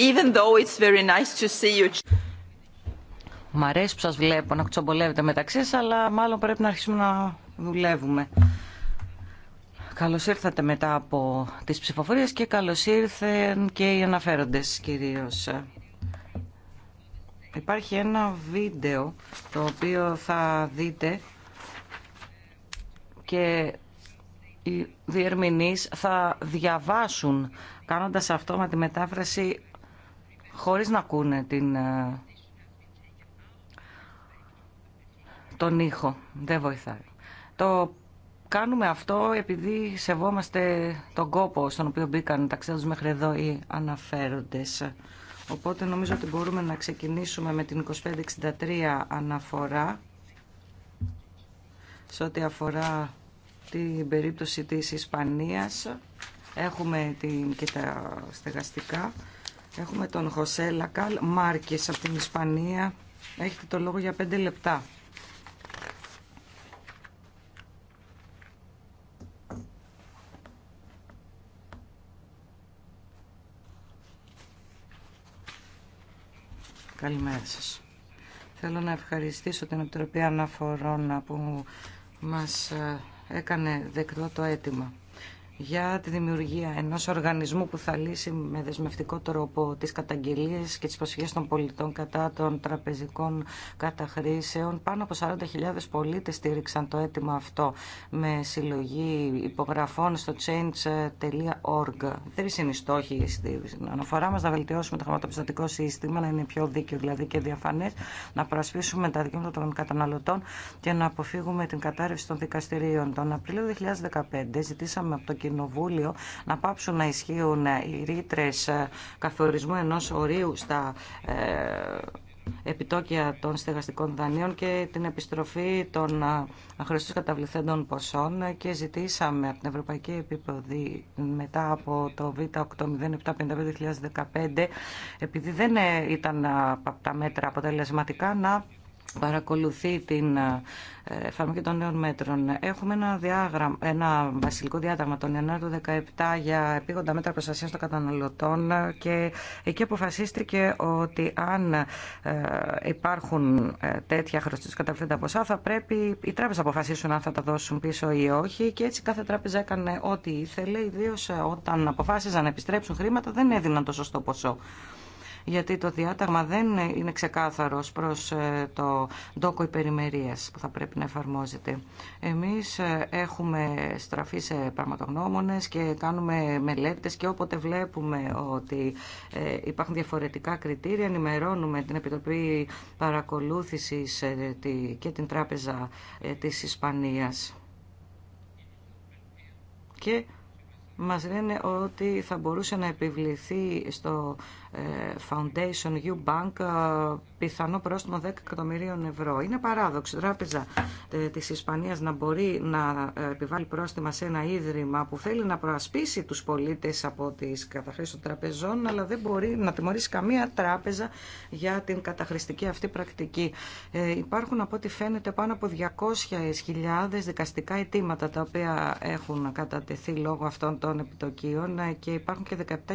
even Μ' αρέσει που σας βλέπω να τσομπολεύετε μεταξύ σας, αλλά μάλλον πρέπει να αρχίσουμε να δουλεύουμε. Καλώς ήρθατε μετά από τις ψηφοφορίες και καλώς ήρθαν και οι αναφέροντες κυρίως. Υπάρχει ένα βίντεο το οποίο θα δείτε και οι διερμηνείς θα διαβάσουν κάνοντας αυτόματη μετάφραση χωρίς να ακούνε την, ε, τον ήχο. Δεν βοηθάει. Το κάνουμε αυτό επειδή σεβόμαστε τον κόπο στον οποίο μπήκαν τα ξέδους μέχρι εδώ οι αναφέροντες. Οπότε νομίζω ότι μπορούμε να ξεκινήσουμε με την 2563 αναφορά σε ό,τι αφορά την περίπτωση της Ισπανίας. Έχουμε την, και τα στεγαστικά. Έχουμε τον Χωσέ Λακάλ Μάρκες από την Ισπανία. Έχετε το λόγο για πέντε λεπτά. Καλημέρα σας. Θέλω να ευχαριστήσω την Επιτροπή Αναφορών που μας ε, έκανε δεκτό το αίτημα για τη δημιουργία ενός οργανισμού που θα λύσει με δεσμευτικό τρόπο τις καταγγελίες και τις προσφυγές των πολιτών κατά των τραπεζικών καταχρήσεων. Πάνω από 40.000 πολίτες στήριξαν το αίτημα αυτό με συλλογή υπογραφών στο change.org. Τρεις είναι οι στόχοι στην αναφορά μας, να βελτιώσουμε το χρηματοπιστωτικό σύστημα, να είναι πιο δίκαιο δηλαδή και διαφανές, να προασπίσουμε τα δικαιώματα των καταναλωτών και να αποφύγουμε την κατάρρευση των δικαστηρίων. Τον Απρίλιο 2015 ζητήσαμε από το να πάψουν να ισχύουν οι ρήτρε καθορισμού ενός ορίου στα ε, επιτόκια των στεγαστικών δανείων και την επιστροφή των ε, αχρηστούς καταβληθέντων ποσών και ζητήσαμε από την Ευρωπαϊκή Επίπεδη μετά από το Β80755 2015 επειδή δεν ήταν από τα μέτρα αποτελεσματικά να παρακολουθεί την ε, εφαρμογή των νέων μέτρων. Έχουμε ένα, διάγραμμα, ένα βασιλικό διάταγμα τον Ιανουάριο 2017 για επίγοντα μέτρα προστασία των καταναλωτών και εκεί αποφασίστηκε ότι αν ε, υπάρχουν ε, τέτοια χρωστή καταβληθέντα ποσά θα πρέπει οι τράπεζε να αποφασίσουν αν θα τα δώσουν πίσω ή όχι και έτσι κάθε τράπεζα έκανε ό,τι ήθελε, ιδίω όταν αποφάσιζαν να επιστρέψουν χρήματα δεν έδιναν το σωστό ποσό γιατί το διάταγμα δεν είναι ξεκάθαρος προς ε, το ντόκο υπερημερίας που θα πρέπει να εφαρμόζεται. Εμείς ε, έχουμε στραφεί σε πραγματογνώμονες και κάνουμε μελέτες και όποτε βλέπουμε ότι ε, υπάρχουν διαφορετικά κριτήρια ενημερώνουμε την Επιτροπή Παρακολούθησης και την Τράπεζα της Ισπανίας. Και μας λένε ότι θα μπορούσε να επιβληθεί στο Foundation U-Bank ε, πιθανό πρόστιμο 10 εκατομμυρίων ευρώ. Είναι παράδοξη η τράπεζα ε, της Ισπανίας να μπορεί να ε, επιβάλλει πρόστιμα σε ένα ίδρυμα που θέλει να προασπίσει τους πολίτες από τις καταχρήσεις των τραπεζών αλλά δεν μπορεί να τιμωρήσει καμία τράπεζα για την καταχρηστική αυτή πρακτική. υπάρχουν από ό,τι φαίνεται πάνω από 200.000 δικαστικά αιτήματα τα οποία έχουν κατατεθεί λόγω αυτών των επιτοκίων και υπάρχουν και 17.000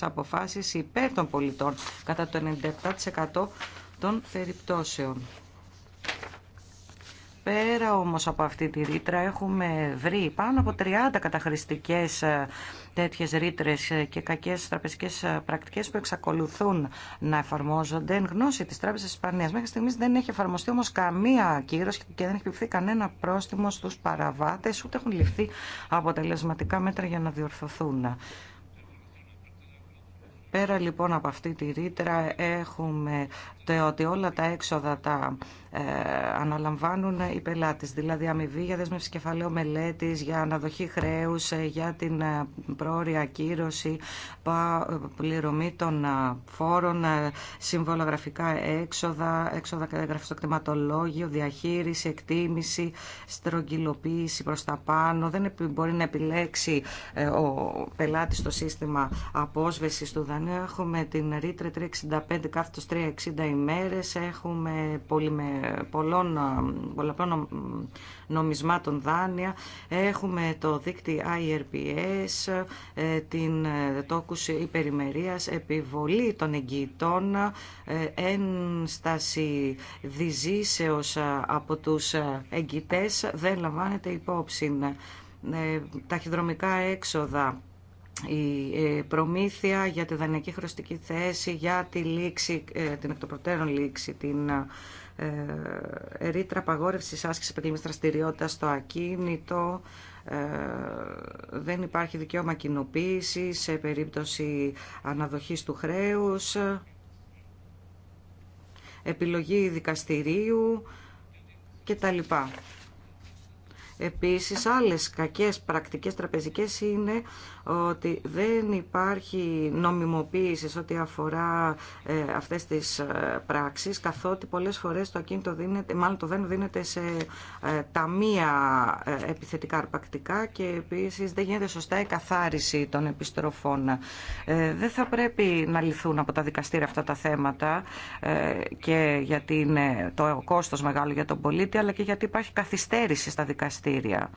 αποφάσεις υπέρ των πολιτών κατά το 97% των περιπτώσεων. Πέρα όμως από αυτή τη ρήτρα έχουμε βρει πάνω από 30 καταχρηστικές ε, τέτοιες ρήτρε και κακές τραπεζικές ε, πρακτικές που εξακολουθούν να εφαρμόζονται εν γνώση της Τράπεζας Ισπανίας. Μέχρι στιγμής δεν έχει εφαρμοστεί όμως καμία κύρωση και δεν έχει ληφθεί κανένα πρόστιμο στους παραβάτες, ούτε έχουν ληφθεί αποτελεσματικά μέτρα για να διορθωθούν. Πέρα λοιπόν από αυτή τη ρήτρα έχουμε ότι όλα τα έξοδα τα ε, αναλαμβάνουν οι πελάτες, δηλαδή αμοιβή για δέσμευση κεφαλαίου μελέτης, για αναδοχή χρέους, ε, για την ε, πρόορια κύρωση, πληρωμή των φόρων, συμβολογραφικά έξοδα, έξοδα καταγραφή στο κτηματολόγιο, διαχείριση, εκτίμηση, στρογγυλοποίηση προς τα πάνω. Δεν μπορεί να επιλέξει ο πελάτης το σύστημα απόσβεσης του δανείου. Έχουμε την ρήτρε 365 κάθετος 360 ημέρες, έχουμε με πολλών, πολλαπλών νομισμάτων δάνεια. Έχουμε το δίκτυ IRPS, ε, την ε, τόκου υπερημερίας, επιβολή των εγγυητών, ε, ένσταση διζήσεως από τους εγγυητές δεν λαμβάνεται υπόψη. Ταχυδρομικά έξοδα, η προμήθεια για τη δανειακή χρωστική θέση, για τη λήξη, την εκ των λήξη, την ε, ρήτρα απαγόρευση άσκηση επαγγελματική δραστηριότητα στο ακίνητο. Ε, δεν υπάρχει δικαίωμα κοινοποίηση σε περίπτωση αναδοχής του χρέους, επιλογή δικαστηρίου κτλ. Επίσης, άλλες κακές πρακτικές τραπεζικές είναι ότι δεν υπάρχει νομιμοποίηση ό,τι αφορά ε, αυτές τις ε, πράξεις, καθότι πολλές φορές το ακίνητο δίνεται, μάλλον το δεν δίνεται σε ε, ταμεία επιθετικά αρπακτικά και επίσης δεν γίνεται σωστά η καθάριση των επιστροφών. Δεν θα πρέπει να λυθούν από τα δικαστήρια αυτά τα θέματα και γιατί είναι το κόστος μεγάλο για τον πολίτη, αλλά και γιατί υπάρχει καθυστέρηση στα δικαστήρια δικαστήρια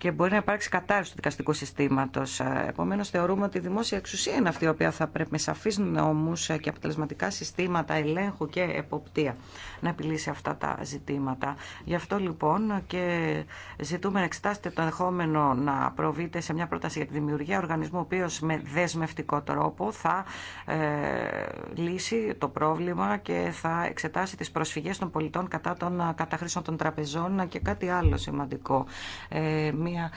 και μπορεί να υπάρξει κατάρρευση του δικαστικού συστήματο. Ε, Επομένω, θεωρούμε ότι η δημόσια εξουσία είναι αυτή η οποία θα πρέπει με σαφεί νόμου ε, και αποτελεσματικά συστήματα ελέγχου και εποπτεία να επιλύσει αυτά τα ζητήματα. Γι' αυτό λοιπόν και ζητούμε να εξετάσετε το ενδεχόμενο να προβείτε σε μια πρόταση για τη δημιουργία οργανισμού, ο οποίο με δεσμευτικό τρόπο θα ε, λύσει το πρόβλημα και θα εξετάσει τι προσφυγέ των πολιτών κατά των ε, καταχρήσεων των τραπεζών και κάτι άλλο σημαντικό. Ε, μία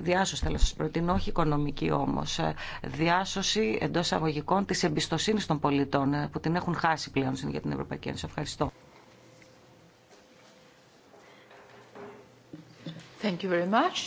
διάσωση, θέλω να σα προτείνω, όχι οικονομική όμω. Διάσωση εντό αγωγικών τη εμπιστοσύνη των πολιτών που την έχουν χάσει πλέον για την Ευρωπαϊκή Ένωση. Ευχαριστώ. Thank you very much.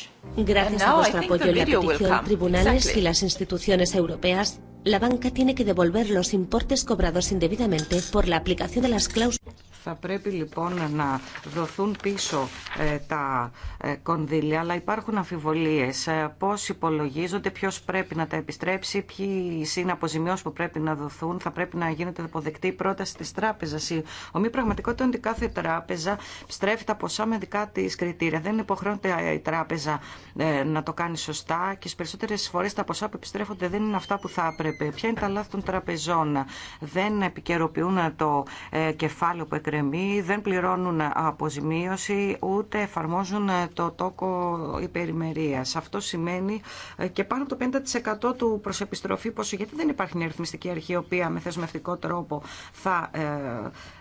Gracias a vuestro apoyo en la petición, tribunales exactly. y las instituciones europeas, la banca tiene que devolver los importes cobrados indebidamente por la aplicación de las cláusulas. Θα πρέπει λοιπόν να δοθούν πίσω ε, τα ε, κονδύλια, αλλά υπάρχουν αμφιβολίες. Ε, πώς υπολογίζονται, ποιος πρέπει να τα επιστρέψει, ποιοι είναι αποζημιώσεις που πρέπει να δοθούν, θα πρέπει να γίνεται αποδεκτή η πρόταση της τράπεζας. Ο μη πραγματικότητα είναι ότι κάθε τράπεζα στρέφει τα ποσά με δικά τη κριτήρια. Δεν υποχρεώνεται η τράπεζα να το κάνει σωστά και στι περισσότερες φορές τα ποσά που επιστρέφονται δεν είναι αυτά που θα έπρεπε. Ποια είναι τα λάθη των τραπεζών. Δεν επικαιροποιούν το κεφάλαιο που δεν πληρώνουν αποζημίωση ούτε εφαρμόζουν το τόκο υπερημερίας. Αυτό σημαίνει ε, και πάνω από το 50% του προσεπιστροφή επιστροφή πόσο γιατί δεν υπάρχει μια ρυθμιστική αρχή η οποία με θεσμευτικό τρόπο θα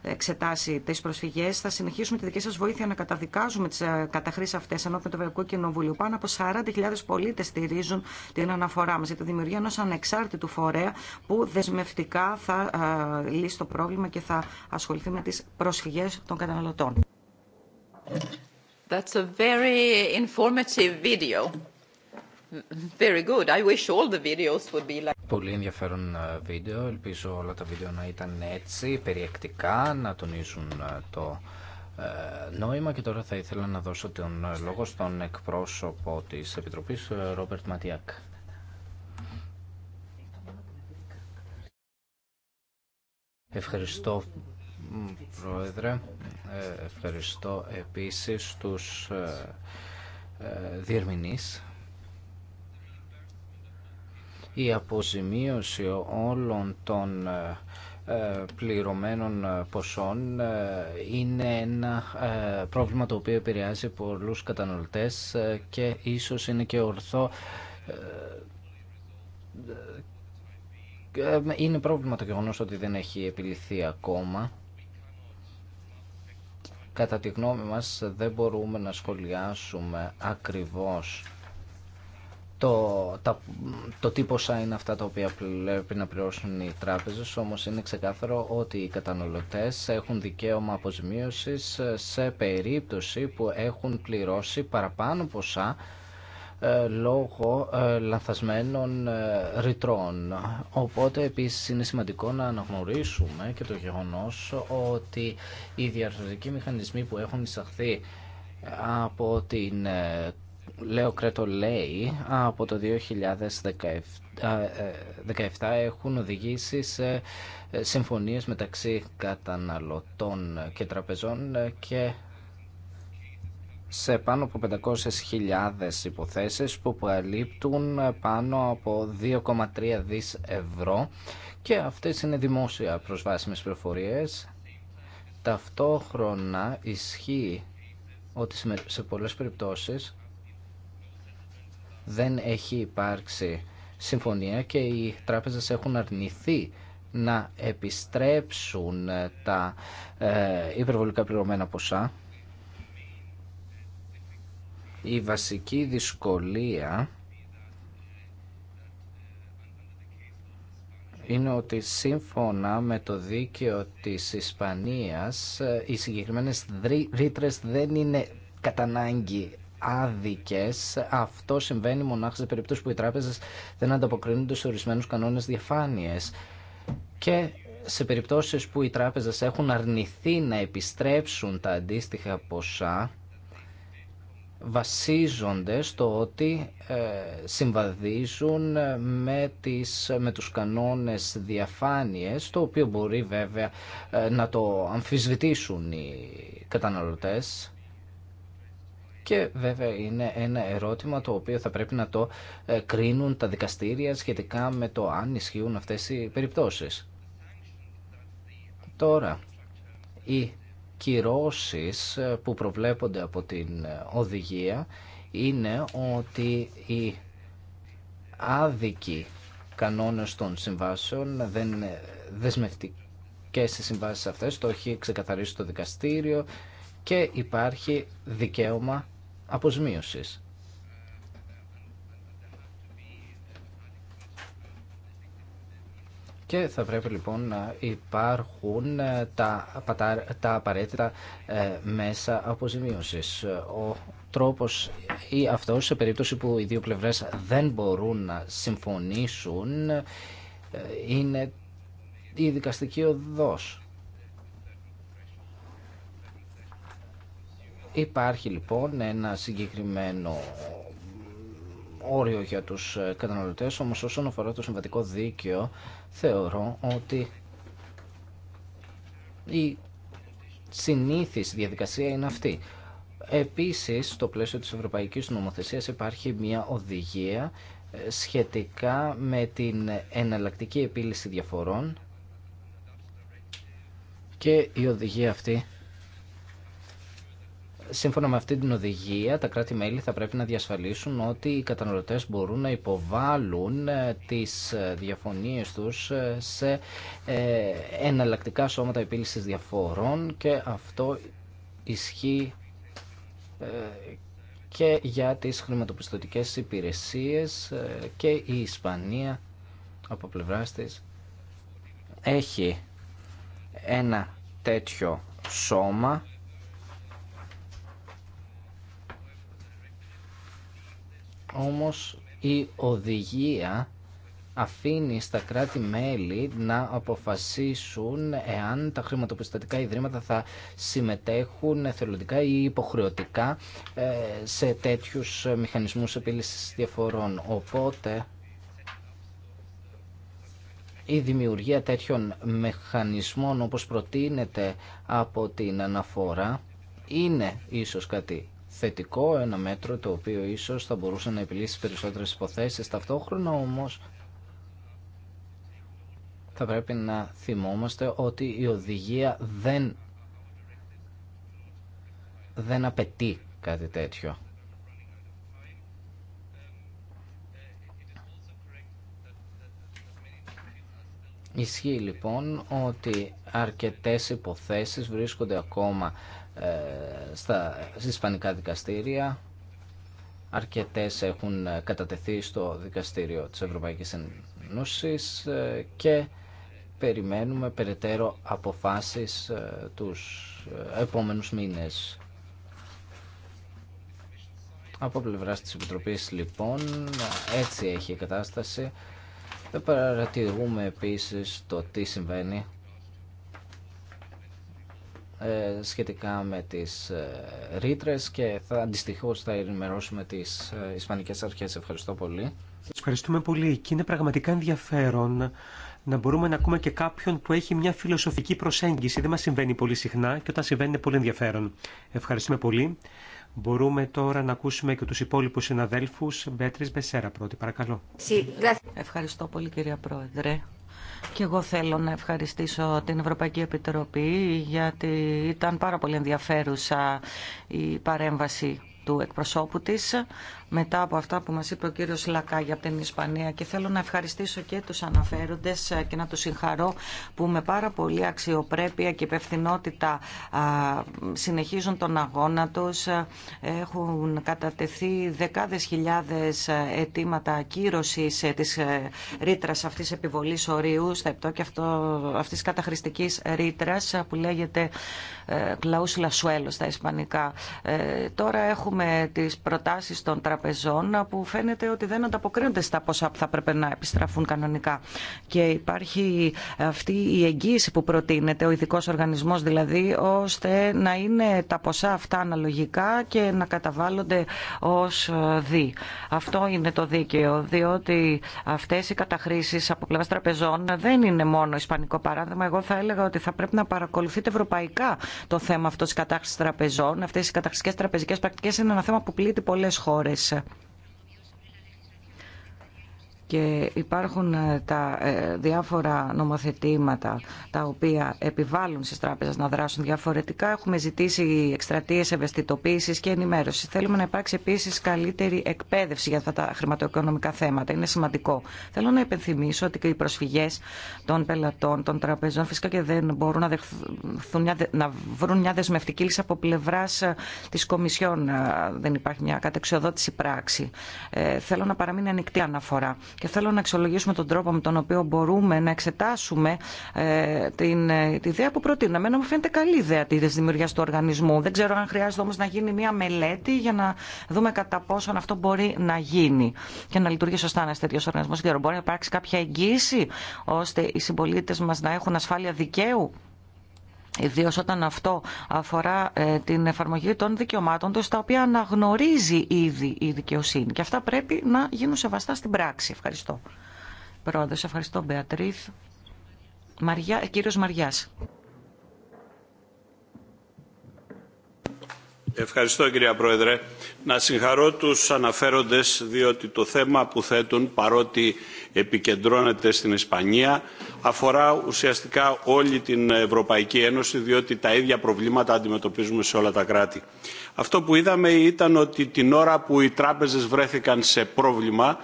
ε, εξετάσει τις προσφυγές. Θα συνεχίσουμε τη δική σας βοήθεια να καταδικάζουμε τις ε, καταχρήσεις αυτές ενώπιον του Ευρωπαϊκού Κοινοβουλίου. Πάνω από 40.000 πολίτες στηρίζουν την αναφορά μας για τη δημιουργία ενός ανεξάρτητου φορέα που δεσμευτικά θα λύσει το πρόβλημα και θα ασχοληθεί με τις προσφυγές των καταναλωτών. That's a very informative video. Very good. I wish all the videos would be like... Πολύ ενδιαφέρον ε, βίντεο. Ελπίζω όλα τα βίντεο να ήταν έτσι, περιεκτικά, να τονίζουν ε, το ε, νόημα και τώρα θα ήθελα να δώσω τον λόγο στον εκπρόσωπο της Επιτροπής, Ρόμπερτ Ματιακ. Ευχαριστώ Πρόεδρε. Ευχαριστώ επίσης τους διερμηνείς. Η αποζημίωση όλων των πληρωμένων ποσών είναι ένα πρόβλημα το οποίο επηρεάζει πολλούς καταναλωτές και ίσως είναι και ορθό είναι πρόβλημα το γεγονός ότι δεν έχει επιληθεί ακόμα Κατά τη γνώμη μας δεν μπορούμε να σχολιάσουμε ακριβώς το, το τι ποσά είναι αυτά τα οποία πρέπει να πληρώσουν οι τράπεζες, όμως είναι ξεκάθαρο ότι οι καταναλωτές έχουν δικαίωμα αποζημίωσης σε περίπτωση που έχουν πληρώσει παραπάνω ποσά ε, λόγω ε, λαθασμένων ε, ρητρών. Οπότε επίσης είναι σημαντικό να αναγνωρίσουμε και το γεγονός ότι οι διαρθρωτικοί μηχανισμοί που έχουν εισαχθεί από την Λέω Κρέτο λέει από το 2017 έχουν οδηγήσει σε συμφωνίες μεταξύ καταναλωτών και τραπεζών και σε πάνω από 500.000 υποθέσεις που προαλείπτουν πάνω από 2,3 δις ευρώ και αυτές είναι δημόσια προσβάσιμες πληροφορίες. Ταυτόχρονα ισχύει ότι σε πολλές περιπτώσεις δεν έχει υπάρξει συμφωνία και οι τράπεζες έχουν αρνηθεί να επιστρέψουν τα ε, υπερβολικά πληρωμένα ποσά η βασική δυσκολία είναι ότι σύμφωνα με το δίκαιο της Ισπανίας οι συγκεκριμένες ρήτρες δεν είναι κατά ανάγκη άδικες. Αυτό συμβαίνει μονάχα σε περιπτώσεις που οι τράπεζες δεν ανταποκρίνονται σε ορισμένους κανόνες διαφάνειες. Και σε περιπτώσεις που οι τράπεζες έχουν αρνηθεί να επιστρέψουν τα αντίστοιχα ποσά, βασίζονται στο ότι ε, συμβαδίζουν ε, με, τις, με τους κανόνες διαφάνειες, το οποίο μπορεί βέβαια ε, να το αμφισβητήσουν οι καταναλωτές. Και βέβαια είναι ένα ερώτημα το οποίο θα πρέπει να το κρίνουν τα δικαστήρια σχετικά με το αν ισχύουν αυτές οι περιπτώσεις. Τώρα, η κυρώσεις ε, που προβλέπονται από την ε, οδηγία είναι ότι οι άδικοι κανόνες των συμβάσεων δεν είναι δεσμευτικές στις συμβάσεις αυτές, το έχει ξεκαθαρίσει το δικαστήριο και υπάρχει δικαίωμα αποσμίωσης. και θα πρέπει λοιπόν να υπάρχουν ε, τα, τα απαραίτητα ε, μέσα αποζημίωσης. Ο τρόπος ή αυτός σε περίπτωση που οι δύο πλευρές δεν μπορούν να συμφωνήσουν ε, είναι η δικαστική οδός. Υπάρχει λοιπόν ένα συγκεκριμένο όριο για τους καταναλωτές, όμως όσον αφορά το συμβατικό δίκαιο θεωρώ ότι η συνήθις διαδικασία είναι αυτή. Επίσης, στο πλαίσιο της Ευρωπαϊκής Νομοθεσίας υπάρχει μια οδηγία ε, σχετικά με την εναλλακτική επίλυση διαφορών και η οδηγία αυτή Σύμφωνα με αυτή την οδηγία, τα κράτη-μέλη θα πρέπει να διασφαλίσουν ότι οι καταναλωτές μπορούν να υποβάλουν ε, τις ε, διαφωνίες τους ε, σε εναλλακτικά σώματα επίλυσης διαφορών και αυτό ισχύει και για τις χρηματοπιστωτικές υπηρεσίες και η Ισπανία από πλευράς της έχει ένα τέτοιο σώμα Όμως η οδηγία αφήνει στα κράτη-μέλη να αποφασίσουν εάν τα χρηματοπιστωτικά ιδρύματα θα συμμετέχουν εθελοντικά ή υποχρεωτικά ε, σε τέτοιους μηχανισμούς επίλυσης διαφορών. Οπότε η δημιουργία τέτοιων μηχανισμών όπως προτείνεται από την αναφορά είναι ίσως κάτι θετικό, ένα μέτρο το οποίο ίσως θα μπορούσε να επιλύσει περισσότερες υποθέσεις. Ταυτόχρονα όμως θα πρέπει να θυμόμαστε ότι η οδηγία δεν, δεν απαιτεί κάτι τέτοιο. Ισχύει λοιπόν ότι αρκετές υποθέσεις βρίσκονται ακόμα ε, στα ισπανικά δικαστήρια. Αρκετές έχουν ε, κατατεθεί στο δικαστήριο της Ευρωπαϊκής Ενώσης ε, και περιμένουμε περαιτέρω αποφάσεις τους επόμενους μήνες. Από πλευρά της Επιτροπής λοιπόν έτσι έχει η κατάσταση. Δεν παρατηρούμε επίσης το τι συμβαίνει ε, σχετικά με τις ε, ρήτρε και θα αντιστοιχώς θα ενημερώσουμε τις ε, Ισπανικές Αρχές. Ευχαριστώ πολύ. ευχαριστούμε πολύ και είναι πραγματικά ενδιαφέρον να μπορούμε να ακούμε και κάποιον που έχει μια φιλοσοφική προσέγγιση. Δεν μας συμβαίνει πολύ συχνά και όταν συμβαίνει είναι πολύ ενδιαφέρον. Ευχαριστούμε πολύ. Μπορούμε τώρα να ακούσουμε και τους υπόλοιπους συναδέλφους. Μπέτρις Μπεσέρα πρώτη, παρακαλώ. Ευχαριστώ πολύ κυρία Πρόεδρε. Και εγώ θέλω να ευχαριστήσω την Ευρωπαϊκή Επιτροπή γιατί ήταν πάρα πολύ ενδιαφέρουσα η παρέμβαση του εκπροσώπου της μετά από αυτά που μας είπε ο κύριος Λακάγια από την Ισπανία και θέλω να ευχαριστήσω και τους αναφέροντες ε, και να τους συγχαρώ που με πάρα πολύ αξιοπρέπεια και υπευθυνότητα συνεχίζουν τον αγώνα τους. Ε, έχουν κατατεθεί δεκάδες χιλιάδες ε, αιτήματα ακύρωσης της ρήτρα αυτής επιβολής ορίου στα και αυτό, αυτής καταχρηστικής ρήτρα που λέγεται κλαούς σουέλο στα ισπανικά. Τώρα έχουμε τις προτάσεις των τραπεζών τραπεζών που φαίνεται ότι δεν ανταποκρίνονται στα ποσά που θα πρέπει να επιστραφούν κανονικά. Και υπάρχει αυτή η εγγύηση που προτείνεται, ο ειδικό οργανισμό δηλαδή, ώστε να είναι τα ποσά αυτά αναλογικά και να καταβάλλονται ω δι. Αυτό είναι το δίκαιο, διότι αυτέ οι καταχρήσει από πλευρά τραπεζών δεν είναι μόνο ισπανικό παράδειγμα. Εγώ θα έλεγα ότι θα πρέπει να παρακολουθείτε ευρωπαϊκά το θέμα αυτό τη κατάχρηση τραπεζών. Αυτέ οι καταχρηστικέ τραπεζικέ πρακτικέ είναι ένα θέμα που πλήττει πολλέ χώρε. Ευχαριστώ και υπάρχουν ε, τα ε, διάφορα νομοθετήματα τα οποία επιβάλλουν στις τράπεζες να δράσουν διαφορετικά. Έχουμε ζητήσει εκστρατείες ευαισθητοποίησης και ενημέρωση. Θέλουμε να υπάρξει επίσης καλύτερη εκπαίδευση για αυτά τα χρηματοοικονομικά θέματα. Είναι σημαντικό. Θέλω να υπενθυμίσω ότι και οι προσφυγές των πελατών, των τραπεζών φυσικά και δεν μπορούν να, να βρουν μια δεσμευτική λύση από πλευρά ε, τη Κομισιόν. Δεν υπάρχει μια κατεξοδότηση πράξη. θέλω να παραμείνει ανοιχτή αναφορά και θέλω να αξιολογήσουμε τον τρόπο με τον οποίο μπορούμε να εξετάσουμε ε, την, ε, τη ιδέα που προτείναμε. Μου φαίνεται καλή ιδέα τη δημιουργία του οργανισμού. Δεν ξέρω αν χρειάζεται όμω να γίνει μια μελέτη για να δούμε κατά πόσον αυτό μπορεί να γίνει και να λειτουργεί σωστά ένα τέτοιο οργανισμό. Μπορεί να υπάρξει κάποια εγγύηση ώστε οι συμπολίτε μα να έχουν ασφάλεια δικαίου Ιδίω όταν αυτό αφορά ε, την εφαρμογή των δικαιωμάτων τους, τα οποία αναγνωρίζει ήδη η δικαιοσύνη. Και αυτά πρέπει να γίνουν σεβαστά στην πράξη. Ευχαριστώ. Πρόεδρε, ευχαριστώ Μπεατρίθ. Μαριά, ε, κύριος Μαριάς. Ευχαριστώ κυρία Πρόεδρε. Να συγχαρώ τους αναφέροντες διότι το θέμα που θέτουν παρότι επικεντρώνεται στην Ισπανία αφορά ουσιαστικά όλη την Ευρωπαϊκή Ένωση διότι τα ίδια προβλήματα αντιμετωπίζουμε σε όλα τα κράτη. Αυτό που είδαμε ήταν ότι την ώρα που οι τράπεζες βρέθηκαν σε πρόβλημα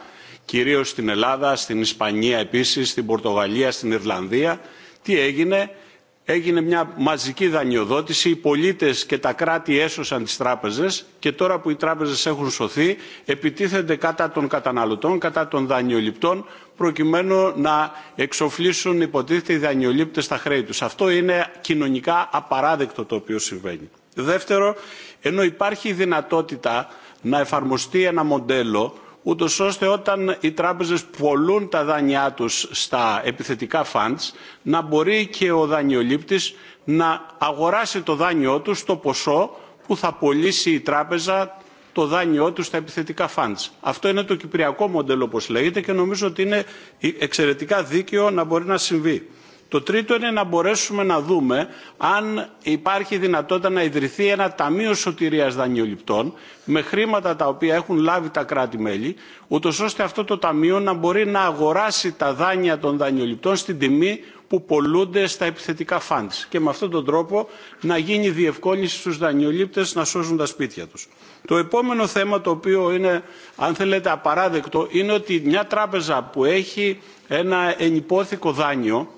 κυρίως στην Ελλάδα, στην Ισπανία επίσης, στην Πορτογαλία, στην Ιρλανδία τι έγινε έγινε μια μαζική δανειοδότηση οι πολίτες και τα κράτη έσωσαν τις τράπεζες και τώρα που οι τράπεζες έχουν σωθεί επιτίθενται κατά των καταναλωτών κατά των δανειοληπτών προκειμένου να εξοφλήσουν υποτίθεται οι δανειολήπτες τα χρέη τους. αυτό είναι κοινωνικά απαράδεκτο το οποίο συμβαίνει. δεύτερο ενώ υπάρχει δυνατότητα να εφαρμοστεί ένα μοντέλο ούτως ώστε όταν οι τράπεζες πωλούν τα δάνειά τους στα επιθετικά funds να μπορεί και ο δανειολήπτης να αγοράσει το δάνειό του στο ποσό που θα πωλήσει η τράπεζα το δάνειό του στα επιθετικά funds. Αυτό είναι το κυπριακό μοντέλο όπως λέγεται και νομίζω ότι είναι εξαιρετικά δίκαιο να μπορεί να συμβεί. Το τρίτο είναι να μπορέσουμε να δούμε αν υπάρχει δυνατότητα να ιδρυθεί ένα ταμείο σωτηρίας δανειοληπτών με χρήματα τα οποία έχουν λάβει τα κράτη-μέλη, ούτω ώστε αυτό το ταμείο να μπορεί να αγοράσει τα δάνεια των δανειοληπτών στην τιμή που πολλούνται στα επιθετικά φάντς και με αυτόν τον τρόπο να γίνει διευκόλυνση στους δανειολήπτες να σώζουν τα σπίτια τους. Το επόμενο θέμα το οποίο είναι αν θέλετε απαράδεκτο είναι ότι μια τράπεζα που έχει ένα ενυπόθηκο δάνειο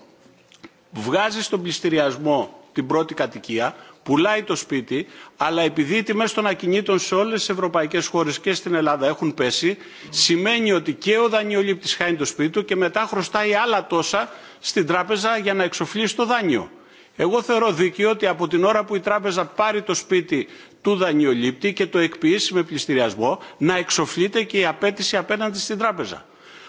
βγάζει στον πληστηριασμό την πρώτη κατοικία, πουλάει το σπίτι, αλλά επειδή οι τιμέ των ακινήτων σε όλε τις ευρωπαϊκέ χώρε και στην Ελλάδα έχουν πέσει, σημαίνει ότι και ο δανειολήπτης χάνει το σπίτι του και μετά χρωστάει άλλα τόσα στην τράπεζα για να εξοφλήσει το δάνειο. Εγώ θεωρώ δίκαιο ότι από την ώρα που η τράπεζα πάρει το σπίτι του δανειολήπτη και το εκποιήσει με πληστηριασμό, να εξοφλείται και η απέτηση απέναντι στην τράπεζα.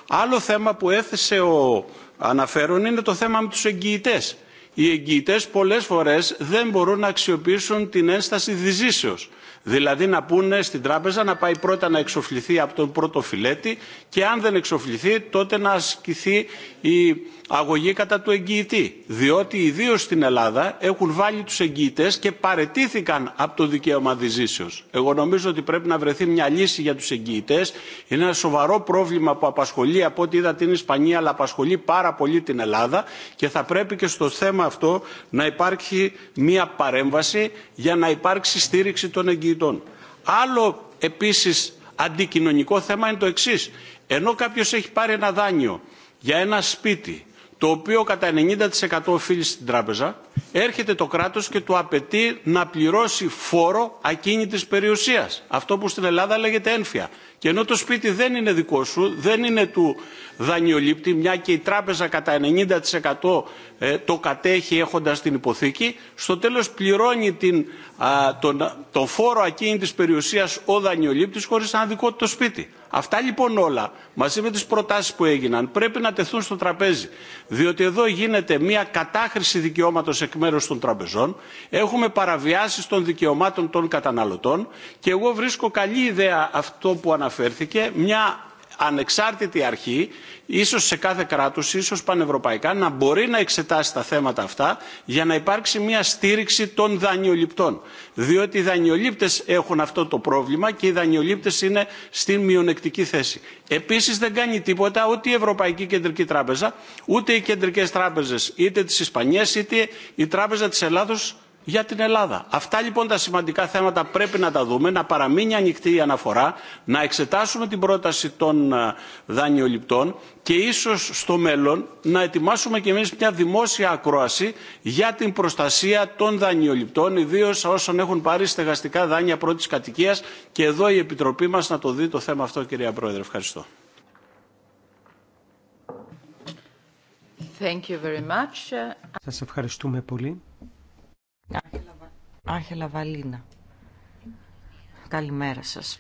Άλλο θέμα που έθεσε ο αναφέρουν είναι το θέμα με τους εγγυητές. Οι εγγυητές πολλές φορές δεν μπορούν να αξιοποιήσουν την ένσταση διζήσεως. Δηλαδή να πούνε στην τράπεζα να πάει πρώτα να εξοφληθεί από τον πρώτο φιλέτη και αν δεν εξοφληθεί τότε να ασκηθεί η αγωγή κατά του εγγυητή. Διότι ιδίω στην Ελλάδα έχουν βάλει τους εγγυητέ και παρετήθηκαν από το δικαίωμα διζήσεως. Εγώ νομίζω ότι πρέπει να βρεθεί μια λύση για τους εγγυητέ. Είναι ένα σοβαρό πρόβλημα που απασχολεί από ό,τι είδα την Ισπανία, αλλά απασχολεί πάρα πολύ την Ελλάδα και θα πρέπει και στο θέμα αυτό να υπάρχει μια παρέμβαση για να υπάρξει στήριξη των εγγυητών. Άλλο επίσης αντικοινωνικό θέμα είναι το εξή: Ενώ κάποιο έχει πάρει ένα δάνειο για ένα σπίτι το οποίο κατά 90% οφείλει στην τράπεζα έρχεται το κράτος και του απαιτεί να πληρώσει φόρο ακίνητης περιουσίας. Αυτό που στην Ελλάδα λέγεται ένφια. Και ενώ το σπίτι δεν είναι δικό σου, δεν είναι του δανειολήπτη, μια και η τράπεζα κατά 90% ε, το κατέχει έχοντας την υποθήκη, στο τέλος πληρώνει την, τον, φόρο ακίνητης περιουσίας ο δανειολήπτης χωρίς να δικό του το σπίτι. Αυτά λοιπόν όλα, μαζί με τις προτάσεις που έγιναν, πρέπει να τεθούν στο τραπέζι. Διότι εδώ γίνεται μια κατάχρηση δικαιώματος εκ μέρους των τραπεζών, έχουμε παραβιάσεις των δικαιωμάτων των καταναλωτών και εγώ βρίσκω καλή ιδέα αυτό που αναφέρθηκε, μια ανεξάρτητη αρχή, ίσως σε κάθε κράτος, ίσως πανευρωπαϊκά, να μπορεί να εξετάσει τα θέματα αυτά για να υπάρξει μια στήριξη των δανειοληπτών. Διότι οι δανειολήπτες έχουν αυτό το πρόβλημα και οι δανειολήπτες είναι στην μειονεκτική θέση. Επίσης δεν κάνει τίποτα ούτε η Ευρωπαϊκή Κεντρική Τράπεζα, ούτε οι κεντρικές τράπεζες, είτε της Ισπανίας, είτε η Τράπεζα της Ελλάδος για την Ελλάδα. Αυτά λοιπόν τα σημαντικά θέματα πρέπει να τα δούμε, να παραμείνει ανοιχτή η αναφορά, να εξετάσουμε την πρόταση των ε, δανειοληπτών και ίσως στο μέλλον να ετοιμάσουμε και εμείς μια δημόσια ακρόαση για την προστασία των δανειοληπτών, ιδίω όσων έχουν πάρει στεγαστικά δάνεια πρώτη κατοικίας και εδώ η Επιτροπή μας να το δει το θέμα αυτό κυρία Πρόεδρε. Ευχαριστώ. Thank you very much. Σας ευχαριστούμε πολύ. Άχελα Βαλίνα. Καλημέρα σας.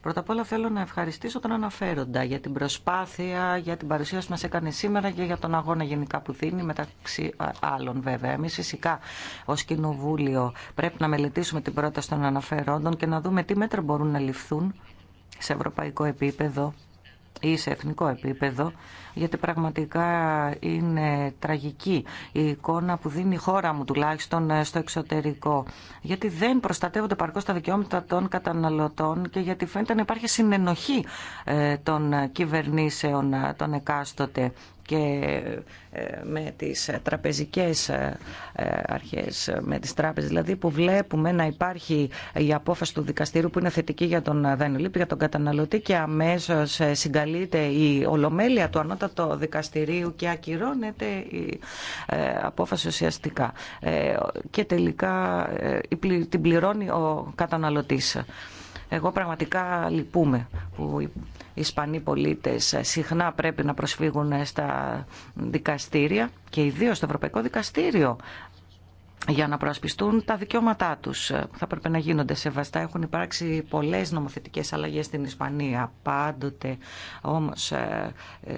Πρώτα απ' όλα θέλω να ευχαριστήσω τον αναφέροντα για την προσπάθεια, για την παρουσία που μας έκανε σήμερα και για τον αγώνα γενικά που δίνει μεταξύ άλλων βέβαια. Εμείς φυσικά ως Κοινοβούλιο πρέπει να μελετήσουμε την πρόταση των αναφέροντων και να δούμε τι μέτρα μπορούν να ληφθούν σε ευρωπαϊκό επίπεδο ή σε εθνικό επίπεδο, γιατί πραγματικά είναι τραγική η εικόνα που δίνει η χώρα μου τουλάχιστον ε, στο εξωτερικό. Γιατί δεν προστατεύονται παρκώ τα δικαιώματα των καταναλωτών και γιατί φαίνεται να υπάρχει συνενοχή ε, των κυβερνήσεων ε, των εκάστοτε και ε, με τις τραπεζικές ε, ε, αρχές, με τις τράπεζες, δηλαδή που βλέπουμε να υπάρχει η απόφαση του δικαστηρίου που είναι θετική για τον δανειολήπη, για τον καταναλωτή και αμέσως συγκαλείται η ολομέλεια του ανώτατο δικαστηρίου και ακυρώνεται η απόφαση ουσιαστικά. Και τελικά την πληρώνει ο καταναλωτής. Εγώ πραγματικά λυπούμαι που οι Ισπανοί πολίτες συχνά πρέπει να προσφύγουν στα δικαστήρια και ιδίως στο Ευρωπαϊκό Δικαστήριο για να προασπιστούν τα δικαιώματά τους ε, θα πρέπει να γίνονται σεβαστά. Έχουν υπάρξει πολλές νομοθετικές αλλαγές στην Ισπανία. Πάντοτε όμως ε, ε,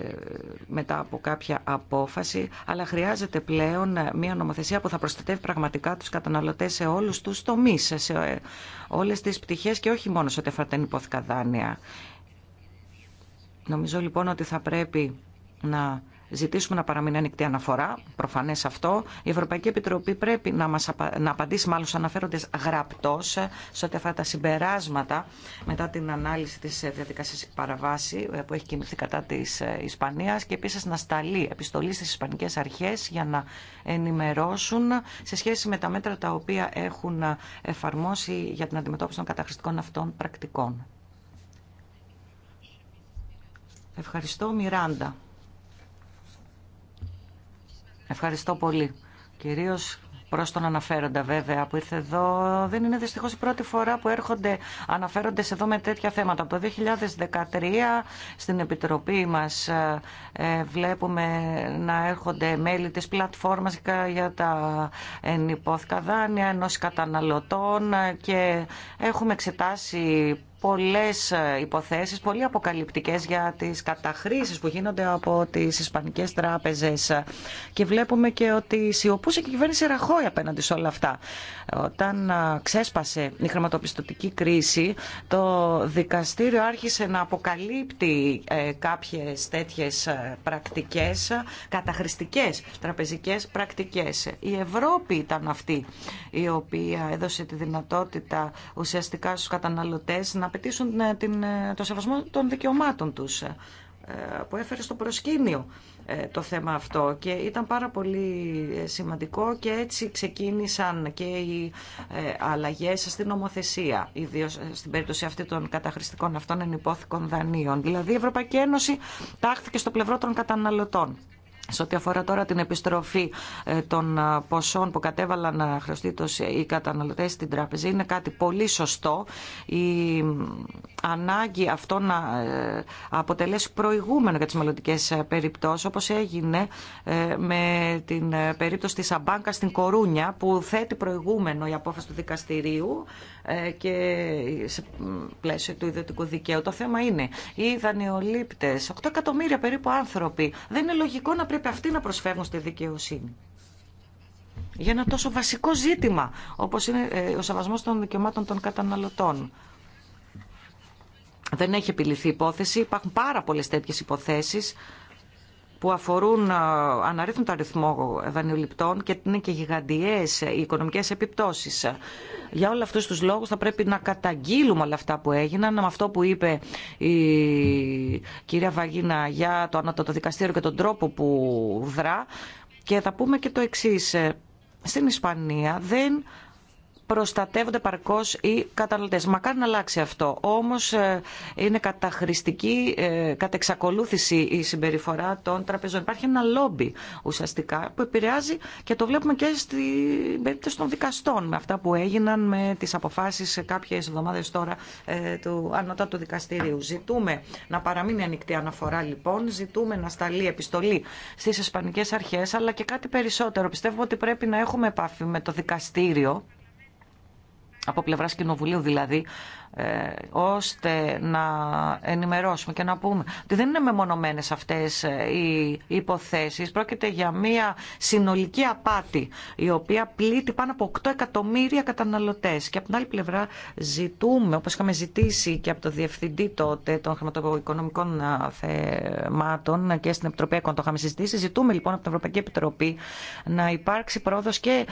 μετά από κάποια απόφαση, αλλά χρειάζεται πλέον μια νομοθεσία που θα προστατεύει πραγματικά τους καταναλωτές σε όλους τους τομείς, σε όλες τις πτυχές και όχι μόνο σε ό,τι αφορά τα υπόθηκα Νομίζω λοιπόν ότι θα πρέπει να ζητήσουμε να παραμείνει ανοιχτή αναφορά, προφανέ αυτό. Η Ευρωπαϊκή Επιτροπή πρέπει να, μας να απαντήσει, μάλλον στου γραπτό, σε ό,τι αφορά τα συμπεράσματα μετά την ανάλυση τη ε, διαδικασία παραβάση ε, που έχει κινηθεί κατά τη ε, Ισπανία και επίση να σταλεί επιστολή στι Ισπανικέ Αρχέ για να ενημερώσουν σε σχέση με τα μέτρα τα οποία έχουν εφαρμόσει για την αντιμετώπιση των καταχρηστικών αυτών πρακτικών. Ευχαριστώ, Μιράντα. Ευχαριστώ πολύ. Κυρίω προ τον αναφέροντα βέβαια που ήρθε εδώ. Δεν είναι δυστυχώ η πρώτη φορά που έρχονται αναφέροντε εδώ με τέτοια θέματα. Από το 2013 στην Επιτροπή μας ε, ε, βλέπουμε να έρχονται μέλη τη πλατφόρμα για τα ενυπόθηκα δάνεια ενό καταναλωτών ε, και έχουμε εξετάσει πολλές ε, υποθέσεις, πολύ αποκαλυπτικές για τις καταχρήσεις που γίνονται από τις ισπανικές τράπεζες και βλέπουμε και ότι σιωπούσε και η κυβέρνηση Ραχώη απέναντι σε όλα αυτά. Όταν ε, ξέσπασε η χρηματοπιστωτική κρίση, το δικαστήριο άρχισε να αποκαλύπτει ε, κάποιες τέτοιες πρακτικές, καταχρηστικές τραπεζικές πρακτικές. Η Ευρώπη ήταν αυτή η οποία έδωσε τη δυνατότητα ουσιαστικά στους καταναλωτές να απαιτήσουν ε, την, ε, το σεβασμό των δικαιωμάτων τους ε, που έφερε στο προσκήνιο το θέμα αυτό και ήταν πάρα πολύ σημαντικό και έτσι ξεκίνησαν και οι αλλαγές στην νομοθεσία ιδίως στην περίπτωση αυτή των καταχρηστικών αυτών ενυπόθηκων δανείων. Δηλαδή η Ευρωπαϊκή Ένωση τάχθηκε στο πλευρό των καταναλωτών. Σε ό,τι αφορά τώρα την επιστροφή ε, των ε, ποσών που κατέβαλαν ε, χρεωστήτως οι καταναλωτές στην τράπεζα είναι κάτι πολύ σωστό. Η ανάγκη αυτό να αποτελέσει προηγούμενο για τις μελλοντικέ περιπτώσεις όπως έγινε με την περίπτωση της Αμπάνκα στην Κορούνια που θέτει προηγούμενο η απόφαση του δικαστηρίου και σε πλαίσιο του ιδιωτικού δικαίου. Το θέμα είναι οι δανειολήπτες, 8 εκατομμύρια περίπου άνθρωποι, δεν είναι λογικό να πρέπει αυτοί να προσφεύγουν στη δικαιοσύνη. Για ένα τόσο βασικό ζήτημα, όπως είναι ε, ο σεβασμός των δικαιωμάτων των καταναλωτών. Δεν έχει επιληθεί υπόθεση. Υπάρχουν πάρα πολλές τέτοιες υποθέσεις που αφορούν, αναρρύθμουν αριθμό δανειοληπτών και είναι και γιγαντιές οι οικονομικές επιπτώσεις. Για όλους αυτούς τους λόγους θα πρέπει να καταγγείλουμε όλα αυτά που έγιναν. Με αυτό που είπε η κυρία Βαγίνα για το δικαστήριο και τον τρόπο που δρά. Και θα πούμε και το εξής. Ε, στην Ισπανία δεν προστατεύονται παρκώ οι καταναλωτέ. Μακάρι να αλλάξει αυτό. Όμω ε, είναι καταχρηστική, ε, κατ' εξακολούθηση η συμπεριφορά των τραπεζών. Υπάρχει ένα λόμπι ουσιαστικά που επηρεάζει και το βλέπουμε και στην περίπτωση των δικαστών με αυτά που έγιναν με τι αποφάσει σε κάποιε εβδομάδε τώρα ε, του Ανώτατου Δικαστηρίου. Ζητούμε να παραμείνει ανοιχτή αναφορά λοιπόν, ζητούμε να σταλεί επιστολή στι Ισπανικέ Αρχέ, αλλά και κάτι περισσότερο. Πιστεύουμε ότι πρέπει να έχουμε επάφη με το δικαστήριο από πλευρά Κοινοβουλίου δηλαδή ε, ώστε να ενημερώσουμε και να πούμε ότι δεν είναι μεμονωμένες αυτές ε, οι υποθέσεις. Πρόκειται για μια συνολική απάτη η οποία πλήττει πάνω από 8 εκατομμύρια καταναλωτές. Και από την άλλη πλευρά ζητούμε, όπως είχαμε ζητήσει και από το Διευθυντή τότε των χρηματοοικονομικών ε, θεμάτων και στην Επιτροπή Εκών το είχαμε συζητήσει, ζητούμε λοιπόν από την Ευρωπαϊκή Επιτροπή να υπάρξει πρόοδος και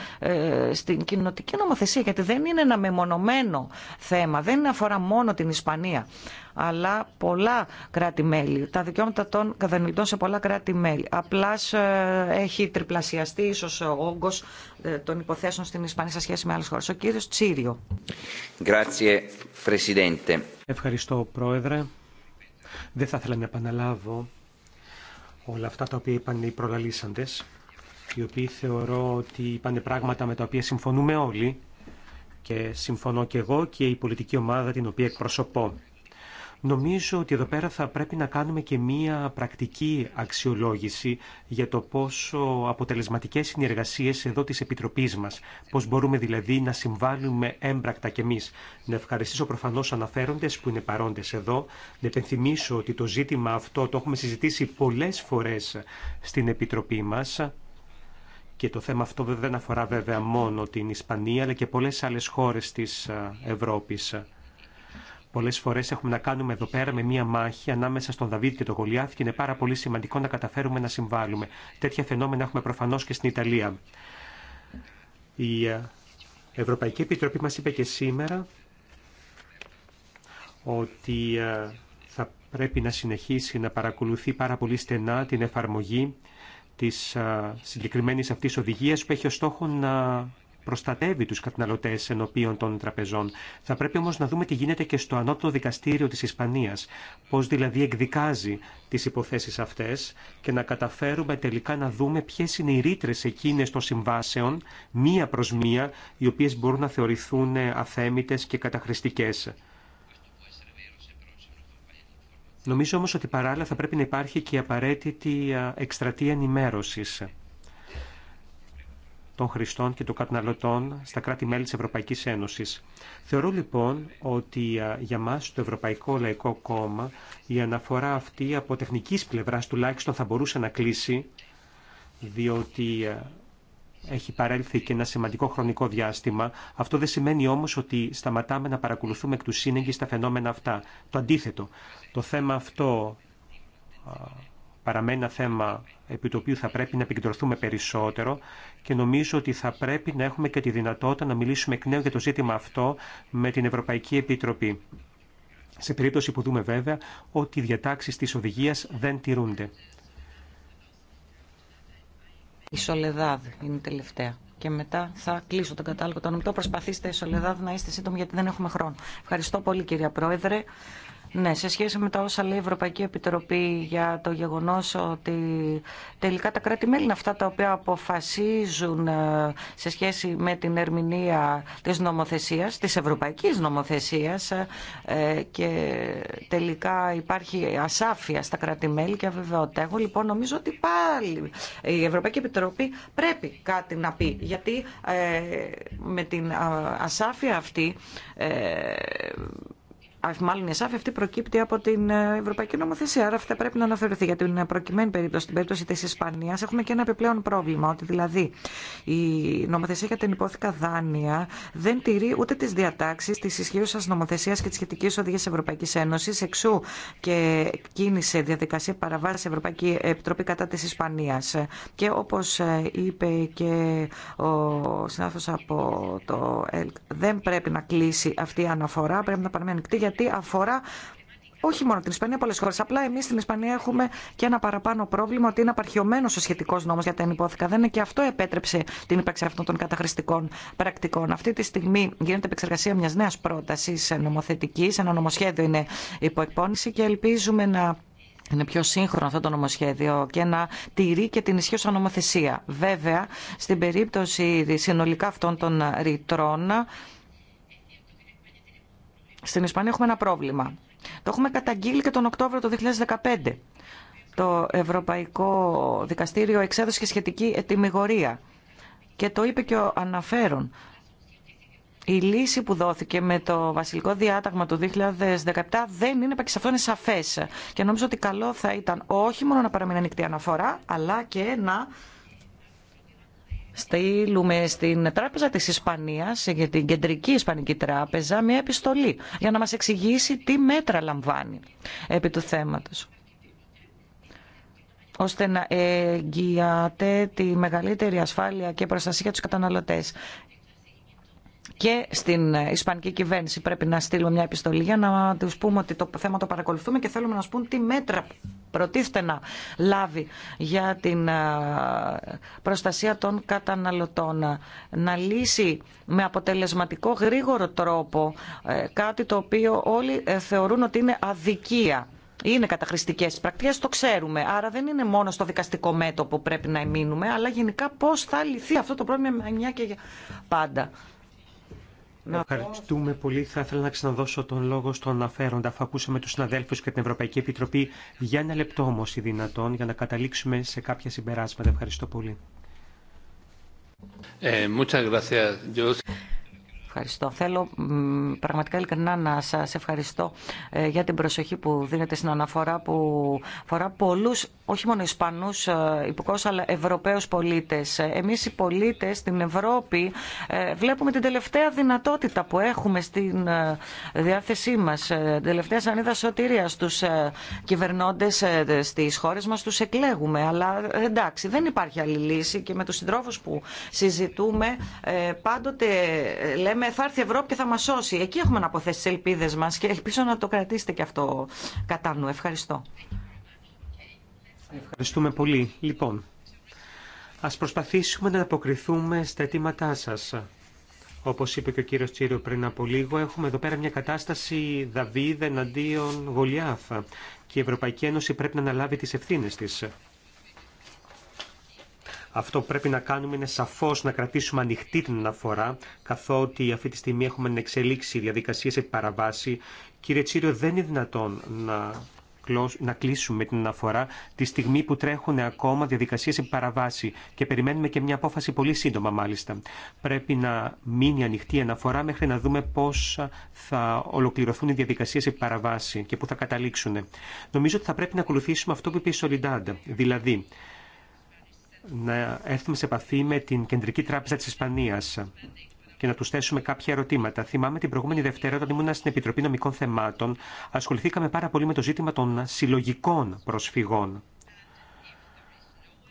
στην κοινοτική νομοθεσία γιατί δεν είναι ένα μεμονωμένο θέμα, δεν αφορά μόνο την Ισπανία, αλλά πολλά κράτη-μέλη. Τα δικαιώματα των καταναλωτών σε πολλά κράτη-μέλη. Απλά ε, έχει τριπλασιαστεί ίσω ο όγκο ε, των υποθέσεων στην Ισπανία σε σχέση με άλλε χώρε. Ο κύριο Τσίριο. Ευχαριστώ, Πρόεδρε. Δεν θα ήθελα να επαναλάβω όλα αυτά τα οποία είπαν οι προλαλήσαντες, οι οποίοι θεωρώ ότι είπαν πράγματα με τα οποία συμφωνούμε όλοι και συμφωνώ και εγώ και η πολιτική ομάδα την οποία εκπροσωπώ. Νομίζω ότι εδώ πέρα θα πρέπει να κάνουμε και μία πρακτική αξιολόγηση για το πόσο αποτελεσματικές είναι οι εργασίες εδώ της Επιτροπής μας, πώς μπορούμε δηλαδή να συμβάλλουμε έμπρακτα κι εμείς. Να ευχαριστήσω προφανώς αναφέροντες που είναι παρόντες εδώ, να επενθυμίσω ότι το ζήτημα αυτό το έχουμε συζητήσει πολλές φορές στην Επιτροπή μας, και το θέμα αυτό δεν αφορά βέβαια μόνο την Ισπανία, αλλά και πολλές άλλες χώρες της ε, Ευρώπης. Πολλές φορές έχουμε να κάνουμε εδώ πέρα με μία μάχη ανάμεσα στον Δαβίδ και τον Γολιάθ και είναι πάρα πολύ σημαντικό να καταφέρουμε να συμβάλλουμε. Τέτοια φαινόμενα έχουμε προφανώς και στην Ιταλία. Η ε, Ευρωπαϊκή Επιτροπή μας είπε και σήμερα ότι ε, θα πρέπει να συνεχίσει να παρακολουθεί πάρα πολύ στενά την εφαρμογή της συγκεκριμένης αυτής οδηγίας που έχει ως στόχο να προστατεύει τους καταναλωτές ενωπίων των τραπεζών. Θα πρέπει όμως να δούμε τι γίνεται και στο ανώτατο δικαστήριο της Ισπανίας, πώς δηλαδή εκδικάζει τις υποθέσεις αυτές και να καταφέρουμε τελικά να δούμε ποιες είναι οι ρήτρες εκείνες των συμβάσεων, μία προς μία, οι οποίες μπορούν να θεωρηθούν αθέμητες και καταχρηστικές. Νομίζω όμως ότι παράλληλα θα πρέπει να υπάρχει και η απαραίτητη εκστρατεία ενημέρωσης των χρηστών και των καταναλωτών στα κράτη-μέλη της Ευρωπαϊκής Ένωσης. Θεωρώ λοιπόν ότι για μας το Ευρωπαϊκό Λαϊκό Κόμμα η αναφορά αυτή από τεχνικής πλευράς τουλάχιστον θα μπορούσε να κλείσει διότι έχει παρέλθει και ένα σημαντικό χρονικό διάστημα. Αυτό δεν σημαίνει όμως ότι σταματάμε να παρακολουθούμε εκ του σύνεγγυ στα φαινόμενα αυτά. Το αντίθετο. Το θέμα αυτό παραμένει ένα θέμα επί το οποίο θα πρέπει να επικεντρωθούμε περισσότερο και νομίζω ότι θα πρέπει να έχουμε και τη δυνατότητα να μιλήσουμε εκ νέου για το ζήτημα αυτό με την Ευρωπαϊκή Επιτροπή. Σε περίπτωση που δούμε βέβαια ότι οι διατάξεις της οδηγίας δεν τηρούνται. Η Σολεδάδ είναι η τελευταία. Και μετά θα κλείσω τον κατάλογο Το νομιτό Προσπαθήστε, Σολεδάδ, να είστε σύντομοι γιατί δεν έχουμε χρόνο. Ευχαριστώ πολύ, κυρία Πρόεδρε. Ναι, σε σχέση με τα όσα λέει η Ευρωπαϊκή Επιτροπή για το γεγονός ότι τελικά τα κράτη-μέλη είναι αυτά τα οποία αποφασίζουν ε, σε σχέση με την ερμηνεία της νομοθεσίας, της ευρωπαϊκής νομοθεσίας ε, και τελικά υπάρχει ασάφεια στα κράτη-μέλη και αβεβαιότητα. Εγώ λοιπόν νομίζω ότι πάλι η Ευρωπαϊκή Επιτροπή πρέπει κάτι να πει γιατί ε, με την ασάφεια αυτή μάλλον η ΕΣΑΦ αυτή προκύπτει από την ε, Ευρωπαϊκή Νομοθεσία, άρα αυτά πρέπει να αναφερθεί. Για την ε, προκειμένη περίπτωση, την περίπτωση τη Ισπανία, έχουμε και ένα επιπλέον πρόβλημα. Ότι δηλαδή η νομοθεσία για την υπόθηκα δάνεια δεν τηρεί ούτε τι διατάξει τη ισχύουσα νομοθεσία και τη σχετική οδηγία Ευρωπαϊκή Ένωση, εξού και κίνησε διαδικασία παραβάση Ευρωπαϊκή Επιτροπή κατά τη Ισπανία. Και όπω ε, είπε και ο συνάδελφο από το ΕΛΚ, δεν πρέπει να κλείσει αυτή η αναφορά, πρέπει να παραμείνει ανοιχτή γιατί αφορά όχι μόνο την Ισπανία, πολλέ χώρε. Απλά εμεί στην Ισπανία έχουμε και ένα παραπάνω πρόβλημα ότι είναι απαρχιωμένο ο σχετικό νόμο για τα ενυπόθηκα Δεν είναι και αυτό επέτρεψε την ύπαρξη αυτών των καταχρηστικών πρακτικών. Αυτή τη στιγμή γίνεται επεξεργασία μια νέα πρόταση νομοθετική. Ένα νομοσχέδιο είναι υποεκπώνηση και ελπίζουμε να είναι πιο σύγχρονο αυτό το νομοσχέδιο και να τηρεί και την ισχύουσα νομοθεσία. Βέβαια, στην περίπτωση συνολικά αυτών των ρητρών, στην Ισπανία έχουμε ένα πρόβλημα. Το έχουμε καταγγείλει και τον Οκτώβριο του 2015. Το Ευρωπαϊκό Δικαστήριο εξέδωσε και σχετική ετοιμιγορία. Και το είπε και ο αναφέρον. Η λύση που δόθηκε με το βασιλικό διάταγμα του 2017 δεν είναι αυτό είναι σαφές. Και νομίζω ότι καλό θα ήταν όχι μόνο να παραμείνει ανοιχτή αναφορά, αλλά και να στείλουμε στην Τράπεζα της Ισπανίας, για την Κεντρική Ισπανική Τράπεζα, μια επιστολή για να μας εξηγήσει τι μέτρα λαμβάνει επί του θέματος ώστε να εγγυάται τη μεγαλύτερη ασφάλεια και προστασία για τους καταναλωτές και στην Ισπανική κυβέρνηση πρέπει να στείλουμε μια επιστολή για να του πούμε ότι το θέμα το παρακολουθούμε και θέλουμε να σου πούμε τι μέτρα προτίθεται να λάβει για την προστασία των καταναλωτών. Να λύσει με αποτελεσματικό γρήγορο τρόπο ε, κάτι το οποίο όλοι ε, θεωρούν ότι είναι αδικία. Είναι καταχρηστικές. τι πρακτικέ, το ξέρουμε. Άρα δεν είναι μόνο στο δικαστικό μέτωπο που πρέπει να εμείνουμε, αλλά γενικά πώς θα λυθεί αυτό το πρόβλημα μια και πάντα. Να Ευχαριστούμε πολύ. Θα ήθελα να ξαναδώσω τον λόγο στον αναφέροντα, αφού ακούσαμε του συναδέλφου και την Ευρωπαϊκή Επιτροπή, για ένα λεπτό όμω ή δυνατόν, για να καταλήξουμε σε κάποια συμπεράσματα. Ευχαριστώ πολύ. Ε, Ευχαριστώ. Θέλω πραγματικά ειλικρινά να σας ευχαριστώ ε, για την προσοχή που δίνετε στην αναφορά που φορά πολλούς, όχι μόνο Ισπανούς ε, υπηκός, αλλά Ευρωπαίους πολίτες. Ε, εμείς οι πολίτες στην Ευρώπη βλέπουμε την τελευταία δυνατότητα που έχουμε στην διάθεσή μα, την τελευταία σανίδα σωτηρία στους κυβερνώντες στις χώρες μας, του εκλέγουμε. Αλλά εντάξει, δεν υπάρχει άλλη λύση και με του συντρόφου που συζητούμε πάντοτε λέμε λέμε θα έρθει η Ευρώπη και θα μας σώσει. Εκεί έχουμε να αποθέσει τι ελπίδε μας και ελπίζω να το κρατήσετε και αυτό κατά νου. Ευχαριστώ. Ευχαριστούμε πολύ. Λοιπόν, α προσπαθήσουμε να αποκριθούμε στα αιτήματά σας. Όπως είπε και ο κύριο Τσίριο πριν από λίγο, έχουμε εδώ πέρα μια κατάσταση Δαβίδ εναντίον Γολιάφα και η Ευρωπαϊκή Ένωση πρέπει να αναλάβει τι ευθύνε τη. Αυτό που πρέπει να κάνουμε είναι σαφώ να κρατήσουμε ανοιχτή την αναφορά, καθότι αυτή τη στιγμή έχουμε εξελίξει διαδικασίε επί παραβάση. Κύριε Τσίριο, δεν είναι δυνατόν να να κλείσουμε την αναφορά τη στιγμή που τρέχουν ακόμα διαδικασίε επί παραβάση και περιμένουμε και μια απόφαση πολύ σύντομα μάλιστα. Πρέπει να μείνει ανοιχτή η αναφορά μέχρι να δούμε πώ θα ολοκληρωθούν οι διαδικασίε επί παραβάση και πού θα καταλήξουν. Νομίζω ότι θα πρέπει να ακολουθήσουμε αυτό που είπε η Σολιντάντα, δηλαδή να έρθουμε σε επαφή με την Κεντρική Τράπεζα της Ισπανίας και να του θέσουμε κάποια ερωτήματα. Θυμάμαι την προηγούμενη Δευτέρα, όταν ήμουν στην Επιτροπή Νομικών Θεμάτων, ασχοληθήκαμε πάρα πολύ με το ζήτημα των συλλογικών προσφυγών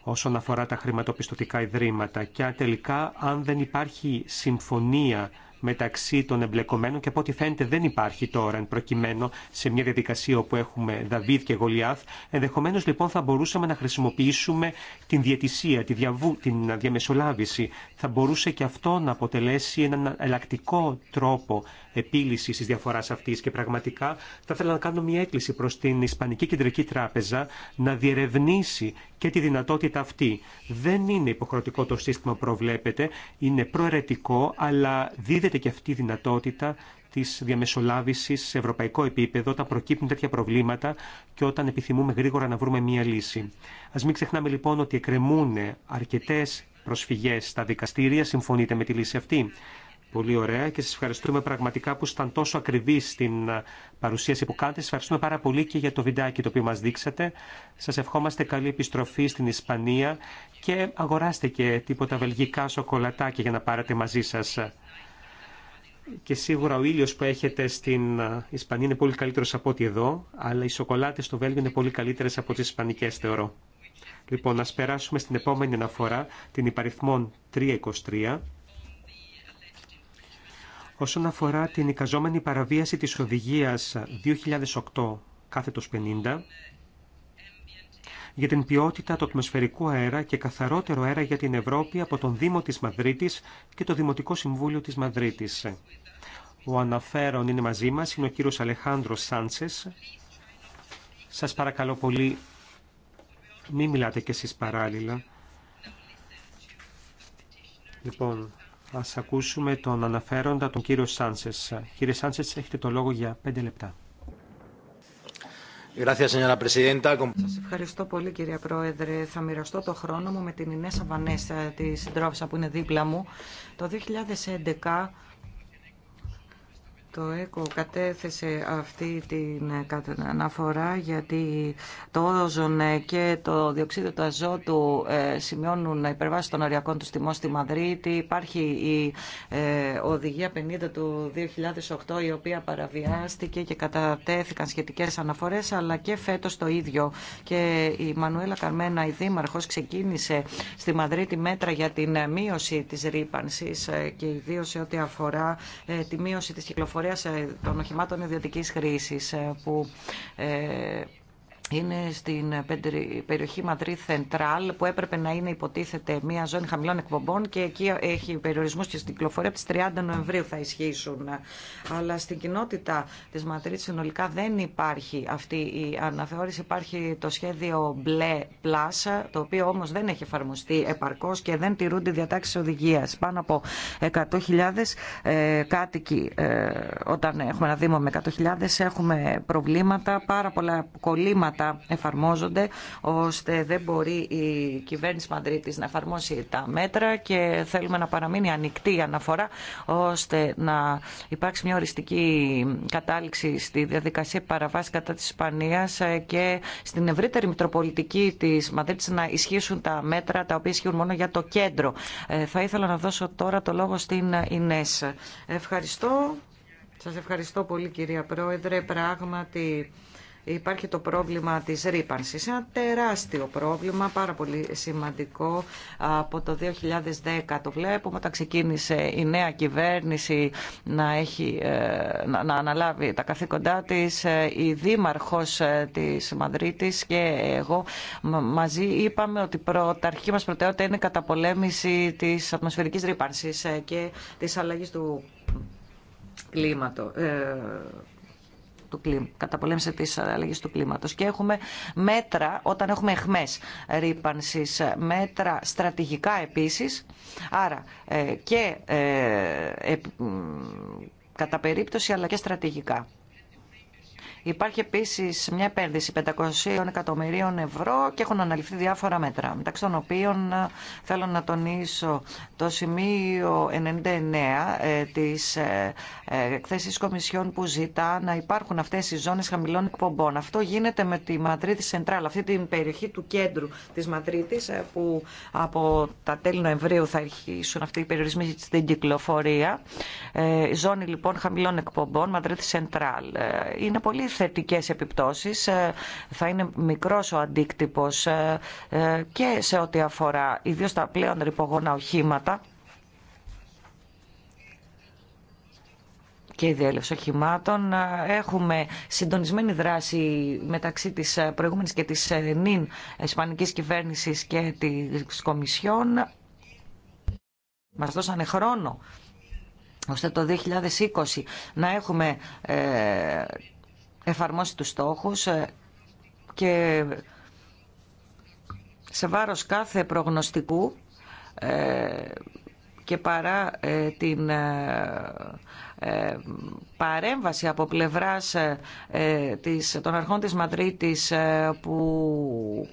όσον αφορά τα χρηματοπιστωτικά ιδρύματα και αν τελικά αν δεν υπάρχει συμφωνία μεταξύ των εμπλεκομένων και από ό,τι φαίνεται δεν υπάρχει τώρα εν προκειμένου σε μια διαδικασία όπου έχουμε Δαβίδ και Γολιάθ. Ενδεχομένω λοιπόν θα μπορούσαμε να χρησιμοποιήσουμε την διαιτησία, τη διαβου... την διαμεσολάβηση. Θα μπορούσε και αυτό να αποτελέσει έναν ελακτικό τρόπο επίλυση τη διαφορά αυτή. Και πραγματικά θα ήθελα να κάνω μια έκκληση προ την Ισπανική Κεντρική Τράπεζα να διερευνήσει και τη δυνατότητα αυτή. Δεν είναι υποχρεωτικό το σύστημα που προβλέπεται, είναι προαιρετικό, αλλά δίδεται και αυτή η δυνατότητα τη διαμεσολάβηση σε ευρωπαϊκό επίπεδο όταν προκύπτουν τέτοια προβλήματα και όταν επιθυμούμε γρήγορα να βρούμε μία λύση. Α μην ξεχνάμε λοιπόν ότι εκκρεμούν αρκετέ προσφυγέ στα δικαστήρια. Συμφωνείτε με τη λύση αυτή. Πολύ ωραία και σα ευχαριστούμε πραγματικά που ήταν τόσο ακριβεί στην ε, παρουσίαση που κάνετε. Σα ευχαριστούμε πάρα πολύ και για το βιντεάκι το οποίο μα δείξατε. Σα ευχόμαστε καλή επιστροφή στην Ισπανία και αγοράστε και τίποτα βελγικά σοκολατάκια για να πάρετε μαζί σα. Και σίγουρα ο ήλιο που έχετε στην ε, Ισπανία είναι πολύ καλύτερο από ό,τι εδώ, αλλά οι σοκολάτες στο Βέλγιο είναι πολύ καλύτερες από τις Ισπανικές, θεωρώ. Λοιπόν, α περάσουμε στην επόμενη αναφορά, την υπαριθμόν 323 όσον αφορά την εικαζόμενη παραβίαση της οδηγίας 2008 κάθετος 50 για την ποιότητα του ατμοσφαιρικού αέρα και καθαρότερο αέρα για την Ευρώπη από τον Δήμο της Μαδρίτης και το Δημοτικό Συμβούλιο της Μαδρίτης. Ο αναφέρον είναι μαζί μας, είναι ο κύριος Αλεχάνδρος Σάντσες. Σας παρακαλώ πολύ, μην μιλάτε κι εσείς παράλληλα. Λοιπόν, Ας ακούσουμε τον αναφέροντα, τον κύριο Σάνσες. Κύριε Σάνσες, έχετε το λόγο για πέντε λεπτά. Σα ευχαριστώ πολύ κυρία Πρόεδρε. Θα μοιραστώ το χρόνο μου με την Ινέσα Βανέσα, τη συντρόφισσα που είναι δίπλα μου. Το 2011 το ΕΚΟ κατέθεσε αυτή την αναφορά γιατί το όζον και το διοξείδιο του αζότου ε, σημειώνουν υπερβάσει των οριακών του τιμών στη Μαδρίτη. Υπάρχει η ε, οδηγία 50 του 2008 η οποία παραβιάστηκε και κατατέθηκαν σχετικές αναφορές αλλά και φέτος το ίδιο. Και η Μανουέλα Καρμένα, η Δήμαρχος, ξεκίνησε στη Μαδρίτη μέτρα για την μείωση της ρήπανσης ε, και ιδίως σε ό,τι αφορά τη μείωση της κυκλοφορίας των οχημάτων ιδιωτική χρήση ε, που ε, είναι στην περιοχή Μαδρί Θεντράλ που έπρεπε να είναι υποτίθεται μια ζώνη χαμηλών εκπομπών και εκεί έχει περιορισμούς και στην κυκλοφορία από τις 30 Νοεμβρίου θα ισχύσουν. Αλλά στην κοινότητα της Μαδρίτης συνολικά δεν υπάρχει αυτή η αναθεώρηση. Υπάρχει το σχέδιο Μπλε Πλάσα το οποίο όμως δεν έχει εφαρμοστεί επαρκώς και δεν τηρούνται διατάξεις οδηγίας. Πάνω από 100.000 ε, κάτοικοι ε, όταν έχουμε ένα δήμο με 100.000 έχουμε προβλήματα, πάρα πολλά κολλήματα εφαρμόζονται, ώστε δεν μπορεί η κυβέρνηση Μαντρίτη να εφαρμόσει τα μέτρα και θέλουμε να παραμείνει ανοιχτή η αναφορά, ώστε να υπάρξει μια οριστική κατάληξη στη διαδικασία παραβάση κατά της Ισπανίας και στην ευρύτερη Μητροπολιτική της Μαδρίτης να ισχύσουν τα μέτρα τα οποία ισχύουν μόνο για το κέντρο. Ε, θα ήθελα να δώσω τώρα το λόγο στην Ινές. Ευχαριστώ. Σας ευχαριστώ πολύ κυρία Πρόεδρε. Πράγματι υπάρχει το πρόβλημα της ρήπανσης. Ένα τεράστιο πρόβλημα, πάρα πολύ σημαντικό. Από το 2010 το βλέπουμε, όταν ξεκίνησε η νέα κυβέρνηση να, έχει, ε, να αναλάβει τα καθήκοντά της, ε, η δήμαρχος ε, της Μαδρίτης και εγώ μαζί είπαμε ότι τα αρχή μας προτεραιότητα είναι η καταπολέμηση της ατμοσφαιρικής ρήπανσης και της αλλαγής του κλίματο, του κλίμα, καταπολέμηση της αλλαγής του κλίματος. Και έχουμε μέτρα όταν έχουμε εχμές ρήπανσης, μέτρα στρατηγικά επίσης. Άρα ε, και ε, κατά περίπτωση αλλά και στρατηγικά. Υπάρχει επίση μια επένδυση 500 εκατομμυρίων ευρώ και έχουν αναλυφθεί διάφορα μέτρα, μεταξύ των οποίων ε, θέλω να τονίσω το σημείο 99 ε, της ε, εκθέση Κομισιόν που ζητά να υπάρχουν αυτές οι ζώνες χαμηλών εκπομπών. Αυτό γίνεται με τη Μαδρίτη Σεντράλ, αυτή την περιοχή του κέντρου της Μαδρίτης που από τα τέλη Νοεμβρίου θα αρχίσουν αυτοί οι περιορισμοί στην κυκλοφορία. Ζώνη λοιπόν χαμηλών εκπομπών, Μαδρίτη Σεντράλ. Είναι πολύ Θετικέ επιπτώσεις. Ε, θα είναι μικρό ο αντίκτυπο. Ε, ε, και σε ό,τι αφορά ιδίως τα πλέον ρηπογόνα οχήματα. και η διέλευση οχημάτων. Έχουμε συντονισμένη δράση μεταξύ της προηγούμενης και της νυν ισπανικής κυβέρνησης και της Κομισιόν. Μας δώσανε χρόνο ώστε το 2020 να έχουμε εφαρμόσει τους στόχους ε, και σε βάρος κάθε προγνωστικού ε, και παρά ε, την παρέμβαση από πλευράς των αρχών της Μαδρίτης που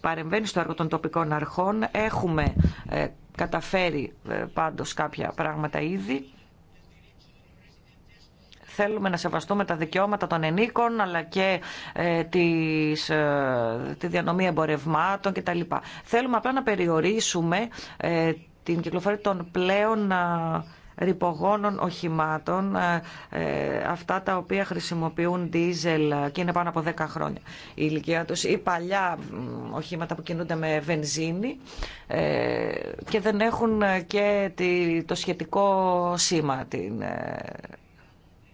παρεμβαίνει στο έργο των τοπικών αρχών έχουμε καταφέρει πάντως κάποια πράγματα ήδη Θέλουμε να σεβαστούμε τα δικαιώματα των ενίκων αλλά και ε, ε, τη διανομή εμπορευμάτων κτλ. Θέλουμε απλά να περιορίσουμε ε, την κυκλοφορία των πλέον ρηπογόνων οχημάτων, αυτά τα οποία χρησιμοποιούν δίζελ και είναι πάνω από 10 χρόνια η ηλικία τους, ή παλιά οχήματα που κινούνται με βενζίνη και δεν έχουν και το σχετικό σήμα, την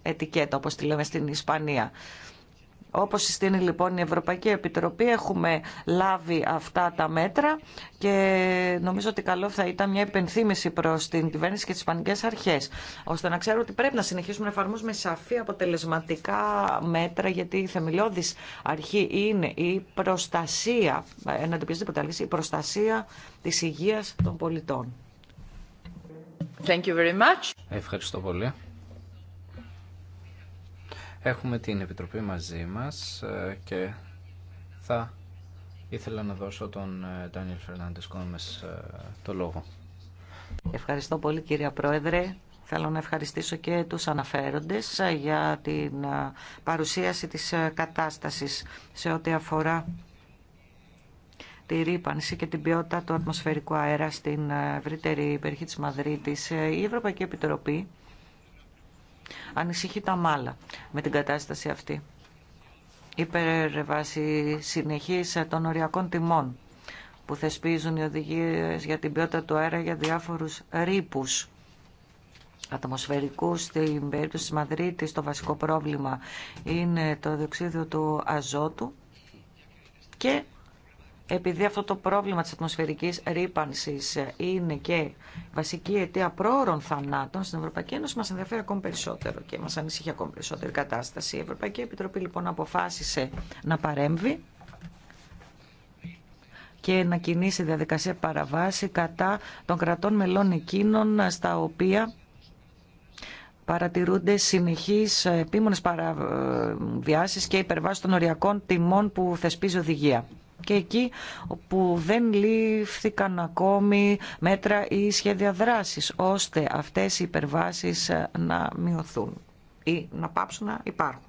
ετικέτα, όπως τη λέμε στην Ισπανία. Όπως συστήνει λοιπόν η Ευρωπαϊκή Επιτροπή, έχουμε λάβει αυτά τα μέτρα και νομίζω ότι καλό θα ήταν μια υπενθύμηση προς την κυβέρνηση και τις Ισπανικές Αρχές, ώστε να ξέρω ότι πρέπει να συνεχίσουμε να εφαρμόσουμε σαφή αποτελεσματικά μέτρα, γιατί η θεμελιώδης αρχή είναι η προστασία, εναντί η προστασία της υγείας των πολιτών. Thank you very much. Ευχαριστώ πολύ. Έχουμε την Επιτροπή μαζί μας ε, και θα ήθελα να δώσω τον ε, Ντάνιελ Φερνάντες Κόμες ε, το λόγο. Ευχαριστώ πολύ κύριε Πρόεδρε. Θέλω να ευχαριστήσω και τους αναφέροντες για την παρουσίαση της κατάστασης σε ό,τι αφορά τη ρήπανση και την ποιότητα του ατμοσφαιρικού αέρα στην ευρύτερη περιοχή της Μαδρίτης. Η Ευρωπαϊκή Επιτροπή Ανησυχεί τα μάλα με την κατάσταση αυτή. Υπερεβάση συνεχής των οριακών τιμών που θεσπίζουν οι οδηγίες για την ποιότητα του αέρα για διάφορους ρήπους ατμοσφαιρικού στην περίπτωση της Μαδρίτης το βασικό πρόβλημα είναι το διοξίδιο του αζότου και επειδή αυτό το πρόβλημα της ατμοσφαιρικής ρήπανσης ε, είναι και βασική αιτία πρόωρων θανάτων στην Ευρωπαϊκή Ένωση, μας ενδιαφέρει ακόμη περισσότερο και μας ανησυχεί ακόμη περισσότερη κατάσταση. Η Ευρωπαϊκή Επιτροπή λοιπόν αποφάσισε να παρέμβει και να κινήσει διαδικασία παραβάση κατά των κρατών μελών εκείνων στα οποία παρατηρούνται συνεχείς ε, επίμονες παραβιάσεις και υπερβάσεις των οριακών τιμών που θεσπίζει οδηγία και εκεί όπου δεν λήφθηκαν ακόμη μέτρα ή σχέδια δράσης ώστε αυτές οι υπερβάσεις ε, να μειωθούν ή να πάψουν να υπάρχουν.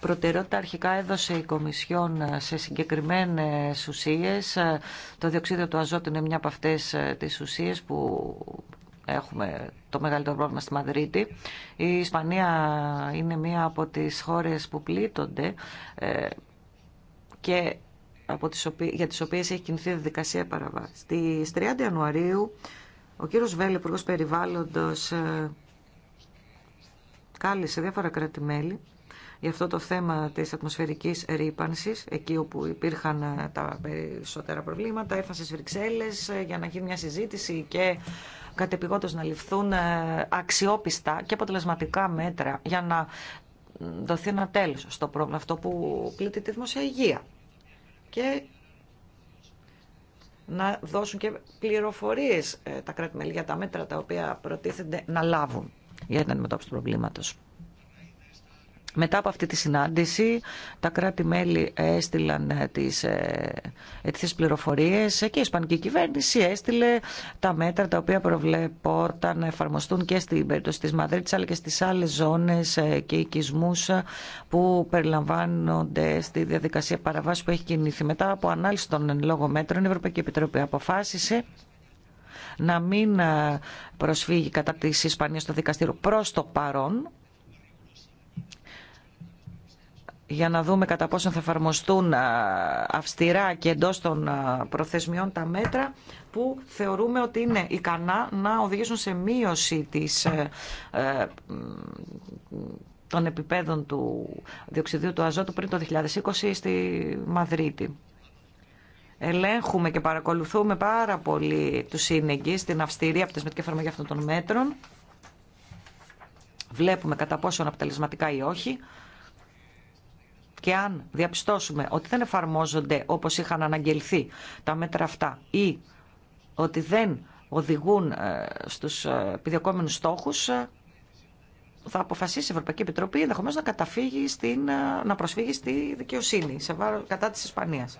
Προτεραιότητα αρχικά έδωσε η Κομισιόν ε, σε συγκεκριμένες ουσίες. Ε, το διοξείδιο του αζότου είναι μια από αυτές τις ουσίες που έχουμε το μεγαλύτερο πρόβλημα στη Μαδρίτη. Η Ισπανία είναι μία από τις χώρες που πλήττονται ε, και από τις για τις οποίες έχει κινηθεί η δικασία παραβάση. Στις 30 Ιανουαρίου ο κύριος Βέλη, υπουργό Περιβάλλοντος, ε, κάλεσε διάφορα κράτη-μέλη για αυτό το θέμα της ατμοσφαιρικής ρήπανσης, εκεί όπου υπήρχαν ε, τα περισσότερα προβλήματα, έφτασε στις Βρυξέλλες για να γίνει μια συζήτηση και κατεπηγόντως να ληφθούν ε, αξιόπιστα και αποτελεσματικά μέτρα για να δοθεί ένα τέλος στο πρόβλημα αυτό που πλήττει τη δημοσία υγεία. Και να δώσουν και πληροφορίες ε, τα κράτη-μέλη για τα μέτρα τα οποία προτίθενται να λάβουν για την αντιμετώπιση του προβλήματος. Μετά από αυτή τη συνάντηση, τα κράτη-μέλη έστειλαν ε, τις ε, αιτήσεις πληροφορίες και η Ισπανική κυβέρνηση έστειλε τα μέτρα τα οποία προβλέπονταν να εφαρμοστούν και στην περίπτωση της Μαδρίτης αλλά και στις άλλες ζώνες ε, και οικισμούς που περιλαμβάνονται στη διαδικασία παραβάσης που έχει κινηθεί. Μετά από ανάλυση των λόγω μέτρων, η Ευρωπαϊκή Επιτροπή αποφάσισε να μην προσφύγει κατά της Ισπανίας στο δικαστήριο προς το παρόν για να δούμε κατά πόσο θα εφαρμοστούν αυστηρά και εντός των προθεσμιών τα μέτρα που θεωρούμε ότι είναι ικανά να οδηγήσουν σε μείωση της, ε, ε, των επιπέδων του διοξιδίου του αζότου πριν το 2020 στη Μαδρίτη. Ελέγχουμε και παρακολουθούμε πάρα πολύ τους σύνεγγυς στην αυστηρή αποτελεσματική εφαρμογή αυτών των μέτρων. Βλέπουμε κατά πόσο αποτελεσματικά ή όχι και αν διαπιστώσουμε ότι δεν εφαρμόζονται όπως είχαν αναγγελθεί τα μέτρα αυτά ή ότι δεν οδηγούν ε, στους ε, επιδιωκόμενους στόχους, ε, θα αποφασίσει η Ευρωπαϊκή Επιτροπή ενδεχομένω να καταφύγει στην, να προσφύγει στη δικαιοσύνη σε βάρο, κατά της Ισπανίας.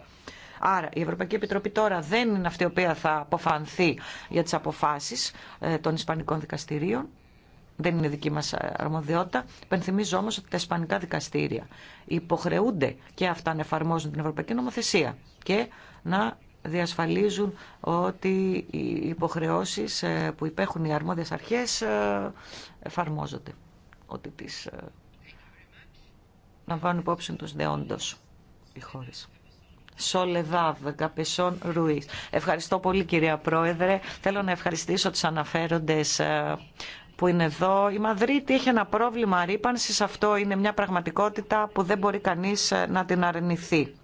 Άρα η Ευρωπαϊκή Επιτροπή τώρα δεν είναι αυτή η οποία θα αποφανθεί για τις αποφάσεις των Ισπανικών δικαστηρίων δεν είναι δική μας αρμοδιότητα. Πενθυμίζω όμως ότι τα ισπανικά δικαστήρια υποχρεούνται και αυτά να εφαρμόζουν την Ευρωπαϊκή Νομοθεσία και να διασφαλίζουν ότι οι υποχρεώσεις ε, που υπέχουν οι αρμόδιες αρχές ε, εφαρμόζονται, ότι τις λαμβάνουν ε, υπόψη τους δεόντως οι χώρες. Σολεδάβ, Καπεσόν Ρουή. Ευχαριστώ πολύ κυρία Πρόεδρε. Θέλω να ευχαριστήσω τους αναφέροντες που είναι εδώ. Η Μαδρίτη έχει ένα πρόβλημα ρήπανσης. Αυτό είναι μια πραγματικότητα που δεν μπορεί κανείς ε, να την αρνηθεί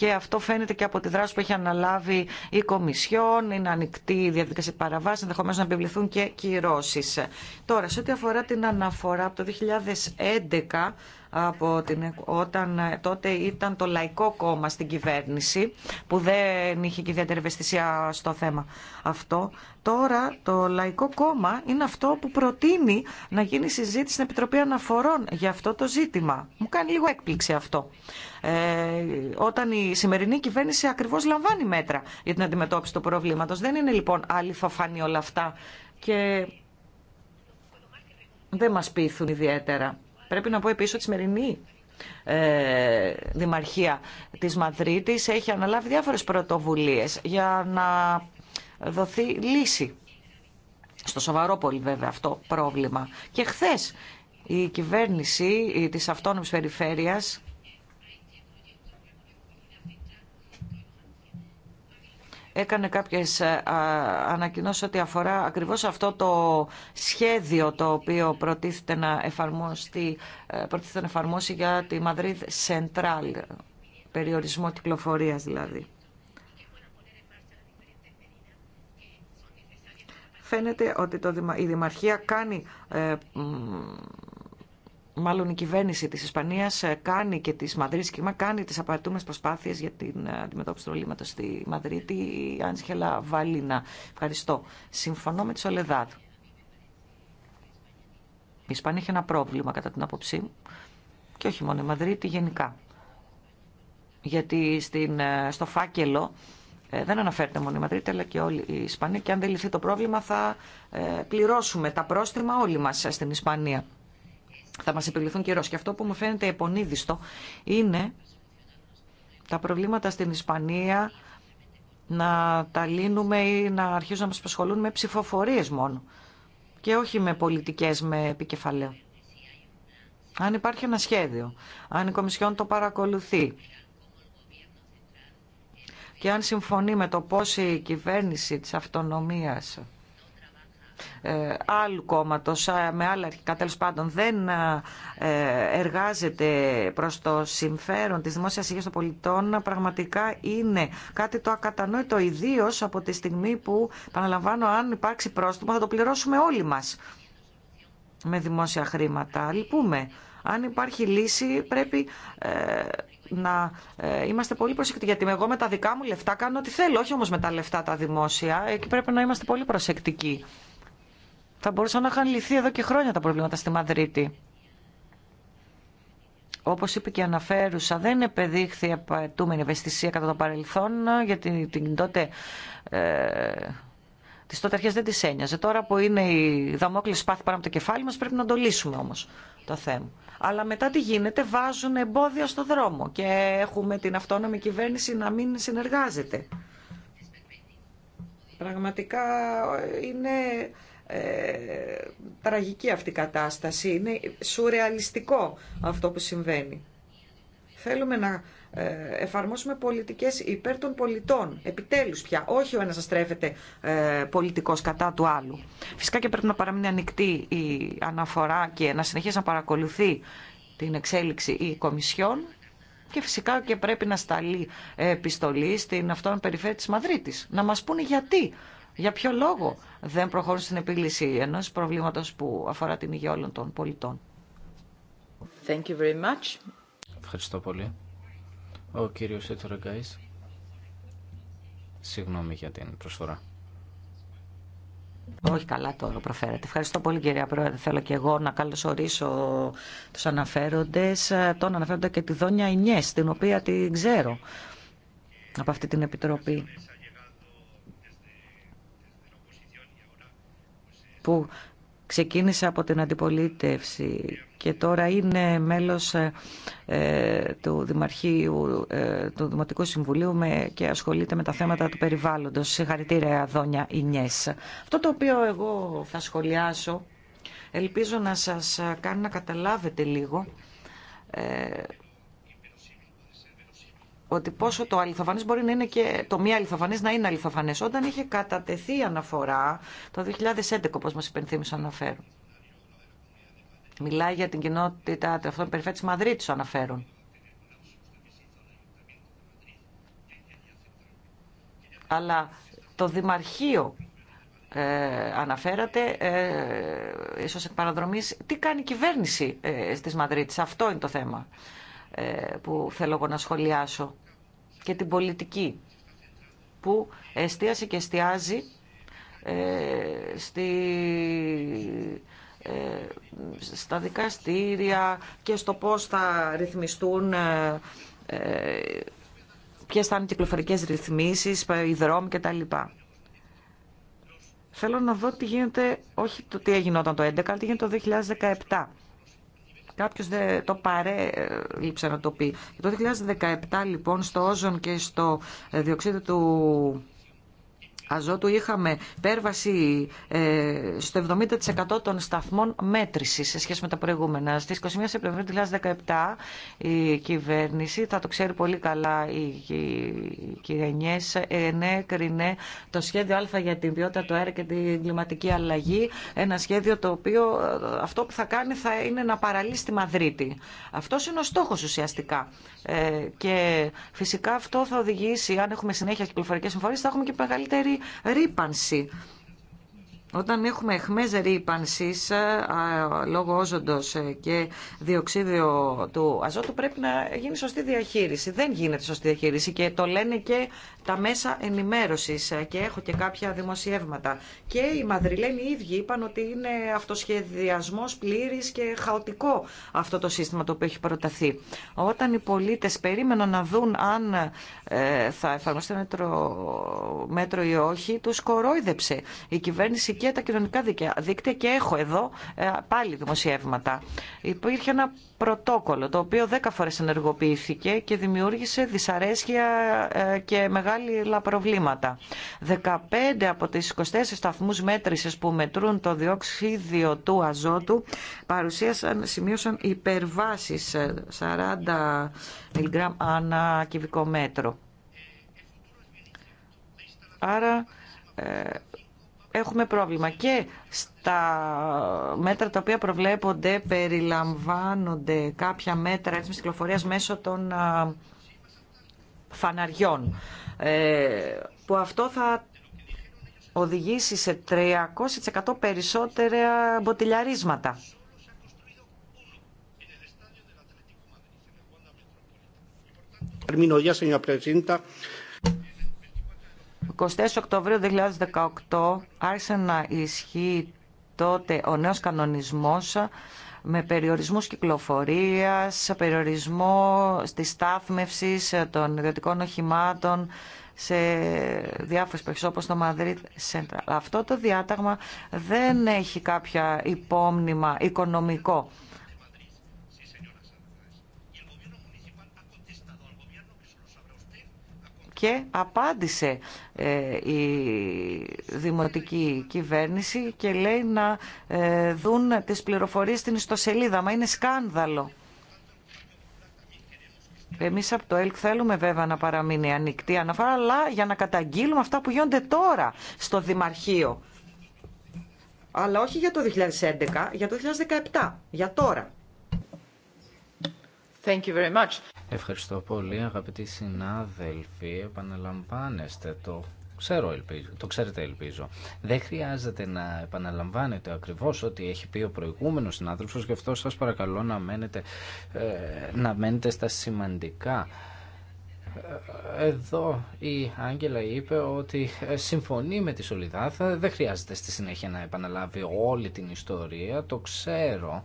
και αυτό φαίνεται και από τη δράση που έχει αναλάβει η Κομισιόν. Είναι ανοιχτή η διαδικασία παραβάση, ενδεχομένω να επιβληθούν και κυρώσει. Τώρα, σε ό,τι αφορά την αναφορά από το 2011 από την, όταν τότε ήταν το Λαϊκό Κόμμα στην κυβέρνηση που δεν είχε και ιδιαίτερη ευαισθησία στο θέμα αυτό. Τώρα το Λαϊκό Κόμμα είναι αυτό που προτείνει να γίνει συζήτηση στην Επιτροπή Αναφορών για αυτό το ζήτημα. Μου κάνει λίγο έκπληξη αυτό. Ε, όταν η σημερινή κυβέρνηση ακριβώς λαμβάνει μέτρα για την αντιμετώπιση του προβλήματος. Δεν είναι λοιπόν φανεί όλα αυτά και δεν μας πείθουν ιδιαίτερα. Πρέπει να πω επίσης ότι η σημερινή ε, Δημαρχία της Μαδρίτης έχει αναλάβει διάφορες πρωτοβουλίες για να δοθεί λύση στο σοβαρό πολύ βέβαια αυτό πρόβλημα. Και χθες η κυβέρνηση της αυτόνομης περιφέρειας έκανε κάποιες ε, ανακοινώσεις ότι αφορά ακριβώς αυτό το σχέδιο το οποίο προτίθεται να εφαρμόσει, προτίθεται να εφαρμόσει για τη Μαδρίδ Σεντράλ, περιορισμό κυκλοφορίας δηλαδή. Φαίνεται ότι το, η Δημαρχία κάνει ε, μάλλον η κυβέρνηση της Ισπανίας ε, κάνει και της και μα κάνει τις απαραίτητε προσπάθειες για την ε, αντιμετώπιση του προβλήματο στη Μαδρίτη. Η Άντζελα Βαλίνα. Ευχαριστώ. Συμφωνώ με τη Σολεδάτ. Η Ισπανία έχει ένα πρόβλημα κατά την άποψή μου και όχι μόνο η Μαδρίτη γενικά. Γιατί στην, ε, στο φάκελο ε, δεν αναφέρεται μόνο η Μαδρίτη, αλλά και όλη η Ισπανία. Και αν δεν λυθεί το πρόβλημα, θα ε, πληρώσουμε τα πρόστιμα όλοι μας στην Ισπανία θα μας επιβληθούν καιρός. Και αυτό που μου φαίνεται επονίδιστο είναι τα προβλήματα στην Ισπανία να τα λύνουμε ή να αρχίσουν να μας απασχολούν με ψηφοφορίες μόνο και όχι με πολιτικές με επικεφαλαίο. Αν υπάρχει ένα σχέδιο, αν η Κομισιόν το παρακολουθεί και αν συμφωνεί με το πώς η κυβέρνηση της αυτονομίας ε, άλλου κόμματο, με άλλα αρχικά τέλο πάντων, δεν ε, εργάζεται προ το συμφέρον τη δημόσια υγεία των πολιτών, πραγματικά είναι κάτι το ακατανόητο, ιδίω από τη στιγμή που, παραλαμβάνω, αν υπάρξει πρόστιμο θα το πληρώσουμε όλοι μα με δημόσια χρήματα. Λυπούμε. Αν υπάρχει λύση πρέπει ε, να είμαστε πολύ προσεκτικοί. Γιατί εγώ με τα δικά μου λεφτά κάνω ό,τι θέλω, όχι όμως με τα λεφτά τα δημόσια. Εκεί πρέπει να είμαστε πολύ προσεκτικοί. Θα μπορούσαν να είχαν λυθεί εδώ και χρόνια τα προβλήματα στη Μαδρίτη. Όπω είπε και αναφέρουσα, δεν επεδείχθη απαιτούμενη ευαισθησία κατά το παρελθόν, γιατί την τότε. Ε, τι τότε αρχέ δεν τι ένοιαζε. Τώρα που είναι η δαμόκλη σπάθη πάνω από το κεφάλι μα, πρέπει να το λύσουμε όμω το θέμα. Αλλά μετά τι γίνεται, βάζουν εμπόδια στο δρόμο και έχουμε την αυτόνομη κυβέρνηση να μην συνεργάζεται. Πραγματικά ε, είναι ε, τραγική αυτή η κατάσταση. Είναι σουρεαλιστικό αυτό που συμβαίνει. Θέλουμε να ε, εφαρμόσουμε πολιτικές υπέρ των πολιτών. Επιτέλους πια. Όχι ο ένας να στρέφεται ε, πολιτικός κατά του άλλου. Φυσικά και πρέπει να παραμείνει ανοιχτή η αναφορά και να συνεχίσει να παρακολουθεί την εξέλιξη η Κομισιόν και φυσικά και πρέπει να σταλεί επιστολή στην αυτόν περιφέρεια της Μαδρίτης. Να μας πούνε γιατί για ποιο λόγο δεν προχωρούν στην επίλυση ενός προβλήματος που αφορά την υγεία όλων των πολιτών. Thank you very much. Ευχαριστώ πολύ. Ο κύριος Ετωραγκάης. Συγγνώμη για την προσφορά. Όχι καλά τώρα προφέρετε. Ευχαριστώ πολύ κυρία Πρόεδρε. Θέλω και εγώ να καλωσορίσω τους αναφέροντες, τον αναφέροντα και τη Δόνια Ινιές, την οποία την ξέρω από αυτή την Επιτροπή. που ξεκίνησε από την αντιπολίτευση και τώρα είναι μέλος ε, ε, του, Δημαρχείου, ε, του Δημοτικού Συμβουλίου με, και ασχολείται με τα θέματα του περιβάλλοντος. Συγχαρητήρια, Δόνια Ινιές. Αυτό το οποίο εγώ θα σχολιάσω, ελπίζω να σας κάνει να καταλάβετε λίγο ότι πόσο το αληθοφανές μπορεί να είναι και το μη αληθοφανές να είναι αληθοφανές. Όταν είχε κατατεθεί η αναφορά το 2011, όπως μας υπενθύμισε αναφέρουν. Μιλάει για την κοινότητα αυτών τη της Μαδρίτης αναφέρουν. Αλλά το Δημαρχείο ε, αναφέρατε, ε, ίσως εκ παραδρομής, τι κάνει η κυβέρνηση ε, της Μαδρίτης. Αυτό είναι το θέμα. Ε, που θέλω να σχολιάσω και την πολιτική που εστίασε και εστιάζει ε, στη, ε, στα δικαστήρια και στο πώς θα ρυθμιστούν ποιες θα είναι οι κυκλοφορικές ρυθμίσεις, οι δρόμοι κτλ. Θέλω να δω τι γίνεται, όχι το τι έγινε όταν το 2011, αλλά τι γίνεται το 2017. Κάποιος δεν το παρέλειψε ε, να το πει. Το 2017 λοιπόν στο όζον και στο ε, διοξείδιο του αζότου είχαμε πέρβαση ε, στο 70% των σταθμών μέτρησης σε σχέση με τα προηγούμενα. Στις 21 Σεπτεμβρίου 2017 η κυβέρνηση, θα το ξέρει πολύ καλά η κυρία Νιές, ενέκρινε το σχέδιο Α για την ποιότητα του αέρα και την κλιματική αλλαγή. Ένα σχέδιο το οποίο ε, αυτό που θα κάνει θα είναι να παραλύσει τη Μαδρίτη. Αυτό είναι ο στόχο ουσιαστικά. Ε, και φυσικά αυτό θα οδηγήσει, αν έχουμε συνέχεια κυκλοφορικέ συμφορίε, θα έχουμε και μεγαλύτερη ρήπανση. Όταν έχουμε αιχμές ρήπανσης ε, λόγω όζοντος ε, και διοξίδιο του αζότου πρέπει να γίνει σωστή διαχείριση. Δεν γίνεται σωστή διαχείριση και το λένε και τα μέσα ενημέρωσης ε, και έχω και κάποια δημοσιεύματα. Και οι Μαδριλένοι ίδιοι είπαν ότι είναι αυτοσχεδιασμός πλήρης και χαοτικό αυτό το σύστημα το οποίο έχει προταθεί. Όταν οι πολίτες περίμεναν να δουν αν θα εφαρμοστεί μέτρο, μέτρο ή όχι, τους κορόιδεψε. Η κυβέρνηση και τα κοινωνικά δίκτυα και έχω εδώ ε, πάλι δημοσιεύματα. Υπήρχε ένα πρωτόκολλο το οποίο δέκα φορές ενεργοποιήθηκε και δημιούργησε δυσαρέσκεια ε, και μεγάλα προβλήματα. 15 από τις 24 σταθμούς μέτρησης που μετρούν το διοξίδιο του αζότου παρουσίασαν, σημείωσαν υπερβάσεις 40 ε, μιλιγκράμμ ανά κυβικό μέτρο. Άρα έχουμε πρόβλημα και στα μέτρα τα οποία προβλέπονται περιλαμβάνονται κάποια μέτρα έτσι κυκλοφορίας μέσω των φαναριών ε, που αυτό θα οδηγήσει σε 300% περισσότερα μποτιλιαρίσματα. Termino ya, 24 Οκτωβρίου 2018 άρχισε να ισχύει τότε ο νέος κανονισμός με περιορισμούς κυκλοφορίας, περιορισμό της στάθμευση των ιδιωτικών οχημάτων σε διάφορες περιοχές όπως το Madrid Central. Αυτό το διάταγμα δεν έχει κάποια υπόμνημα οικονομικό και απάντησε ε, η δημοτική κυβέρνηση και λέει να ε, δουν τις πληροφορίες στην ιστοσελίδα. Μα είναι σκάνδαλο. Εμείς από το ΕΛΚ θέλουμε βέβαια να παραμείνει ανοιχτή αναφορά, αλλά για να καταγγείλουμε αυτά που γίνονται τώρα στο Δημαρχείο. Αλλά όχι για το 2011, για το 2017, για τώρα. Thank you very much. Ευχαριστώ πολύ αγαπητοί συνάδελφοι. Επαναλαμβάνεστε το ξέρω ελπίζω, το ξέρετε ελπίζω. Δεν χρειάζεται να επαναλαμβάνετε ακριβώ ό,τι έχει πει ο προηγούμενο συνάδελφο γι' αυτό σα παρακαλώ να μένετε, ε, να μένετε στα σημαντικά. Ε, εδώ η Άγγελα είπε ότι ε, συμφωνεί με τη Σολιδάθα, δεν χρειάζεται στη συνέχεια να επαναλάβει όλη την ιστορία, το ξέρω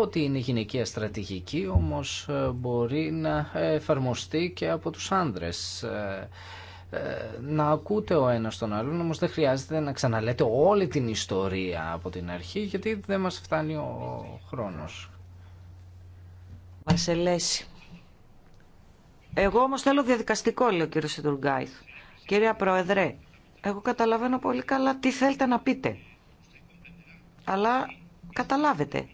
ότι είναι γυναικεία στρατηγική όμως ε, μπορεί να εφαρμοστεί και από τους άνδρες. Ε, ε, να ακούτε ο ένας τον άλλον, όμως δεν χρειάζεται να ξαναλέτε όλη την ιστορία από την αρχή, γιατί δεν μας φτάνει ο χρόνος. Βασελέση Εγώ όμως θέλω διαδικαστικό, λέει ο κύριος Σιντουργκάιθ. Κυρία Πρόεδρε, εγώ καταλαβαίνω πολύ καλά τι θέλετε να πείτε. Αλλά καταλάβετε,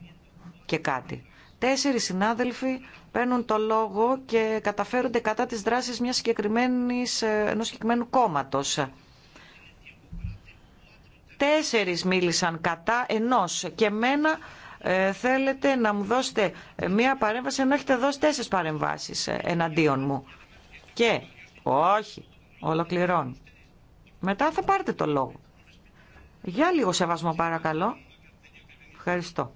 και κάτι. Τέσσερις συνάδελφοι παίρνουν το λόγο και καταφέρονται κατά τις δράσεις μιας συγκεκριμένης, ε, ενός συγκεκριμένου κόμματος. Τέσσερις μίλησαν κατά ενός και μένα ε, θέλετε να μου δώσετε ε, μία παρέμβαση ενώ έχετε δώσει τέσσερις παρεμβάσεις εναντίον μου. Και όχι, ολοκληρώνω. Μετά θα πάρετε το λόγο. Για λίγο σεβασμό παρακαλώ. Ευχαριστώ.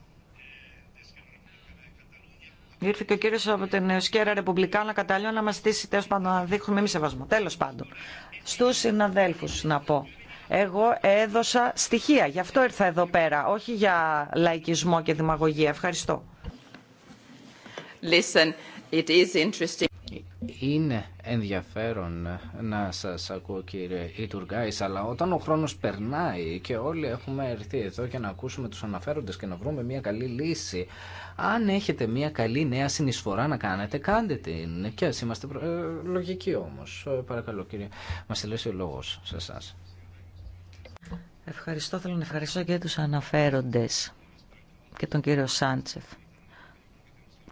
Ήρθε και ο κύριο από την Σκέρα Ρεπουμπλικά να καταλήγω να μα στήσει τέλο πάντων να δείχνουμε εμεί σεβασμό. Τέλο πάντων, στου συναδέλφου να πω. Εγώ έδωσα στοιχεία. Γι' αυτό ήρθα εδώ πέρα. Όχι για λαϊκισμό και δημαγωγία. Ευχαριστώ. Είναι ενδιαφέρον να σας ακούω κύριε Ιτουργάης, αλλά όταν ο χρόνος περνάει και όλοι έχουμε έρθει εδώ για να ακούσουμε τους αναφέροντες και να βρούμε μια καλή λύση, αν έχετε μια καλή νέα συνεισφορά να κάνετε, κάντε την. Και ας είμαστε ε, λογικοί όμως. Ε, παρακαλώ κύριε, μας τελείωσε ο λόγος σε εσά. Ευχαριστώ, θέλω να ευχαριστώ και τους αναφέροντες και τον κύριο Σάντσεφ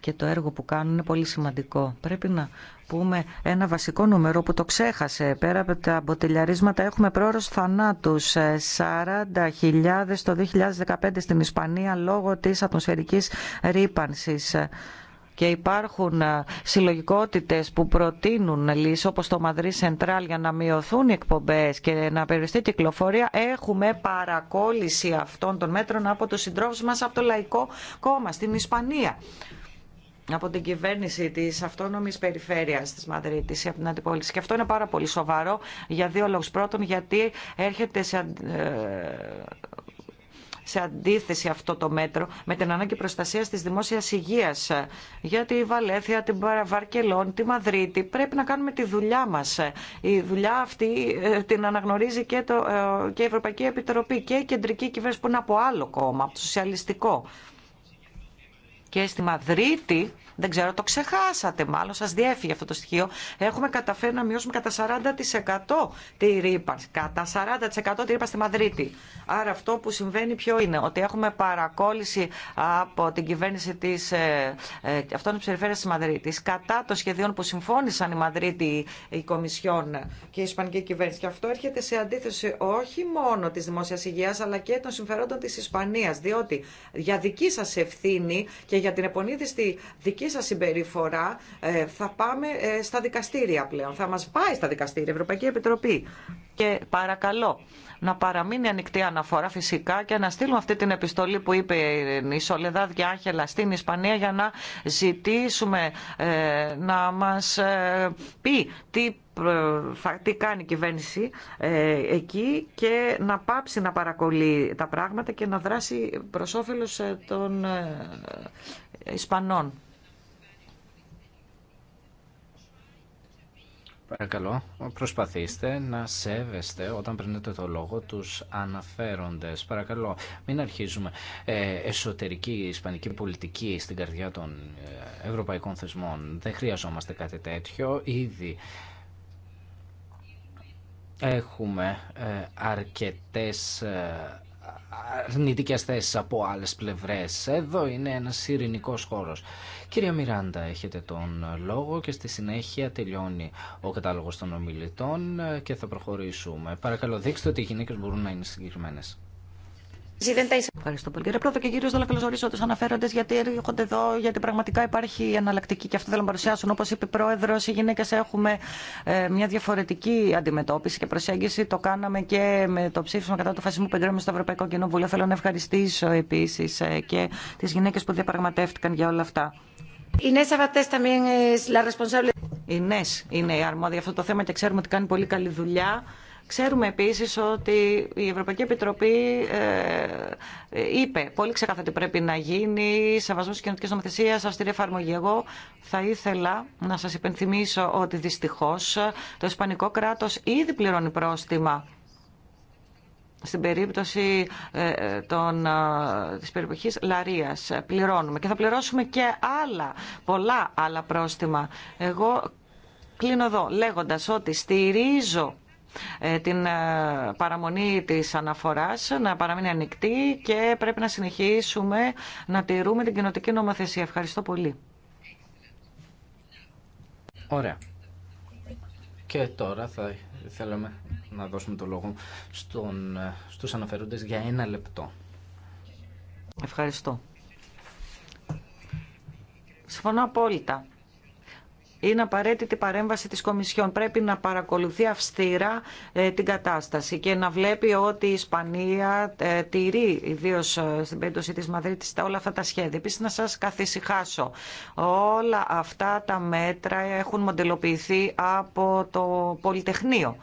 και το έργο που κάνουν είναι πολύ σημαντικό. Πρέπει να πούμε ένα βασικό νούμερο που το ξέχασε. Πέρα από τα μποτελιαρίσματα έχουμε πρόωρος θανάτους. 40.000 ε, το 2015 στην Ισπανία λόγω της ατμοσφαιρικής ρήπανσης ε, και υπάρχουν ε, συλλογικότητες που προτείνουν λύσεις όπως το Μαδρί Σεντράλ για να μειωθούν οι εκπομπές και να περιοριστεί η κυκλοφορία, έχουμε παρακόλληση αυτών των μέτρων από τους συντρόφους μας από το Λαϊκό Κόμμα στην Ισπανία από την κυβέρνηση τη αυτόνομη περιφέρεια τη Μαδρίτη, από την αντιπολίτευση. Και αυτό είναι πάρα πολύ σοβαρό για δύο λόγου. Πρώτον, γιατί έρχεται σε, ε, σε αντίθεση αυτό το μέτρο με την ανάγκη προστασία τη δημόσια υγεία. Γιατί η Βαλέθια, την Βαρκελόν, τη Μαδρίτη πρέπει να κάνουμε τη δουλειά μα. Η δουλειά αυτή ε, την αναγνωρίζει και, το, ε, και η Ευρωπαϊκή Επιτροπή και η Κεντρική Κυβέρνηση που είναι από άλλο κόμμα, από το Σοσιαλιστικό και στη Μαδρίτη δεν ξέρω, το ξεχάσατε μάλλον, σας διέφυγε αυτό το στοιχείο, έχουμε καταφέρει να μειώσουμε κατά 40% τη ρήπα κατά 40% τη ρήπα στη Μαδρίτη. Άρα αυτό που συμβαίνει ποιο είναι, ότι έχουμε παρακόλληση από την κυβέρνηση της, ε, ε, αυτών της περιφέρειας της Μαδρίτης, κατά των σχεδίων που συμφώνησαν η Μαδρίτη, η Κομισιόν και η Ισπανική κυβέρνηση. Και αυτό έρχεται σε αντίθεση όχι μόνο της δημόσιας υγείας, αλλά και των συμφερόντων της Ισπανίας, διότι για δική σας ευθύνη και για την επονίδιστη δική δική σας συμπεριφορά ε, θα πάμε ε, στα δικαστήρια πλέον. Θα μας πάει στα δικαστήρια Ευρωπαϊκή Επιτροπή. Και παρακαλώ να παραμείνει ανοιχτή αναφορά φυσικά και να στείλουμε αυτή την επιστολή που είπε η Σολεδά Διάχελα στην Ισπανία για να ζητήσουμε ε, να μας πει τι τι κάνει η κυβέρνηση εκεί και να πάψει να παρακολεί τα πράγματα και να δράσει προς όφελος των Ισπανών. Παρακαλώ, προσπαθήστε να σέβεστε όταν παίρνετε το λόγο τους αναφέροντες. Παρακαλώ, μην αρχίζουμε ε, εσωτερική ισπανική πολιτική στην καρδιά των ε, ευρωπαϊκών θεσμών. Δεν χρειαζόμαστε κάτι τέτοιο. Ήδη έχουμε ε, αρκετές ε, αρνητικέ θέσει από άλλε πλευρές. Εδώ είναι ένας ειρηνικό χώρο. Κυρία Μιράντα, έχετε τον λόγο και στη συνέχεια τελειώνει ο κατάλογος των ομιλητών και θα προχωρήσουμε. Παρακαλώ δείξτε ότι οι γυναίκε μπορούν να είναι συγκεκριμένε. Ευχαριστώ πολύ. Κύριε Πρόεδρε και κύριε Δόλα, καλωσορίζω του αναφέροντε γιατί έρχονται εδώ, γιατί πραγματικά υπάρχει αναλλακτική και αυτό θέλω να παρουσιάσουν. Όπω είπε η Πρόεδρο, οι γυναίκε έχουμε ε, μια διαφορετική αντιμετώπιση και προσέγγιση. Το κάναμε και με το ψήφισμα κατά του φασισμού Πεντρέμου στο Ευρωπαϊκό Κοινοβούλιο. Θέλω να ευχαριστήσω επίση ε, και τι γυναίκε που διαπραγματεύτηκαν για όλα αυτά. Η Νέσ είναι η αρμόδια αυτό το θέμα και ξέρουμε ότι κάνει πολύ καλή δουλειά. Ξέρουμε επίσης ότι η Ευρωπαϊκή Επιτροπή ε, είπε πολύ ξεκάθαρα ότι πρέπει να γίνει σεβασμός και κοινωνικής νομοθεσίας, αυστηρή εφαρμογή. Εγώ θα ήθελα να σας υπενθυμίσω ότι δυστυχώς το Ισπανικό κράτος ήδη πληρώνει πρόστιμα στην περίπτωση ε, ε, των, της περιοχής Λαρίας πληρώνουμε και θα πληρώσουμε και άλλα, πολλά άλλα πρόστιμα. Εγώ κλείνω εδώ λέγοντας ότι στηρίζω ε, την ε, παραμονή της αναφοράς να παραμείνει ανοιχτή και πρέπει να συνεχίσουμε να τηρούμε την κοινοτική νομοθεσία. Ευχαριστώ πολύ. Ωραία. Και τώρα θα θέλαμε να δώσουμε το λόγο στον, ε, στους αναφερόντες για ένα λεπτό. Ευχαριστώ. Συμφωνώ απόλυτα είναι απαραίτητη παρέμβαση της Κομισιόν. Πρέπει να παρακολουθεί αυστηρά ε, την κατάσταση και να βλέπει ότι η Ισπανία ε, τηρεί, ιδίω ε, στην περίπτωση της Μαδρίτης, όλα αυτά τα σχέδια. Επίσης, να σας καθησυχάσω. Όλα αυτά τα μέτρα έχουν μοντελοποιηθεί από το Πολυτεχνείο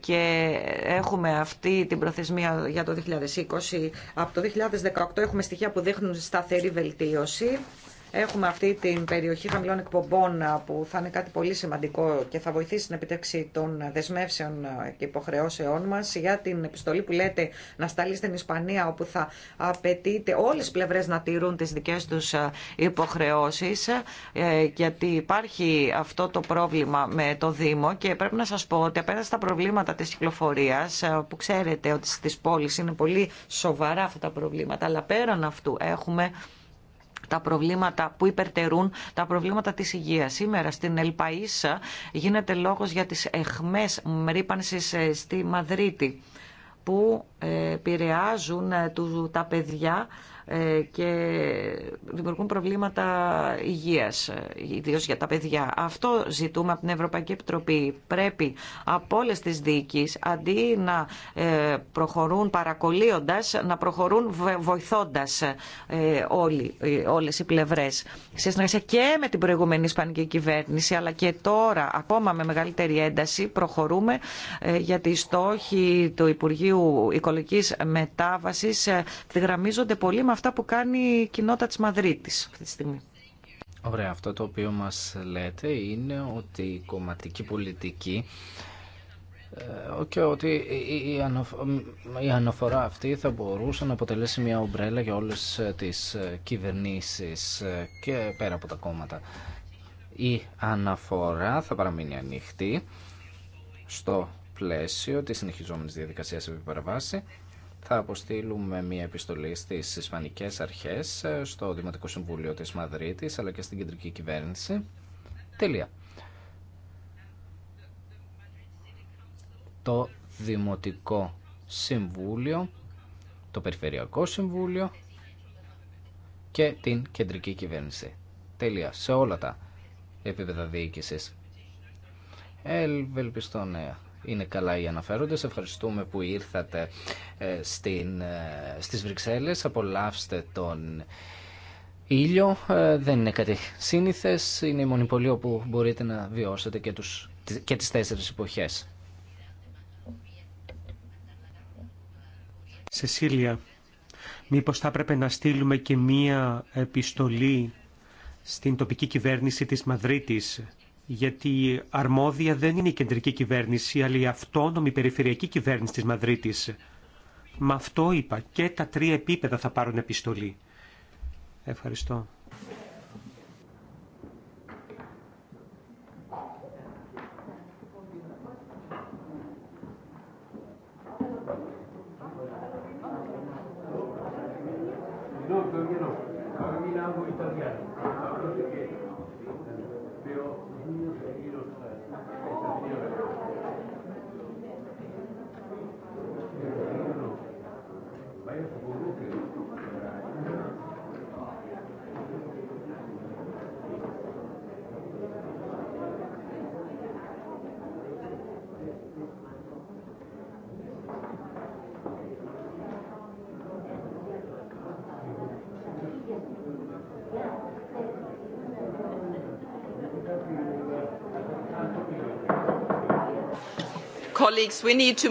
και έχουμε αυτή την προθεσμία για το 2020. Από το 2018 έχουμε στοιχεία που δείχνουν σταθερή βελτίωση. Έχουμε αυτή την περιοχή χαμηλών εκπομπών που θα είναι κάτι πολύ σημαντικό και θα βοηθήσει την επιτεύξη των δεσμεύσεων και υποχρεώσεών μα. Για την επιστολή που λέτε να σταλεί στην Ισπανία, όπου θα απαιτείται όλε οι πλευρέ να τηρούν τι δικέ του υποχρεώσει, ε, γιατί υπάρχει αυτό το πρόβλημα με το Δήμο και πρέπει να σα πω ότι απέναντι στα προβλήματα τη κυκλοφορία, που ξέρετε ότι στι πόλει είναι πολύ σοβαρά αυτά τα προβλήματα, αλλά πέραν αυτού έχουμε τα προβλήματα που υπερτερούν τα προβλήματα της υγείας. Σήμερα στην Ελπαΐσα γίνεται λόγος για τις εχμές ρήπανσης ε, στη Μαδρίτη που ε, επηρεάζουν ε, τα παιδιά ε, και δημιουργούν προβλήματα υγείας, ιδίως για τα παιδιά. Αυτό ζητούμε από την Ευρωπαϊκή Επιτροπή. Πρέπει από όλε τι δίκες, αντί να ε, προχωρούν παρακολύοντας, να προχωρούν βοηθώντας ε, όλοι, όλες οι πλευρές. Σε συνεργασία και με την προηγούμενη Ισπανική κυβέρνηση, αλλά και τώρα, ακόμα με μεγαλύτερη ένταση, προχωρούμε γιατί οι στόχοι του Υπουργείου Οικολογικής Μετάβασης γραμμίζονται πολύ με αυτά που κάνει η κοινότητα της Μαδρίτης αυτή τη στιγμή. Ωραία, αυτό το οποίο μας λέτε είναι ότι η κομματική πολιτική ε, και ότι η αναφορά αυτή θα μπορούσε να αποτελέσει μια ομπρέλα για όλες ε, τις ε, κυβερνήσεις και πέρα από τα κόμματα. Η αναφορά θα παραμείνει ανοιχτή στο πλαίσιο της συνεχιζόμενης διαδικασίας επί παραβάση θα αποστείλουμε μια επιστολή στις Ισπανικές Αρχές, ε, στο Δημοτικό Συμβούλιο της Μαδρίτης, αλλά και στην Κεντρική Κυβέρνηση. Τελεία. Το Δημοτικό Συμβούλιο, το Περιφερειακό Συμβούλιο και την Κεντρική Κυβέρνηση. Τελεία. Σε όλα τα επίπεδα διοίκησης. Ελβελπιστώ νέα είναι καλά οι αναφέροντες. Ευχαριστούμε που ήρθατε ε, στην, ε, στις Βρυξέλλες. Απολαύστε τον ήλιο. Ε, δεν είναι κάτι σύνηθες. Είναι η πολύ που μπορείτε να βιώσετε και, τους, και τις τέσσερις εποχές. Σεσίλια, μήπως θα έπρεπε να στείλουμε και μία επιστολή στην τοπική κυβέρνηση της Μαδρίτης γιατί αρμόδια δεν είναι η κεντρική κυβέρνηση, αλλά η αυτόνομη περιφερειακή κυβέρνηση της Μαδρίτης. Μα αυτό είπα, και τα τρία επίπεδα θα πάρουν επιστολή. Ευχαριστώ.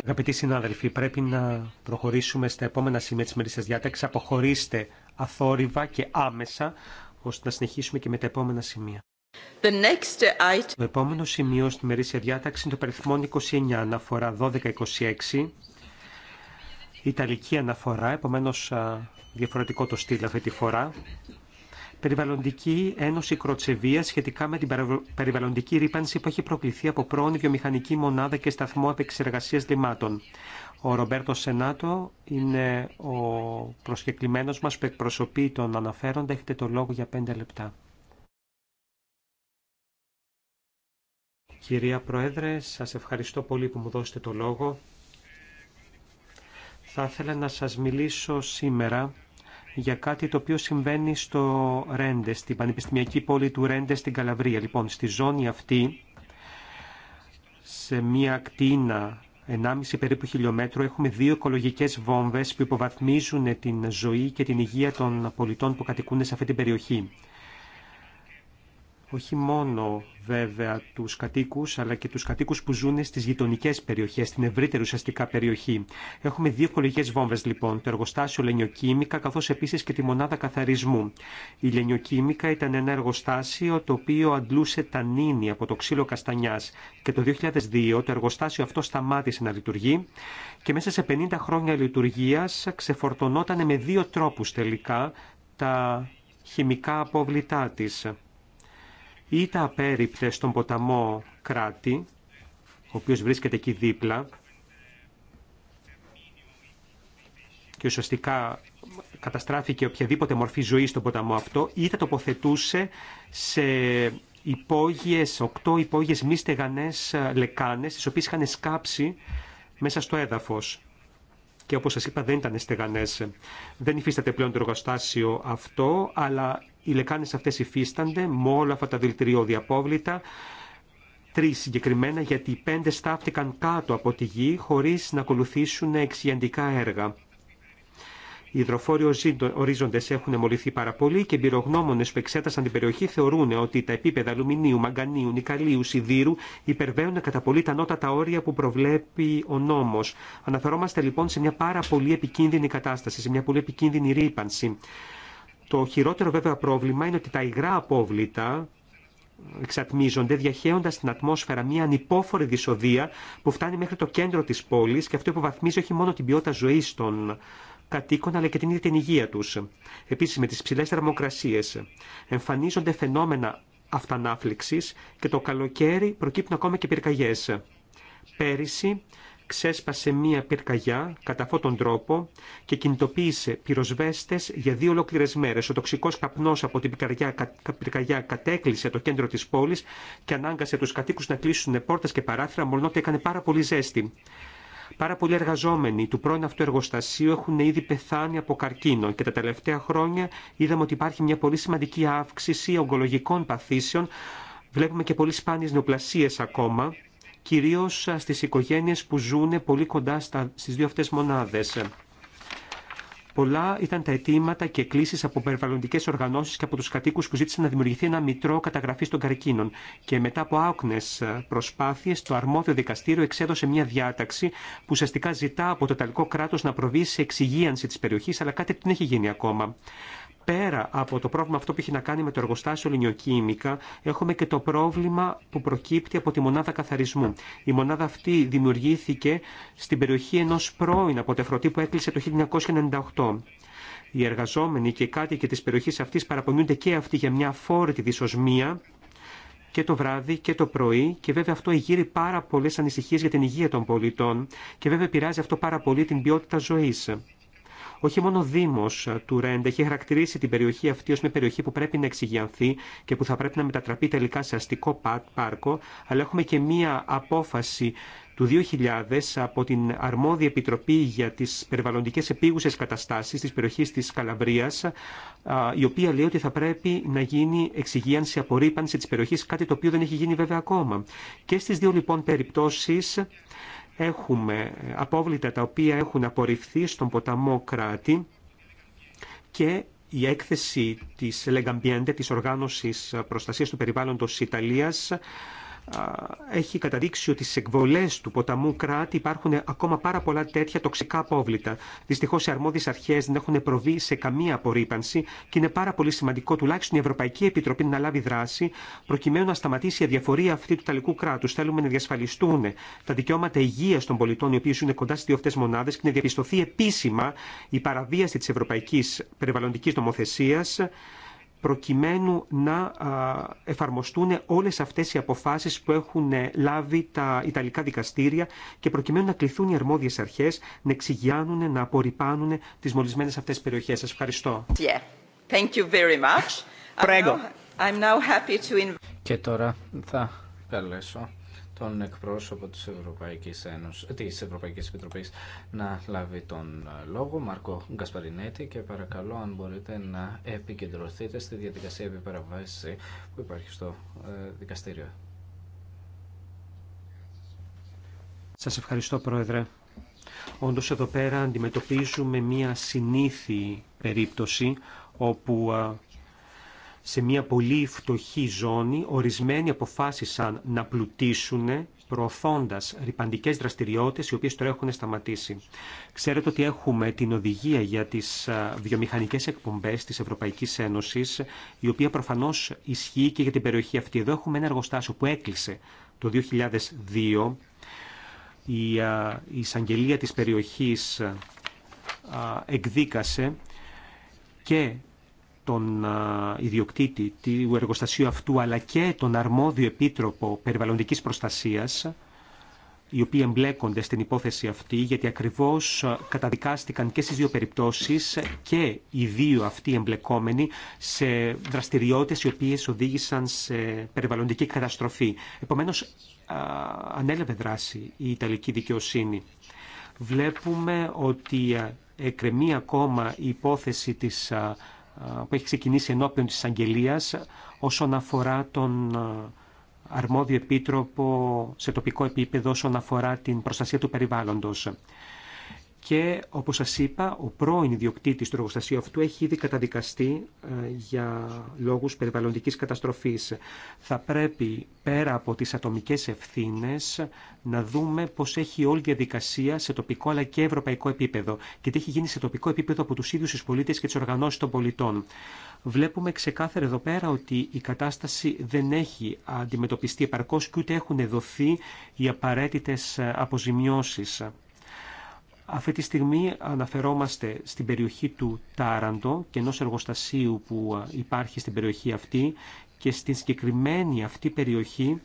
Αγαπητοί συνάδελφοι, πρέπει να προχωρήσουμε στα επόμενα σημεία τη μερίδα διάταξη. Αποχωρήστε αθόρυβα και άμεσα, ώστε να συνεχίσουμε και με τα επόμενα σημεία. Το επόμενο σημείο στη μερίσια διάταξη είναι το περιθμό 29, αναφορά 1226, Ιταλική αναφορά, επομένως διαφορετικό το στυλ αυτή τη φορά. Περιβαλλοντική Ένωση Κροτσεβία σχετικά με την περιβαλλοντική ρήπανση που έχει προκληθεί από πρώην βιομηχανική μονάδα και σταθμό απεξεργασία λιμάτων. Ο Ρομπέρτο Σενάτο είναι ο προσκεκλημένο μα που εκπροσωπεί τον αναφέροντα. Έχετε το λόγο για πέντε λεπτά. Κυρία Πρόεδρε, σας ευχαριστώ πολύ που μου δώσετε το λόγο. Θα ήθελα να σας μιλήσω σήμερα για κάτι το οποίο συμβαίνει στο Ρέντε, στην πανεπιστημιακή πόλη του Ρέντε στην Καλαβρία. Λοιπόν, στη ζώνη αυτή, σε μία κτίνα 1,5 περίπου χιλιόμετρο, έχουμε δύο οικολογικέ βόμβε που υποβαθμίζουν την ζωή και την υγεία των πολιτών που κατοικούν σε αυτή την περιοχή όχι μόνο βέβαια τους κατοίκους, αλλά και τους κατοίκους που ζουν στις γειτονικέ περιοχές, στην ευρύτερη ουσιαστικά περιοχή. Έχουμε δύο οικολογικές βόμβες λοιπόν, το εργοστάσιο Λενιοκίμικα, καθώς επίσης και τη μονάδα καθαρισμού. Η Λενιοκίμικα ήταν ένα εργοστάσιο το οποίο αντλούσε τα νίνη από το ξύλο καστανιάς και το 2002 το εργοστάσιο αυτό σταμάτησε να λειτουργεί και μέσα σε 50 χρόνια λειτουργίας ξεφορτωνόταν με δύο τρόπους τελικά τα χημικά απόβλητά της ή τα απέριπτε στον ποταμό Κράτη, ο οποίος βρίσκεται εκεί δίπλα και ουσιαστικά καταστράφηκε οποιαδήποτε μορφή ζωής στον ποταμό αυτό ή τα τοποθετούσε σε υπόγειες, οκτώ υπόγειες μη στεγανές ε, λεκάνες, τις οποίες είχαν σκάψει μέσα στο έδαφος. Και όπως σας είπα δεν ήταν στεγανές. Δεν υφίσταται πλέον το εργοστάσιο αυτό, αλλά οι λεκάνες αυτές υφίστανται με όλα αυτά τα δηλητηριώδη απόβλητα, τρεις συγκεκριμένα γιατί οι πέντε στάφτηκαν κάτω από τη γη χωρίς να ακολουθήσουν εξιαντικά έργα. Οι υδροφόροι ορίζοντε έχουν μολυθεί πάρα πολύ και οι πυρογνώμονε που εξέτασαν την περιοχή θεωρούν ότι τα επίπεδα αλουμινίου, μαγκανίου, νικαλίου, σιδήρου υπερβαίνουν κατά πολύ τα ανώτατα όρια που προβλέπει ο νόμο. Αναφερόμαστε λοιπόν σε μια πάρα πολύ επικίνδυνη κατάσταση, σε μια πολύ επικίνδυνη ρήπανση. Το χειρότερο βέβαια πρόβλημα είναι ότι τα υγρά απόβλητα εξατμίζονται διαχέοντας στην ατμόσφαιρα μια ανυπόφορη δυσοδεία που φτάνει μέχρι το κέντρο της πόλης και αυτό υποβαθμίζει όχι μόνο την ποιότητα ζωής των κατοίκων αλλά και την ίδια την υγεία τους. Επίσης με τις ψηλές θερμοκρασίες εμφανίζονται φαινόμενα αυτανάφληξης και το καλοκαίρι προκύπτουν ακόμα και πυρκαγιές ξέσπασε μία πυρκαγιά κατά αυτόν τον τρόπο και κινητοποίησε πυροσβέστες για δύο ολόκληρες μέρες. Ο τοξικός καπνός από την πυρκαγιά κατέκλυσε το κέντρο της πόλης και ανάγκασε τους κατοίκους να κλείσουν πόρτες και παράθυρα μόνο ότι έκανε πάρα πολύ ζέστη. Πάρα πολλοί εργαζόμενοι του πρώην αυτού εργοστασίου έχουν ήδη πεθάνει από καρκίνο και τα τελευταία χρόνια είδαμε ότι υπάρχει μια πολύ σημαντική αύξηση ογκολογικών παθήσεων. Βλέπουμε και πολύ σπάνιες νεοπλασίες ακόμα κυρίως στις οικογένειες που ζουν πολύ κοντά στις δύο αυτές μονάδες. Πολλά ήταν τα αιτήματα και κλήσει από περιβαλλοντικέ οργανώσει και από του κατοίκου που ζήτησαν να δημιουργηθεί ένα μητρό καταγραφή των καρκίνων. Και μετά από άοκνε προσπάθειε, το αρμόδιο δικαστήριο εξέδωσε μια διάταξη που ουσιαστικά ζητά από το Ιταλικό κράτο να προβεί σε εξυγίανση τη περιοχή, αλλά κάτι δεν έχει γίνει ακόμα πέρα από το πρόβλημα αυτό που έχει να κάνει με το εργοστάσιο λινιοκύμικα, έχουμε και το πρόβλημα που προκύπτει από τη μονάδα καθαρισμού. Η μονάδα αυτή δημιουργήθηκε στην περιοχή ενός πρώην αποτεφρωτή που έκλεισε το 1998. Οι εργαζόμενοι και οι κάτοικοι της περιοχής αυτής παραπονιούνται και αυτοί για μια φόρητη δυσοσμία και το βράδυ και το πρωί και βέβαια αυτό εγείρει πάρα πολλές ανησυχίες για την υγεία των πολιτών και βέβαια πειράζει αυτό πάρα πολύ την ποιότητα ζωής όχι μόνο ο Δήμο ε, του ΡΕΝΤ έχει χαρακτηρίσει την περιοχή αυτή ω μια περιοχή που πρέπει να εξηγιανθεί και που θα πρέπει να μετατραπεί τελικά σε αστικό πάρκο, αλλά έχουμε και μια απόφαση του 2000 από την αρμόδια επιτροπή για τις περιβαλλοντικέ επίγουσες καταστάσεις τη περιοχή της Καλαμπρία, η οποία λέει ότι θα πρέπει να γίνει εξυγίανση, απορρίπανση τη περιοχή κάτι το οποίο δεν έχει γίνει βέβαια ακόμα. Και στι δύο λοιπόν περιπτώσει. Έχουμε απόβλητα τα οποία έχουν απορριφθεί στον ποταμό Κράτη και η έκθεση της Legambiente, της Οργάνωσης Προστασίας του Περιβάλλοντος Ιταλίας, έχει καταδείξει ότι στι εκβολέ του ποταμού Κράτη υπάρχουν ακόμα πάρα πολλά τέτοια τοξικά απόβλητα. Δυστυχώ οι αρμόδιε αρχέ δεν έχουν προβεί σε καμία απορρίπανση και είναι πάρα πολύ σημαντικό τουλάχιστον η Ευρωπαϊκή Επιτροπή να λάβει δράση προκειμένου να σταματήσει η αδιαφορία αυτή του ταλικού κράτου. Θέλουμε να διασφαλιστούν τα δικαιώματα υγεία των πολιτών οι οποίοι ζουν κοντά στι δύο αυτέ μονάδε και να διαπιστωθεί επίσημα η παραβίαση τη Ευρωπαϊκή Περιβαλλοντική Νομοθεσία προκειμένου να εφαρμοστούν όλες αυτές οι αποφάσεις που έχουν ε, λάβει τα Ιταλικά δικαστήρια και προκειμένου να κληθούν οι αρμόδιες αρχές να εξηγιάνουν, να απορριπάνουν τις μολυσμένες αυτές περιοχές. Σας ευχαριστώ. Yeah. Και τώρα θα καλέσω τον εκπρόσωπο της Ευρωπαϊκής, Ένωσης, της Ευρωπαϊκής Επιτροπής να λάβει τον ε, λόγο, Μαρκό Γκασπαρινέτη, και παρακαλώ αν μπορείτε να επικεντρωθείτε στη διαδικασία επιπαραβάσης που υπάρχει στο ε, δικαστήριο. Σας ευχαριστώ, Πρόεδρε. Όντως εδώ πέρα αντιμετωπίζουμε μία συνήθη περίπτωση όπου σε μια πολύ φτωχή ζώνη ορισμένοι αποφάσισαν να πλουτίσουν προωθώντα ρηπαντικέ δραστηριότητε οι οποίε τώρα έχουν σταματήσει. Ξέρετε ότι έχουμε την οδηγία για τι βιομηχανικέ εκπομπέ τη Ευρωπαϊκή Ένωση, η οποία προφανώ ισχύει και για την περιοχή αυτή. Εδώ έχουμε ένα εργοστάσιο που έκλεισε το 2002. Η εισαγγελία της περιοχής εκδίκασε και τον ιδιοκτήτη του εργοστασίου αυτού αλλά και τον αρμόδιο επίτροπο περιβαλλοντικής προστασίας οι οποίοι εμπλέκονται στην υπόθεση αυτή γιατί ακριβώς καταδικάστηκαν και στις δύο περιπτώσεις και οι δύο αυτοί εμπλεκόμενοι σε δραστηριότητες οι οποίες οδήγησαν σε περιβαλλοντική καταστροφή. Επομένως ανέλαβε δράση η Ιταλική δικαιοσύνη. Βλέπουμε ότι εκκρεμεί ακόμα η υπόθεση της που έχει ξεκινήσει ενώπιον της Αγγελίας όσον αφορά τον ε, αρμόδιο επίτροπο σε τοπικό επίπεδο όσον αφορά την προστασία του περιβάλλοντος και όπως σας είπα, ο πρώην ιδιοκτήτης του εργοστασίου αυτού έχει ήδη καταδικαστεί ε, για λόγους περιβαλλοντικής καταστροφής. Θα πρέπει πέρα από τις ατομικές ευθύνες να δούμε πώς έχει όλη η διαδικασία σε τοπικό αλλά και ευρωπαϊκό επίπεδο και τι έχει γίνει σε τοπικό επίπεδο από τους ίδιους τους πολίτες και τις οργανώσεις των πολιτών. Βλέπουμε ξεκάθαρα εδώ πέρα ότι η κατάσταση δεν έχει αντιμετωπιστεί επαρκώς και ούτε έχουν δοθεί οι απαραίτητες ε, αποζημιώσεις. Αυτή τη στιγμή αναφερόμαστε στην περιοχή του Τάραντο και ενός εργοστασίου που ε, υπάρχει στην περιοχή αυτή και στην συγκεκριμένη αυτή περιοχή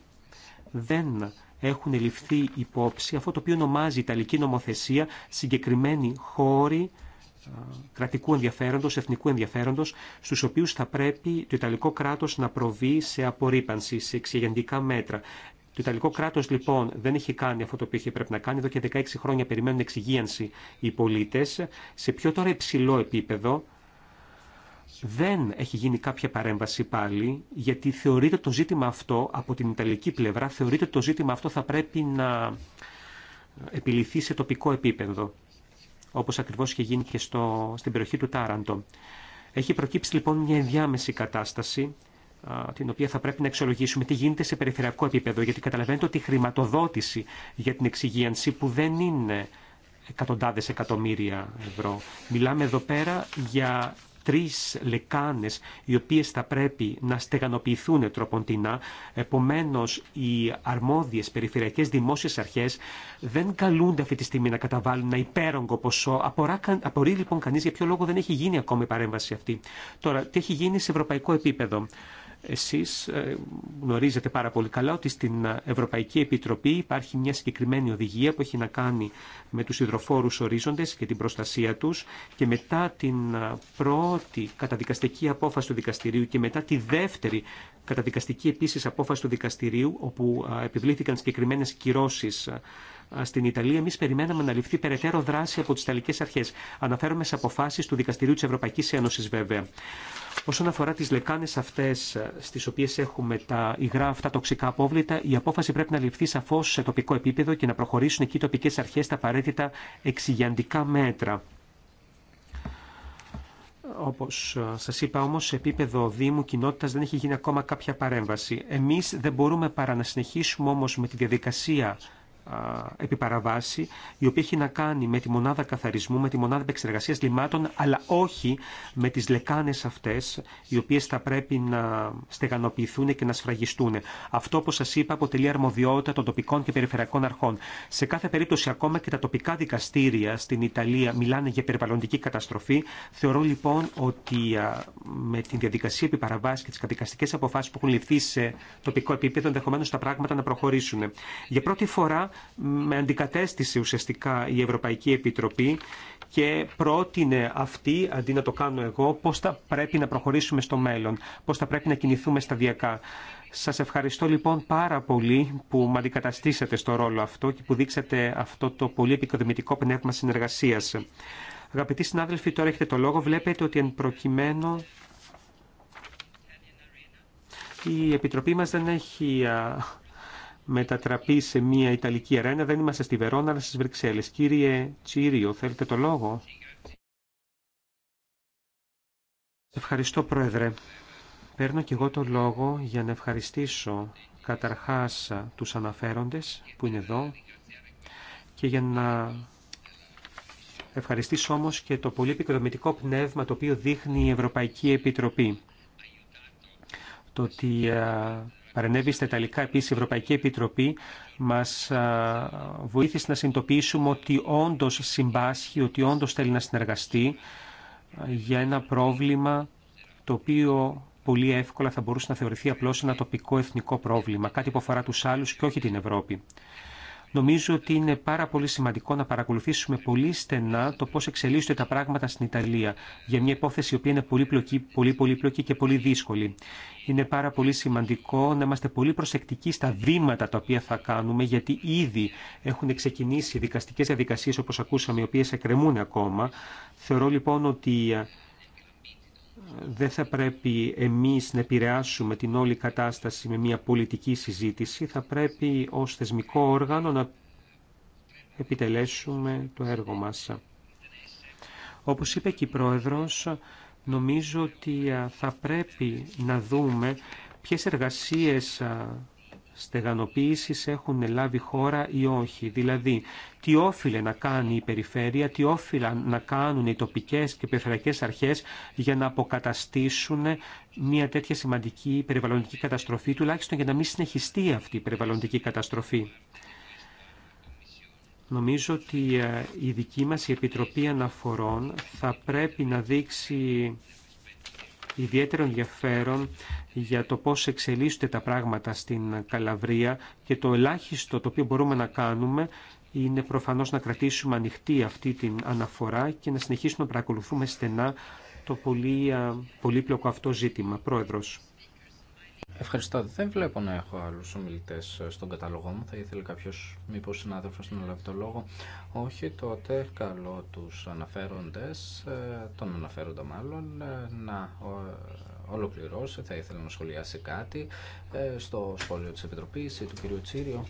δεν έχουν ληφθεί υπόψη αυτό το οποίο ονομάζει η Ιταλική νομοθεσία συγκεκριμένοι χώροι ε, κρατικού ενδιαφέροντος, εθνικού ενδιαφέροντος, στους οποίους θα πρέπει το Ιταλικό κράτος να προβεί σε απορρίπανση, σε εξηγεντικά μέτρα. Το Ιταλικό κράτο λοιπόν δεν έχει κάνει αυτό το οποίο πρέπει να κάνει. Εδώ και 16 χρόνια περιμένουν εξυγίανση οι πολίτε. Σε πιο τώρα υψηλό επίπεδο δεν έχει γίνει κάποια παρέμβαση πάλι, γιατί θεωρείται το ζήτημα αυτό από την Ιταλική πλευρά, θεωρείται το ζήτημα αυτό θα πρέπει να επιληθεί σε τοπικό επίπεδο, όπως ακριβώς είχε γίνει και στο, στην περιοχή του Τάραντο. Έχει προκύψει λοιπόν μια ενδιάμεση κατάσταση, την οποία θα πρέπει να εξολογήσουμε τι γίνεται σε περιφερειακό επίπεδο, γιατί καταλαβαίνετε ότι η χρηματοδότηση για την εξυγίανση που δεν είναι εκατοντάδε εκατομμύρια ευρώ. Μιλάμε εδώ πέρα για τρει λεκάνε, οι οποίε θα πρέπει να στεγανοποιηθούν τροποντινά. Επομένω, οι αρμόδιες περιφερειακές δημόσιε αρχέ δεν καλούνται αυτή τη στιγμή να καταβάλουν ένα υπέρογκο ποσό. απορεί λοιπόν κανεί, για ποιο λόγο δεν έχει γίνει ακόμη η παρέμβαση αυτή. Τώρα, τι έχει γίνει σε ευρωπαϊκό επίπεδο. Εσείς ε, γνωρίζετε πάρα πολύ καλά ότι στην Ευρωπαϊκή Επιτροπή υπάρχει μια συγκεκριμένη οδηγία που έχει να κάνει με τους υδροφόρους ορίζοντες και την προστασία τους και μετά την ε, πρώτη καταδικαστική απόφαση του δικαστηρίου και μετά τη δεύτερη καταδικαστική επίσης απόφαση του δικαστηρίου όπου ε, επιβλήθηκαν συγκεκριμένες κυρώσεις στην Ιταλία, εμεί περιμέναμε να ληφθεί περαιτέρω δράση από τι Ιταλικέ Αρχέ. Αναφέρομαι σε αποφάσει του Δικαστηρίου τη Ευρωπαϊκή Ένωση, βέβαια. Όσον αφορά τι λεκάνες αυτές ε, στις οποίες έχουμε τα υγρά αυτά τοξικά απόβλητα, η απόφαση πρέπει να ληφθεί σαφώς σε τοπικό επίπεδο και να προχωρήσουν εκεί οι τοπικές αρχές τα απαραίτητα εξηγιαντικά μέτρα. Όπως ε, σα είπα όμω, σε επίπεδο Δήμου κοινότητα δεν έχει γίνει ακόμα κάποια παρέμβαση. Εμείς δεν μπορούμε παρά να συνεχίσουμε όμω με τη διαδικασία επιπαραβάση, η οποία έχει να κάνει με τη μονάδα καθαρισμού, με τη μονάδα επεξεργασία λιμάτων, αλλά όχι με τι λεκάνε αυτέ, οι οποίε θα πρέπει να στεγανοποιηθούν και να σφραγιστούν. Αυτό, όπως σα είπα, αποτελεί αρμοδιότητα των τοπικών και περιφερειακών αρχών. Σε κάθε περίπτωση, ακόμα και τα τοπικά δικαστήρια στην Ιταλία μιλάνε για περιβαλλοντική καταστροφή. Θεωρώ λοιπόν ότι με τη διαδικασία επιπαραβάση και τι καδικαστικέ αποφάσει που έχουν ληφθεί σε τοπικό επίπεδο, ενδεχομένω τα πράγματα να προχωρήσουν. Για πρώτη φορά με αντικατέστησε ουσιαστικά η Ευρωπαϊκή Επιτροπή και πρότεινε αυτή, αντί να το κάνω εγώ, πώς θα πρέπει να προχωρήσουμε στο μέλλον, πώς θα πρέπει να κινηθούμε σταδιακά. Σας ευχαριστώ λοιπόν πάρα πολύ που με αντικαταστήσατε στο ρόλο αυτό και που δείξατε αυτό το πολύ επικοδομητικό πνεύμα συνεργασίας. Αγαπητοί συνάδελφοι, τώρα έχετε το λόγο. Βλέπετε ότι εν προκειμένου η Επιτροπή μας δεν έχει μετατραπεί σε μια Ιταλική αρένα. Δεν είμαστε στη Βερόνα, αλλά στις Βρυξέλλες. Κύριε Τσίριο, θέλετε το λόγο. Ευχαριστώ, Πρόεδρε. Παίρνω και εγώ το λόγο για να ευχαριστήσω καταρχάς τους αναφέροντες που είναι εδώ και για να ευχαριστήσω όμως και το πολύ επικοδομητικό πνεύμα το οποίο δείχνει η Ευρωπαϊκή Επιτροπή. Το ότι παρενέβη στα Ιταλικά. Επίση, η Ευρωπαϊκή Επιτροπή μα βοήθησε να συνειδητοποιήσουμε ότι όντω συμπάσχει, ότι όντω θέλει να συνεργαστεί για ένα πρόβλημα το οποίο πολύ εύκολα θα μπορούσε να θεωρηθεί απλώ ένα τοπικό εθνικό πρόβλημα, κάτι που αφορά του άλλου και όχι την Ευρώπη. Νομίζω ότι είναι πάρα πολύ σημαντικό να παρακολουθήσουμε πολύ στενά το πώ εξελίσσονται τα πράγματα στην Ιταλία για μια υπόθεση η οποία είναι πολύ πλοκή πολύ, πολύ και πολύ δύσκολη. Είναι πάρα πολύ σημαντικό να είμαστε πολύ προσεκτικοί στα βήματα τα οποία θα κάνουμε, γιατί ήδη έχουν ξεκινήσει δικαστικέ διαδικασίε, όπω ακούσαμε, οι οποίε εκκρεμούν ακόμα. Θεωρώ λοιπόν ότι ε, δεν θα πρέπει εμείς να επηρεάσουμε την όλη κατάσταση με μια πολιτική συζήτηση, θα πρέπει ως θεσμικό όργανο να επιτελέσουμε το έργο μας. Όπως είπε και η Πρόεδρος, νομίζω ότι θα πρέπει να δούμε ποιες εργασίες στεγανοποίησης έχουν λάβει χώρα ή όχι. Δηλαδή, τι όφιλε να κάνει η περιφέρεια, τι όφιλα να κάνουν οι τοπικές και περιφερειακές αρχές για να αποκαταστήσουν μια τέτοια σημαντική περιβαλλοντική καταστροφή, τουλάχιστον για να μην συνεχιστεί αυτή η περιβαλλοντική καταστροφή. Νομίζω ότι ε, η δική μας η Επιτροπή Αναφορών θα πρέπει να δείξει ιδιαίτερο ενδιαφέρον για το πώς εξελίσσονται τα πράγματα στην Καλαβρία και το ελάχιστο το οποίο μπορούμε να κάνουμε είναι προφανώς να κρατήσουμε ανοιχτή αυτή την αναφορά και να συνεχίσουμε να παρακολουθούμε στενά το πολύ, πολύπλοκο αυτό ζήτημα. Πρόεδρος. Ευχαριστώ. Δεν βλέπω να έχω άλλους ομιλητές ε, στον καταλογό μου. Θα ήθελε κάποιος, μήπως συνάδελφος, να λάβει το λόγο. Όχι, τότε καλώ τους αναφέροντες, ε, τον αναφέροντα μάλλον, ε, να ολοκληρώσει. Θα ήθελα να σχολιάσει κάτι ε, στο σχόλιο της Επιτροπής ή του κυρίου Τσίριο.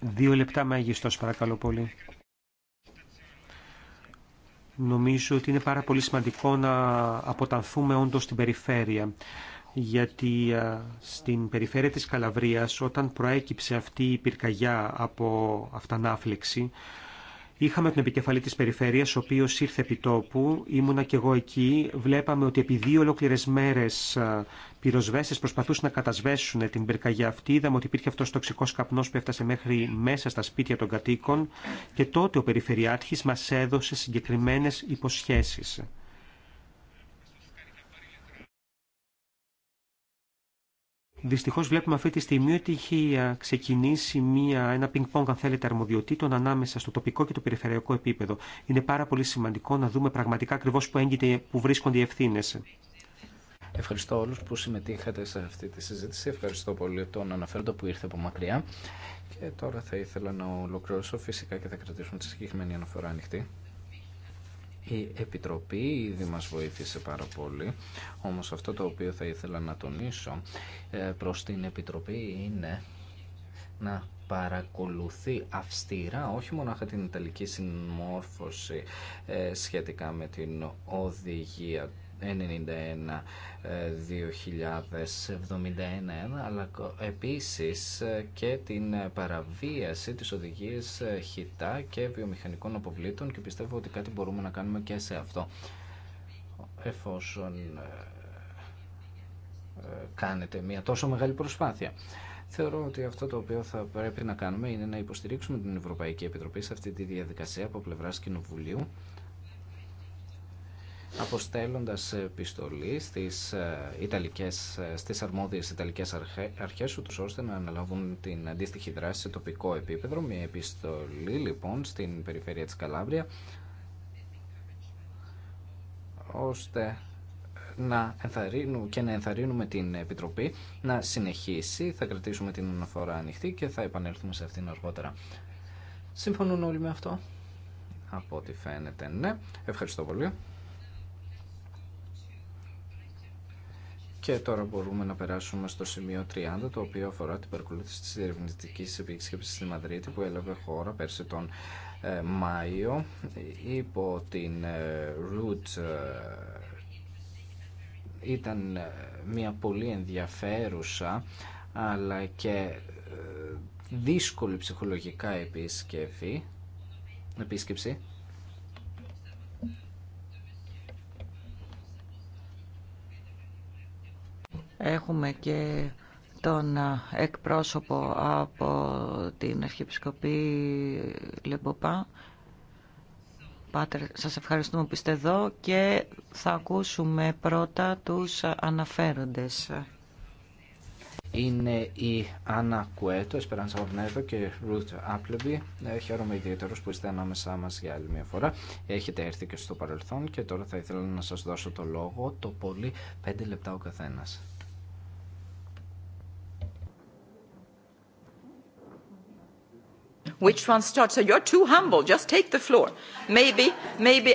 Δύο λεπτά μέγιστος παρακαλώ πολύ. Νομίζω ότι είναι πάρα πολύ σημαντικό να αποτανθούμε όντως στην περιφέρεια γιατί στην περιφέρεια της Καλαβρίας όταν προέκυψε αυτή η πυρκαγιά από περιφερεια της καλαβριας οταν προεκυψε αυτη η πυρκαγια απο αυταναφληξη Είχαμε τον επικεφαλή της περιφέρειας, ο οποίος ήρθε επί τόπου, ήμουνα και εγώ εκεί. Βλέπαμε ότι επί δύο ολόκληρες μέρες πυροσβέστες προσπαθούσαν να κατασβέσουν την πυρκαγιά αυτή. Είδαμε ότι υπήρχε αυτός τοξικός καπνός που έφτασε μέχρι μέσα στα σπίτια των κατοίκων και τότε ο περιφερειάρχης μας έδωσε συγκεκριμένες υποσχέσεις. Δυστυχώ βλέπουμε αυτή τη στιγμή ότι έχει ξεκινήσει μια, ένα πινκ-πονγκ αν θέλετε αρμοδιοτήτων ανάμεσα στο τοπικό και το περιφερειακό επίπεδο. Είναι πάρα πολύ σημαντικό να δούμε πραγματικά ακριβώ που, που βρίσκονται οι ευθύνε. Ευχαριστώ όλους που συμμετείχατε σε αυτή τη συζήτηση. Ευχαριστώ πολύ τον αναφέροντα που ήρθε από μακριά. Και τώρα θα ήθελα να ολοκληρώσω φυσικά και θα κρατήσουμε τη συγκεκριμένη αναφορά ανοιχτή. Η Επιτροπή ήδη μας βοήθησε πάρα πολύ, όμως αυτό το οποίο θα ήθελα να τονίσω ε, προς την Επιτροπή είναι να παρακολουθεί αυστηρά όχι μόνο την Ιταλική συμμόρφωση ε, σχετικά με την οδηγία 91 2071 ε, αλλά επίσης ε, και την παραβίαση της οδηγίας ε, χιτά και βιομηχανικών αποβλήτων και πιστεύω ότι κάτι μπορούμε να κάνουμε και σε αυτό εφόσον κάνετε μια τόσο μεγάλη προσπάθεια. Θεωρώ ότι αυτό το οποίο θα πρέπει να κάνουμε είναι να υποστηρίξουμε την Ευρωπαϊκή Επιτροπή σε αυτή τη διαδικασία από πλευράς Κοινοβουλίου αποστέλλοντας ε, επιστολή στις, ε, Ιταλικές, ε, στις αρμόδιες Ιταλικές αρχές ούτως ώστε να αναλάβουν την αντίστοιχη δράση σε τοπικό επίπεδο. Μια επιστολή λοιπόν στην περιφέρεια της Καλάβρια ώστε να ενθαρρύνουμε και να ενθαρρύνουμε την Επιτροπή να συνεχίσει. Θα κρατήσουμε την αναφορά ανοιχτή και θα επανέλθουμε σε αυτήν αργότερα. Συμφωνούν όλοι με αυτό. Από ό,τι φαίνεται, ναι. Ευχαριστώ πολύ. Και τώρα μπορούμε να περάσουμε στο σημείο 30, το οποίο αφορά την παρακολούθηση τη διερευνητική επίσκεψη στη Μαδρίτη που έλαβε χώρα πέρσι τον ε, Μάιο υπό την ε, Root ε, ήταν μια πολύ ενδιαφέρουσα αλλά και δύσκολη ψυχολογικά επίσκεψη, επίσκεψη Έχουμε και τον εκπρόσωπο από την Αρχιεπισκοπή Λεμποπά. Πάτερ, σας ευχαριστούμε που είστε εδώ και θα ακούσουμε πρώτα τους αναφέροντες. Είναι η Άννα Κουέτο, Εσπεράνσα Ορνέδο και Ρουτ Άπλεμπι. Χαίρομαι ιδιαίτερω που είστε ανάμεσά μα για άλλη μια φορά. Έχετε έρθει και στο παρελθόν και τώρα θα ήθελα να σα δώσω το λόγο το πολύ 5 λεπτά ο καθένα. Which one starts? you're too humble. Just take the floor. Maybe, maybe...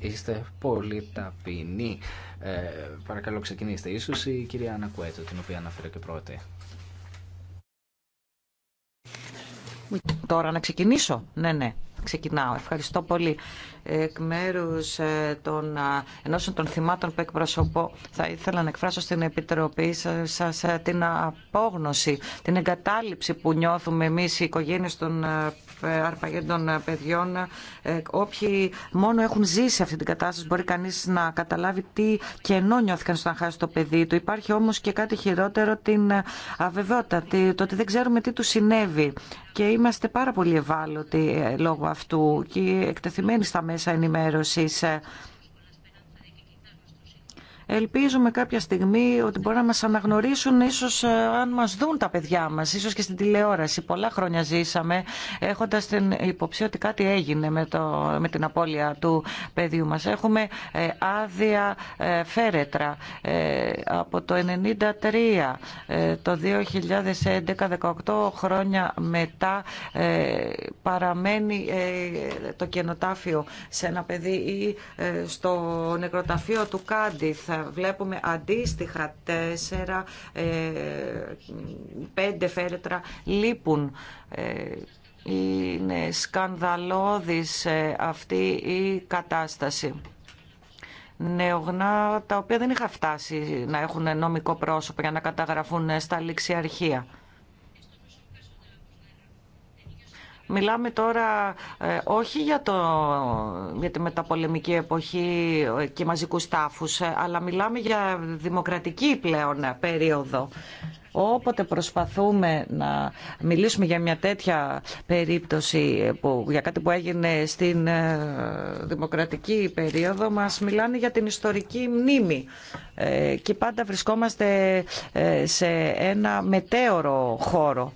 Είστε πολύ ταπεινοί. Ε, παρακαλώ ξεκινήστε. Ίσως η κυρία Ανακουέτο, την οποία αναφέρω και πρώτη. Τώρα να ξεκινήσω. Ναι, ναι ξεκινάω. Ευχαριστώ πολύ. Εκ μέρου ε, των ε, ενώσεων των θυμάτων που εκπροσωπώ, θα ήθελα να εκφράσω στην Επιτροπή σα ε, την απόγνωση, την εγκατάλειψη που νιώθουμε εμεί οι οικογένειε των αρπαγέντων παιδιών. Όποιοι μόνο έχουν ζήσει αυτή την κατάσταση, μπορεί κανεί να καταλάβει τι κενό νιώθηκαν στο να χάσει το παιδί του. Υπάρχει όμω και κάτι χειρότερο, την αβεβαιότητα, το ότι δεν ξέρουμε τι του συνέβη. Και είμαστε πάρα πολύ ευάλωτοι λόγω αυτού και εκτεθειμένοι στα μέσα ενημέρωσης Ελπίζουμε κάποια στιγμή ότι μπορεί να μας αναγνωρίσουν ίσως ε, αν μας δουν τα παιδιά μας, ίσως και στην τηλεόραση. Πολλά χρόνια ζήσαμε έχοντας την υποψία ότι κάτι έγινε με, το, με την απώλεια του παιδιού μας. Έχουμε ε, άδεια ε, φέρετρα από το 1993, το 2011, 18 χρόνια μετά παραμένει το κενοτάφιο σε ένα παιδί ή στο νεκροταφείο του Κάντιθ βλέπουμε αντίστοιχα τέσσερα, ε, πέντε φέρετρα λείπουν. Ε, είναι σκανδαλώδης ε, αυτή η κατάσταση νεογνά τα οποία δεν είχαν φτάσει να έχουν νομικό πρόσωπο για να καταγραφούν στα ληξιαρχεία. Μιλάμε τώρα ε, όχι για, το, τη μεταπολεμική εποχή ε, και μαζικού τάφους, ε, αλλά μιλάμε για δημοκρατική πλέον περίοδο. Όποτε προσπαθούμε να μιλήσουμε για μια τέτοια περίπτωση, που, για κάτι που έγινε στην δημοκρατική περίοδο, μας μιλάνε για την ιστορική μνήμη. και πάντα βρισκόμαστε σε ένα μετέωρο χώρο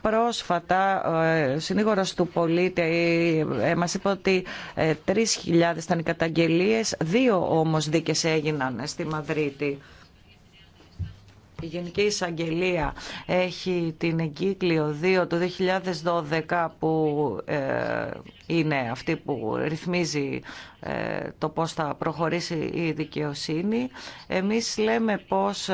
Πρόσφατα, ο ε, συνήγορο του πολίτη ε, μα είπε ότι 3.000 ε, ήταν οι καταγγελίε, δύο όμω δίκε έγιναν στη Μαδρίτη. Η Γενική Εισαγγελία έχει την εγκύκλιο 2 του 2012 που είναι αυτή που ρυθμίζει το πώς θα προχωρήσει η δικαιοσύνη. Εμείς λέμε πώς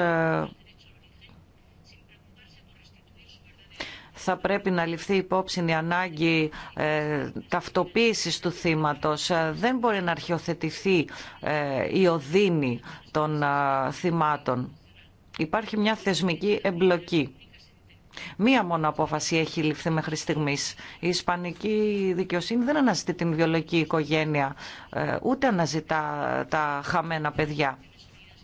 θα πρέπει να ληφθεί υπόψη η ανάγκη ε, ταυτοποίησης του θύματος. Ε, δεν μπορεί να αρχιοθετηθεί ε, η οδύνη των ε, θυμάτων. Υπάρχει μια θεσμική εμπλοκή. Μία μόνο απόφαση έχει ληφθεί μέχρι στιγμή. Η Ισπανική δικαιοσύνη δεν αναζητεί την βιολογική οικογένεια, ε, ούτε αναζητά τα χαμένα παιδιά.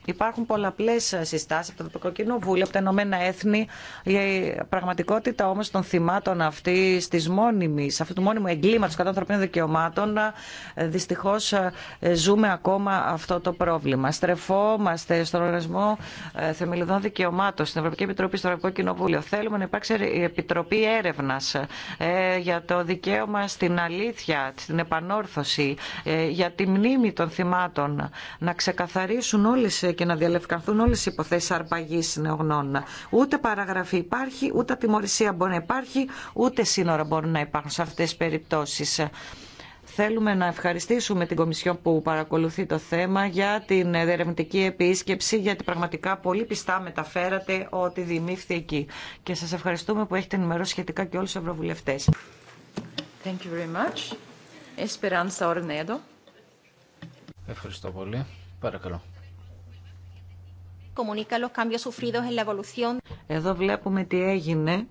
Υπάρχουν πολλαπλέ συστάσει από το Ευρωπαϊκό Κοινοβούλιο, από τα Ηνωμένα Έθνη. Η πραγματικότητα όμω των θυμάτων αυτή, τη μόνιμη, αυτού του μόνιμου εγκλήματο κατά ανθρωπίνων δικαιωμάτων, δυστυχώ ε, ζούμε ακόμα αυτό το πρόβλημα. Στρεφόμαστε στον Οργανισμό ε, Θεμελιδών Δικαιωμάτων, στην Ευρωπαϊκή Επιτροπή, στο Ευρωπαϊκό Κοινοβούλιο. Θέλουμε να υπάρξει η Επιτροπή Έρευνα ε, για το δικαίωμα στην αλήθεια, στην επανόρθωση, για τη μνήμη των θυμάτων. Να ξεκαθαρίσουν όλε και να διαλευκανθούν όλε οι υποθέσει αρπαγή νεογνών. Ούτε παραγραφή υπάρχει, ούτε τιμωρησία μπορεί να υπάρχει, ούτε σύνορα μπορούν να υπάρχουν σε αυτέ τι περιπτώσει. Θέλουμε να ευχαριστήσουμε την Κομισιόν που παρακολουθεί το θέμα για την ερευνητική επίσκεψη, γιατί πραγματικά πολύ πιστά μεταφέρατε ότι δημήφθη εκεί. Και σας ευχαριστούμε που έχετε ενημερώσει σχετικά και όλους τους ευρωβουλευτές. Thank you very Ευχαριστώ πολύ. Παρακαλώ. Εδώ βλέπουμε τι έγινε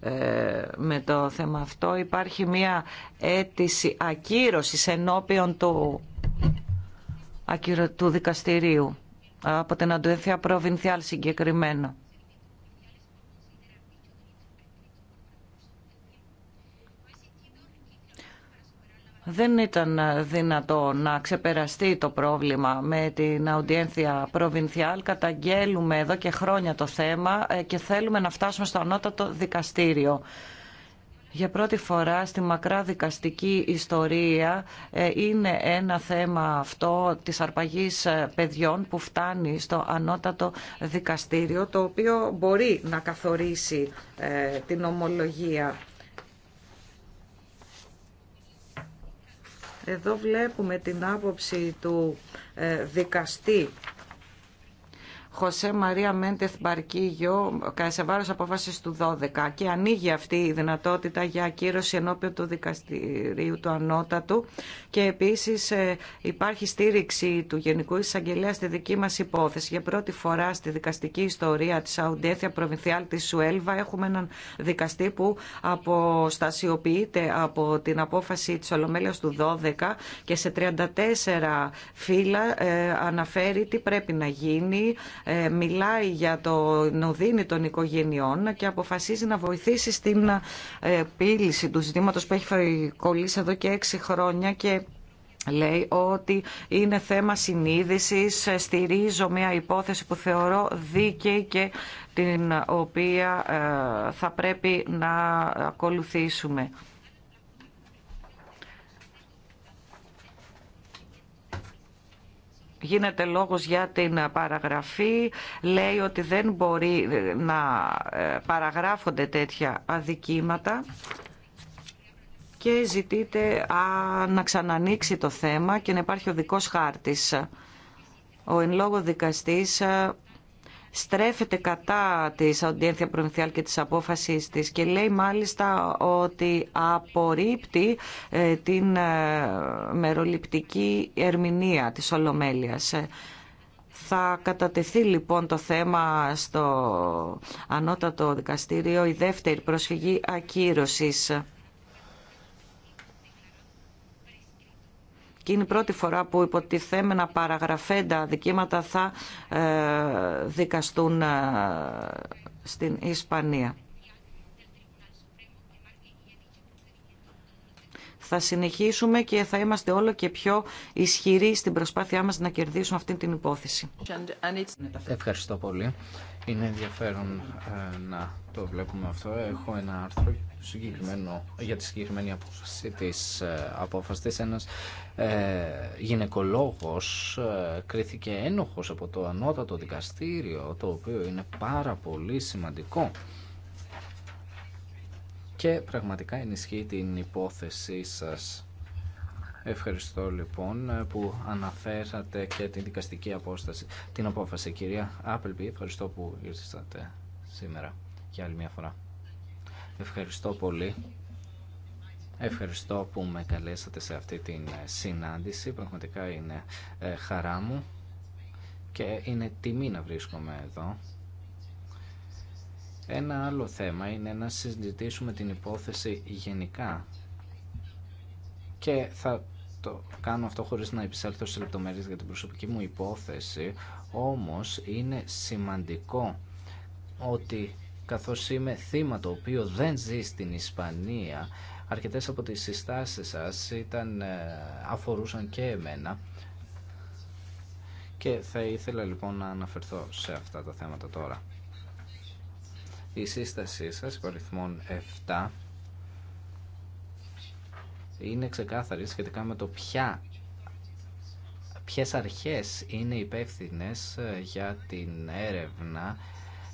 ε, με το θέμα αυτό. Υπάρχει μια αίτηση ακύρωση ενώπιον του, του δικαστηρίου από την Αντουέθια Προβινθιάλ συγκεκριμένα. δεν ήταν δυνατό να ξεπεραστεί το πρόβλημα με την Αουντιένθια Προβινθιάλ. Καταγγέλουμε εδώ και χρόνια το θέμα ε, και θέλουμε να φτάσουμε στο ανώτατο δικαστήριο. Για πρώτη φορά στη μακρά δικαστική ιστορία ε, είναι ένα θέμα αυτό της αρπαγής ε, παιδιών που φτάνει στο ανώτατο δικαστήριο το οποίο μπορεί να καθορίσει την ομολογία Εδώ βλέπουμε την άποψη του ε, δικαστή Χωσέ Μαρία Μέντεθ Μπαρκίγιο, σε βάρο απόφαση του 12 και ανοίγει αυτή η δυνατότητα για ακύρωση ενώπιον του δικαστηρίου του ανώτατου και επίση ε, υπάρχει στήριξη του Γενικού Εισαγγελέα στη δική μα υπόθεση. Για πρώτη φορά στη δικαστική ιστορία τη Αουντέθια Προμηθιάλ τη Σουέλβα έχουμε έναν δικαστή που αποστασιοποιείται από την απόφαση τη Ολομέλεια του 12 και σε 34 φύλλα ε, αναφέρει τι πρέπει να γίνει ε, μιλάει για το νοδίνη των οικογενειών και αποφασίζει να βοηθήσει στην ε, πύληση του ζητήματος που έχει κολλήσει εδώ και έξι χρόνια και λέει ότι είναι θέμα συνείδησης, ε, στηρίζω μια υπόθεση που θεωρώ δίκαιη και την οποία θα πρέπει να ακολουθήσουμε. γίνεται λόγος για την παραγραφή, λέει ότι δεν μπορεί ε, να ε, παραγράφονται τέτοια αδικήματα και ζητείται να ξανανοίξει το θέμα και να υπάρχει ο δικός χάρτης. Ο εν λόγω δικαστής ε, στρέφεται κατά της Αντίενθια Προμηθιάλ και της απόφασης της και λέει μάλιστα ότι απορρίπτει ε, την ε, μεροληπτική ερμηνεία της Ολομέλειας. Θα κατατεθεί λοιπόν το θέμα στο Ανώτατο Δικαστήριο η δεύτερη προσφυγή ακύρωσης. και είναι η πρώτη φορά που υποτιθέμενα παραγραφέντα δικήματα θα ε, δικαστούν ε, στην Ισπανία. θα συνεχίσουμε και θα είμαστε όλο και πιο ισχυροί στην προσπάθειά μας να κερδίσουμε αυτή την υπόθεση. Ευχαριστώ πολύ. Είναι ενδιαφέρον ε, να το βλέπουμε αυτό. Έχω ένα άρθρο συγκεκριμένο, για τη συγκεκριμένη απόφαση της ε, απόφασης ένας ε, γυναικολόγος ε, κρίθηκε ένοχος από το ανώτατο δικαστήριο το οποίο είναι πάρα πολύ σημαντικό και πραγματικά ενισχύει την υπόθεσή σας. Ευχαριστώ λοιπόν που αναφέρατε και την δικαστική απόσταση, την απόφαση κυρία Άπελπη. Ευχαριστώ που ήρθατε σήμερα για άλλη μια φορά. Ευχαριστώ πολύ. Ευχαριστώ που με καλέσατε σε αυτή την ε, συνάντηση. Πραγματικά είναι ε, χαρά μου και είναι τιμή να βρίσκομαι εδώ. Ένα άλλο θέμα είναι να συζητήσουμε την υπόθεση γενικά και θα το κάνω αυτό χωρίς να επισέλθω σε λεπτομέρειες για την προσωπική μου υπόθεση, όμως είναι σημαντικό ότι καθώς είμαι θύμα το οποίο δεν ζει στην Ισπανία. Αρκετές από τις συστάσεις σας ήταν, ε, αφορούσαν και εμένα και θα ήθελα λοιπόν να αναφερθώ σε αυτά τα θέματα τώρα. Η σύστασή σας, υπαριθμών 7, είναι ξεκάθαρη σχετικά με το ποια ποιες αρχές είναι υπεύθυνε ε, για την έρευνα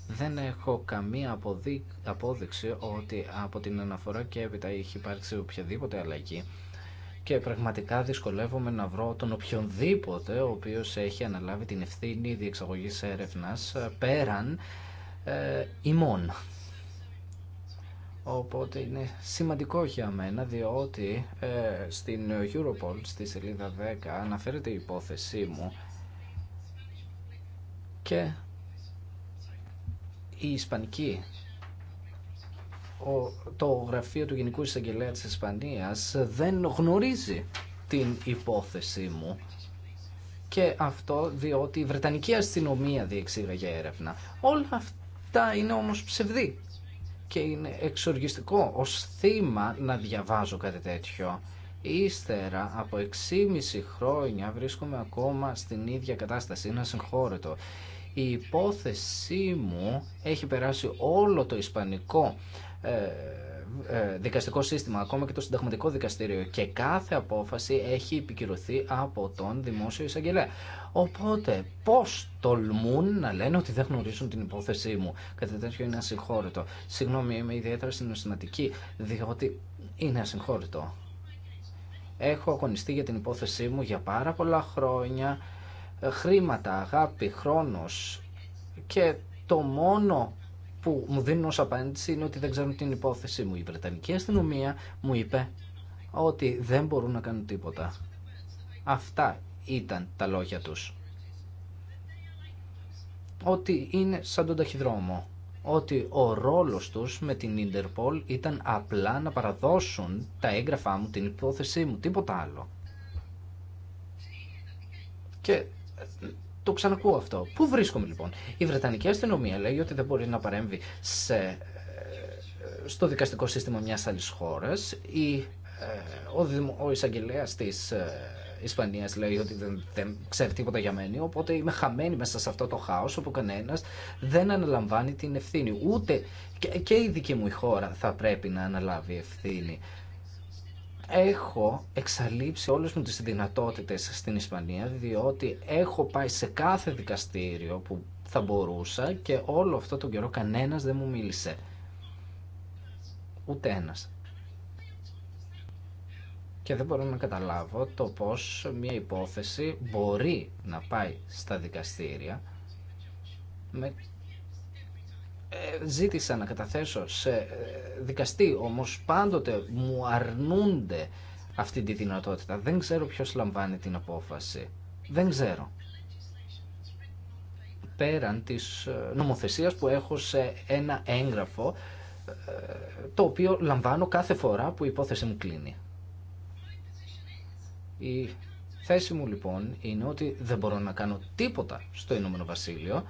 δεν έχω καμία απόδειξη ότι από την αναφορά και έπειτα έχει υπάρξει οποιαδήποτε αλλαγή και πραγματικά δυσκολεύομαι να βρω τον οποιονδήποτε ο οποίος έχει αναλάβει την ευθύνη διεξαγωγής έρευνας ε, πέραν ε, ημών. Οπότε είναι σημαντικό για μένα διότι ε, στην Europol στη σελίδα 10 αναφέρεται η υπόθεσή μου και η Ισπανική το γραφείο του Γενικού Εισαγγελέα της Ισπανίας δεν γνωρίζει την υπόθεσή μου και αυτό διότι η Βρετανική αστυνομία διεξήγαγε έρευνα. Όλα αυτά είναι όμως ψευδή και είναι εξοργιστικό ως θύμα να διαβάζω κάτι τέτοιο. Ύστερα από 6,5 χρόνια βρίσκομαι ακόμα στην ίδια κατάσταση, είναι ασυγχώρετο. Η υπόθεσή μου έχει περάσει όλο το ισπανικό ε, ε, δικαστικό σύστημα, ακόμα και το συνταγματικό δικαστήριο και κάθε απόφαση έχει επικυρωθεί από τον δημόσιο εισαγγελέα. Οπότε, πώ τολμούν να λένε ότι δεν γνωρίζουν την υπόθεσή μου. ...κατά τέτοιο είναι ασυγχώρητο. Συγγνώμη, είμαι ιδιαίτερα συναισθηματική, διότι είναι ασυγχώρητο. Έχω αγωνιστεί για την υπόθεσή μου για πάρα πολλά χρόνια. Ε, χρήματα, αγάπη, χρόνος και το μόνο που μου δίνουν ως απάντηση είναι ότι δεν ξέρουν την υπόθεση μου. Η Βρετανική αστυνομία μου είπε ότι δεν μπορούν να κάνουν τίποτα. Αυτά ήταν τα λόγια τους. Ότι είναι σαν τον ταχυδρόμο. Ότι ο ρόλος τους με την Ιντερπολ ήταν απλά να παραδώσουν τα έγγραφά μου, την υπόθεσή μου, τίποτα άλλο. Και το ξανακούω αυτό. Πού βρίσκομαι λοιπόν. Η Βρετανική αστυνομία λέει ότι δεν μπορεί να παρέμβει ε, στο δικαστικό σύστημα μιας άλλης χώρας. Η, ε, ο, ο εισαγγελέας της ε, Ισπανίας λέει ότι δεν, ξέρει τίποτα για μένα, οπότε είμαι χαμένη μέσα σε αυτό το χάος όπου κανένας δεν αναλαμβάνει την ευθύνη. Ούτε και, η δική μου η χώρα θα πρέπει να αναλάβει ευθύνη έχω εξαλείψει όλες μου τις δυνατότητες στην Ισπανία διότι έχω πάει σε κάθε δικαστήριο που θα μπορούσα και όλο αυτό τον καιρό κανένας δεν μου μίλησε. Ούτε ένας. Και δεν μπορώ να καταλάβω το πώς μια υπόθεση μπορεί να πάει στα δικαστήρια με ε, ζήτησα να καταθέσω σε ε, δικαστή, όμως πάντοτε μου αρνούνται αυτή τη δυνατότητα. Δεν ξέρω ποιος λαμβάνει την απόφαση. Δεν ξέρω. Πέραν της ε, νομοθεσίας που έχω σε ένα έγγραφο, το οποίο λαμβάνω κάθε φορά που η υπόθεση μου κλείνει. Η θέση μου λοιπόν είναι ότι δεν μπορώ να κάνω τίποτα στο Ηνωμένο Βασίλειο,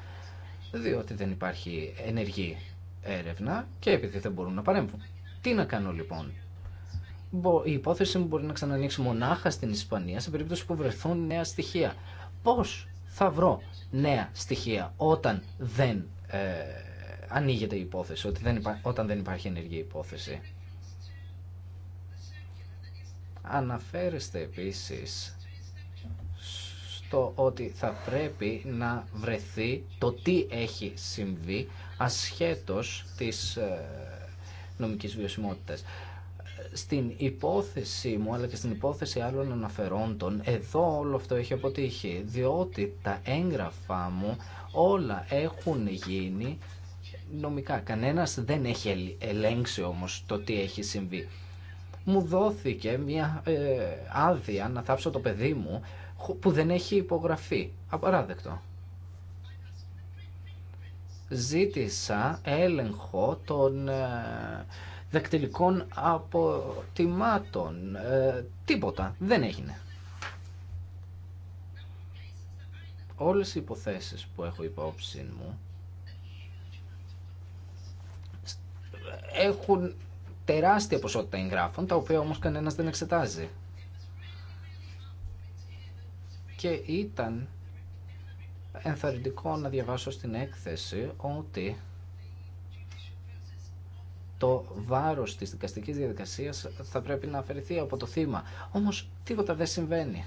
διότι δεν υπάρχει ενεργή έρευνα και επειδή δεν μπορούν να παρέμβουν. Τι να κάνω λοιπόν. Η υπόθεση μου μπορεί να ξανανοίξει μονάχα στην Ισπανία σε περίπτωση που βρεθούν νέα στοιχεία. Πώς θα βρω νέα στοιχεία όταν δεν ε, ανοίγεται η υπόθεση, ότι δεν όταν δεν υπάρχει ενεργή υπόθεση. Αναφέρεστε επίσης το ότι θα πρέπει να βρεθεί το τι έχει συμβεί ασχέτως της ε, νομικής βιωσιμότητας. Στην υπόθεση μου αλλά και στην υπόθεση άλλων αναφερόντων εδώ όλο αυτό έχει αποτύχει διότι τα έγγραφά μου όλα έχουν γίνει νομικά. Κανένας δεν έχει ελέγξει όμως το τι έχει συμβεί. Μου δόθηκε μια ε, άδεια να θάψω το παιδί μου που δεν έχει υπογραφεί. Απαράδεκτο. Ζήτησα έλεγχο των ε, δεκτυλικών αποτιμάτων. Ε, τίποτα. Δεν έγινε. Όλες οι υποθέσεις που έχω υπόψη μου έχουν τεράστια ποσότητα εγγράφων, τα οποία όμως κανένας δεν εξετάζει και ήταν ενθαρρυντικό να διαβάσω στην έκθεση ότι το βάρος της δικαστικής διαδικασίας θα πρέπει να αφαιρεθεί από το θύμα. Όμως τίποτα δεν συμβαίνει.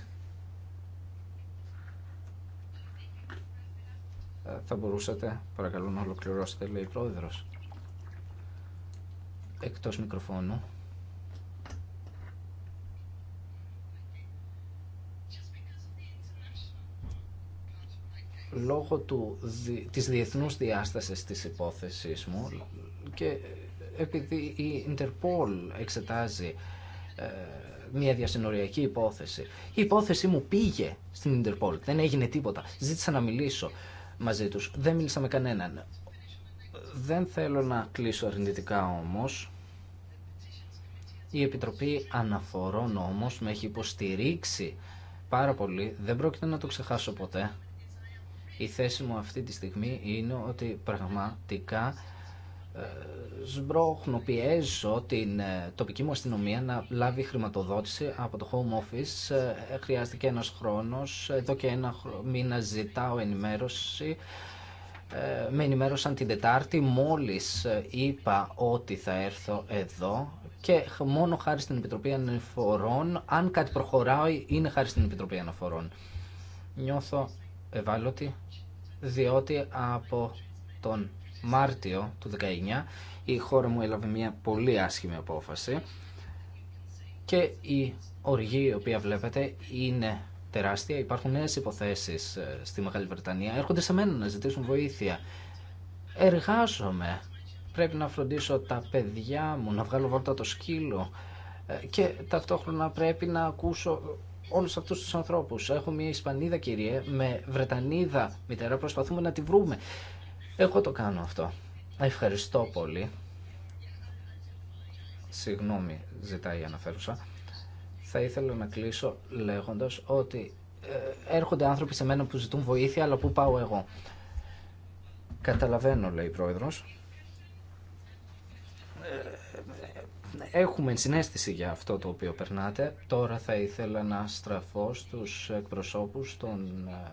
Ε, θα μπορούσατε, παρακαλώ, να ολοκληρώσετε, λέει η πρόεδρος. Εκτός μικροφώνου. λόγω του, της διεθνούς διάστασης της υπόθεσης μου και επειδή η Ιντερπόλ εξετάζει ε, μια διασυνοριακή υπόθεση. Η υπόθεση μου πήγε στην Ιντερπόλ, δεν έγινε τίποτα. Ζήτησα να μιλήσω μαζί τους, δεν μίλησα με κανέναν. Δεν θέλω να κλείσω αρνητικά όμως. Η Επιτροπή Αναφορών όμως με έχει υποστηρίξει πάρα πολύ, δεν πρόκειται να το ξεχάσω ποτέ. Η θέση μου αυτή τη στιγμή είναι ότι πραγματικά ε, πιέζω την ε, τοπική μου αστυνομία να λάβει χρηματοδότηση από το Home Office. Ε, χρειάστηκε ένας χρόνος, εδώ και ένα μήνα ζητάω ενημέρωση. Με ενημέρωσαν την Τετάρτη, μόλις είπα ότι θα έρθω εδώ και μόνο χάρη στην Επιτροπή Αναφορών, αν κάτι προχωράει, είναι χάρη στην Επιτροπή Αναφορών. Νιώθω ευάλωτη διότι από τον Μάρτιο του 19 η χώρα μου έλαβε μια πολύ άσχημη απόφαση και η οργή η οποία βλέπετε είναι τεράστια. Υπάρχουν νέες υποθέσεις ε, στη Μεγάλη Βρετανία. Έρχονται σε μένα να ζητήσουν βοήθεια. Εργάζομαι. Πρέπει να φροντίσω τα παιδιά μου, να βγάλω βόρτα το σκύλο ε, και ταυτόχρονα πρέπει να ακούσω όλους αυτούς τους ανθρώπους. Έχω μια Ισπανίδα κυρία με Βρετανίδα μητέρα, προσπαθούμε να τη βρούμε. Εγώ το κάνω αυτό. Ευχαριστώ πολύ. Συγγνώμη, ζητάει η αναφέρουσα. Θα ήθελα να κλείσω λέγοντας ότι ε, έρχονται άνθρωποι σε μένα που ζητούν βοήθεια, αλλά πού πάω εγώ. Καταλαβαίνω, λέει η πρόεδρος. Ε, έχουμε συνέστηση για αυτό το οποίο περνάτε. Τώρα θα ήθελα να στραφώ στους εκπροσώπους των ε,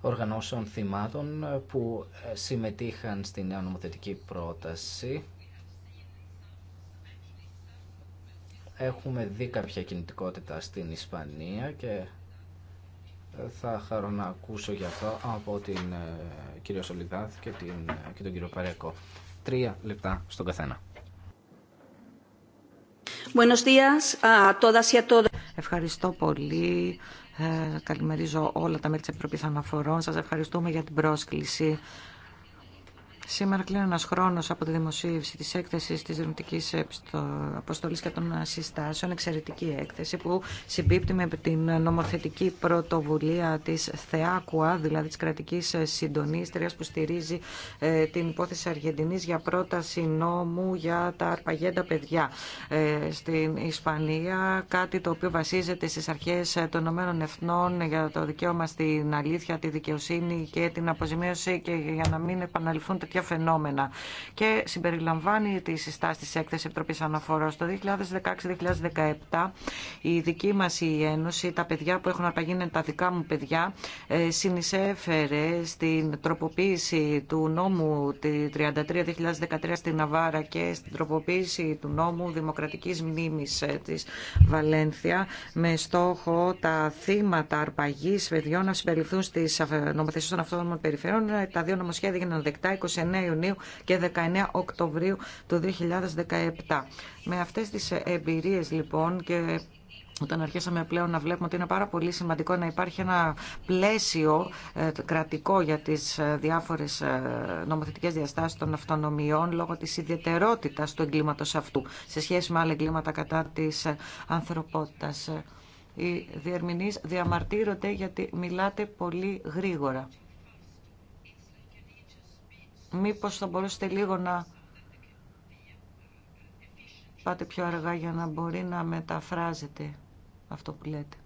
οργανώσεων θυμάτων ε, που ε, συμμετείχαν στην νέα νομοθετική πρόταση. Έχουμε δει κάποια κινητικότητα στην Ισπανία και θα χαρώ να ακούσω για αυτό από την κυρία Σολιδάθ και, την, και τον κύριο Παρέκο. Τρία λεπτά στον καθένα. Ευχαριστώ πολύ. Ε, καλημερίζω όλα τα μέλη της Επιτροπής Αναφορών. Σας ευχαριστούμε για την πρόσκληση Σήμερα κλείνει ένα χρόνο από τη δημοσίευση τη έκθεση τη Δημοτική Αποστολή και των Συστάσεων. Εξαιρετική έκθεση που συμπίπτει με την νομοθετική πρωτοβουλία τη ΘΕΑΚΟΑ, δηλαδή τη κρατική συντονίστρια που στηρίζει ε, την υπόθεση Αργεντινή για πρόταση νόμου για τα αρπαγέντα παιδιά ε, στην Ισπανία. Κάτι το οποίο βασίζεται στι αρχέ των ΗΕ για το δικαίωμα στην αλήθεια, τη δικαιοσύνη και την αποζημίωση και για να μην επαναληφθούν φαινόμενα. Και συμπεριλαμβάνει τη συστάση τη έκθεση Επιτροπή Αναφορά. Το 2016-2017 η δική μα η Ένωση, τα παιδιά που έχουν αρπαγεί είναι τα δικά μου παιδιά, ε, συνεισέφερε στην τροποποίηση του νόμου 33-2013 στην Ναβάρα και στην τροποποίηση του νόμου Δημοκρατική Μνήμη ε, τη Βαλένθια με στόχο τα θύματα αρπαγή παιδιών να συμπεριληφθούν στι νομοθεσίε των αυτόνομων περιφερειών. Ε, τα δύο νομοσχέδια έγιναν δεκτά 29 Ιουνίου και 19 Οκτωβρίου του 2017. Με αυτές τις ε, εμπειρίες λοιπόν και όταν αρχίσαμε πλέον να βλέπουμε ότι είναι πάρα πολύ σημαντικό να υπάρχει ένα πλαίσιο ε, κρατικό για τις ε, διάφορες νομοθετικές διαστάσεις των αυτονομιών λόγω της ιδιαιτερότητας του εγκλήματος αυτού σε σχέση με άλλα εγκλήματα κατά της ανθρωπότητας. Οι διερμηνείς διαμαρτύρονται γιατί μιλάτε πολύ γρήγορα. Μήπως θα μπορούσατε λίγο να πάτε πιο αργά για να μπορεί να μεταφράζετε αυτό που λέτε.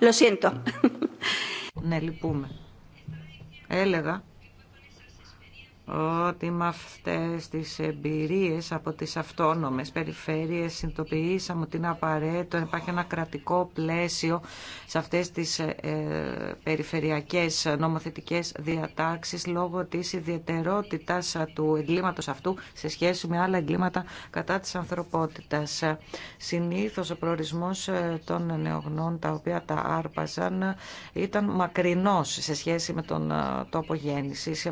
Lo siento. Ναι, λυπούμε. Έλεγα ότι με αυτές τις εμπειρίες από τις αυτόνομες περιφέρειες συνειδητοποιήσαμε ότι είναι απαραίτητο να υπάρχει ένα κρατικό πλαίσιο σε αυτές τις ε, περιφερειακές νομοθετικές διατάξεις λόγω της ιδιαιτερότητας του εγκλήματος αυτού σε σχέση με άλλα εγκλήματα κατά της ανθρωπότητας. Συνήθως ο προορισμός ε, των νεογνών τα οποία τα άρπαζαν ε, ήταν μακρινός σε σχέση με τον τόπο γέννησης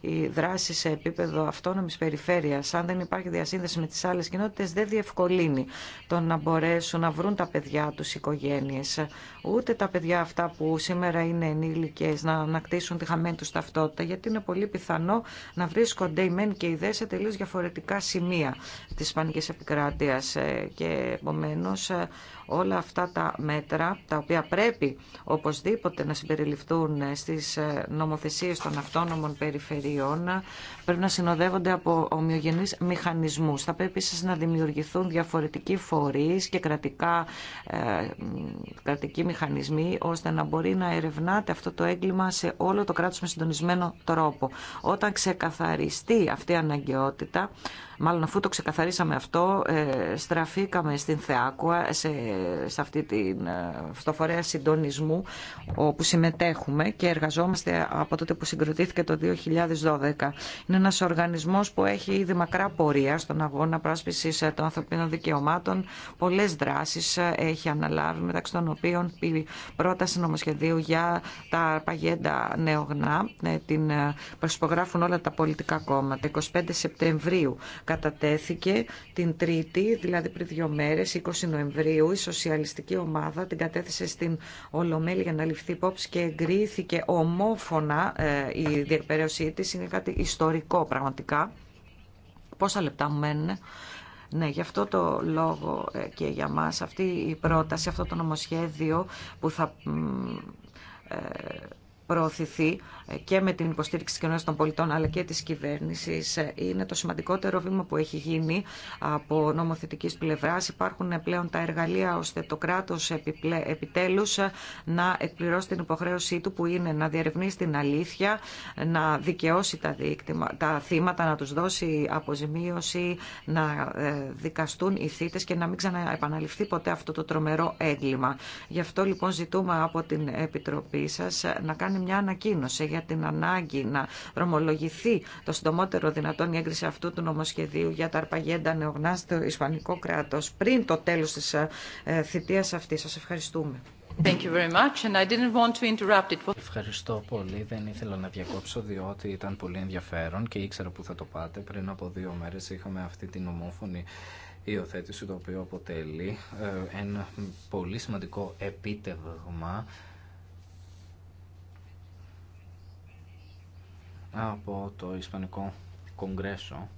η δράση σε επίπεδο αυτόνομη περιφέρεια, αν δεν υπάρχει διασύνδεση με τι άλλε κοινότητε, δεν διευκολύνει το να μπορέσουν να βρουν τα παιδιά του οι ούτε τα παιδιά αυτά που σήμερα είναι ενήλικες να ανακτήσουν τη χαμένη του ταυτότητα, γιατί είναι πολύ πιθανό να βρίσκονται οι μεν και οι δε σε τελείως διαφορετικά σημεία της Ισπανικής επικράτειας ε, και επομένω, ε, όλα αυτά τα μέτρα τα οποία πρέπει οπωσδήποτε να συμπεριληφθούν ε, στις νομοθεσίες των αυτόνομων περιφερειών πρέπει να συνοδεύονται από ομοιογενείς μηχανισμού. Θα πρέπει επίση να δημιουργηθούν διαφορετικοί φορεί και κρατικά, ε, κρατικοί μηχανισμοί ώστε να μπορεί να ερευνάται αυτό το έγκλημα σε όλο το κράτος με συντονισμένο τρόπο. Όταν ξεκαθαριστεί αυτή η αναγκαιότητα μάλλον αφού το ξεκαθαρίσαμε αυτό, ε, στραφήκαμε στην Θεάκουα σε, σε αυτή την, στο ε, φορέα συντονισμού, όπου συμμετέχουμε και εργαζόμαστε από τότε που συγκροτήθηκε το 2012. Είναι ένας οργανισμός που έχει ήδη μακρά πορεία στον αγώνα πράσπισης ε, των ανθρωπίνων δικαιωμάτων. Πολλές δράσεις έχει αναλάβει, μεταξύ των οποίων η πρόταση νομοσχεδίου για τα παγέντα νεογνά, την προσπογράφουν όλα τα πολιτικά κόμματα. 25 Σεπτεμβρίου κατατέθηκε την Τρίτη, δηλαδή πριν δύο μέρες, 20 Νοεμβρίου, η Σοσιαλιστική Ομάδα την κατέθεσε στην Ολομέλη για να ληφθεί υπόψη και εγκρίθηκε ομόφωνα ε, η διεκπαιρέωσή της. Είναι κάτι ιστορικό πραγματικά. Πόσα λεπτά μου μένουν. Ναι, γι' αυτό το λόγο ε, και για μας αυτή η πρόταση, αυτό το νομοσχέδιο που θα ε, προωθηθεί ε, και με την υποστήριξη της κοινωνίας των πολιτών αλλά και της κυβέρνησης ε, είναι το σημαντικότερο βήμα που έχει γίνει από νομοθετικής πλευράς. Υπάρχουν ε, πλέον τα εργαλεία ώστε το κράτος επιτέλους να εκπληρώσει την υποχρέωσή του που είναι να διερευνήσει την αλήθεια, να δικαιώσει τα, δίκτυμα, τα θύματα, να τους δώσει αποζημίωση, να δικαστούν οι θήτε και να μην ξαναεπαναληφθεί ποτέ αυτό το τρομερό έγκλημα. Γι' αυτό λοιπόν ζητούμε από την Επιτροπή σας να κάνει μια ανακοίνωση για την ανάγκη να δρομολογηθεί το συντομότερο δυνατόν η έγκριση αυτού του νομοσχεδίου για τα αρπαγέντα νεογνά στο Ισπανικό κράτο πριν το τέλο τη ε, θητεία αυτή. Σα ευχαριστούμε. Thank you very much and I didn't want to interrupt it. Ευχαριστώ πολύ. Δεν ήθελα να διακόψω διότι ήταν πολύ ενδιαφέρον και ήξερα που θα το πάτε. Πριν από δύο μέρες είχαμε αυτή την ομόφωνη υιοθέτηση το οποίο αποτελεί ε, ένα πολύ σημαντικό επίτευγμα από το Ισπανικό Κογκρέσο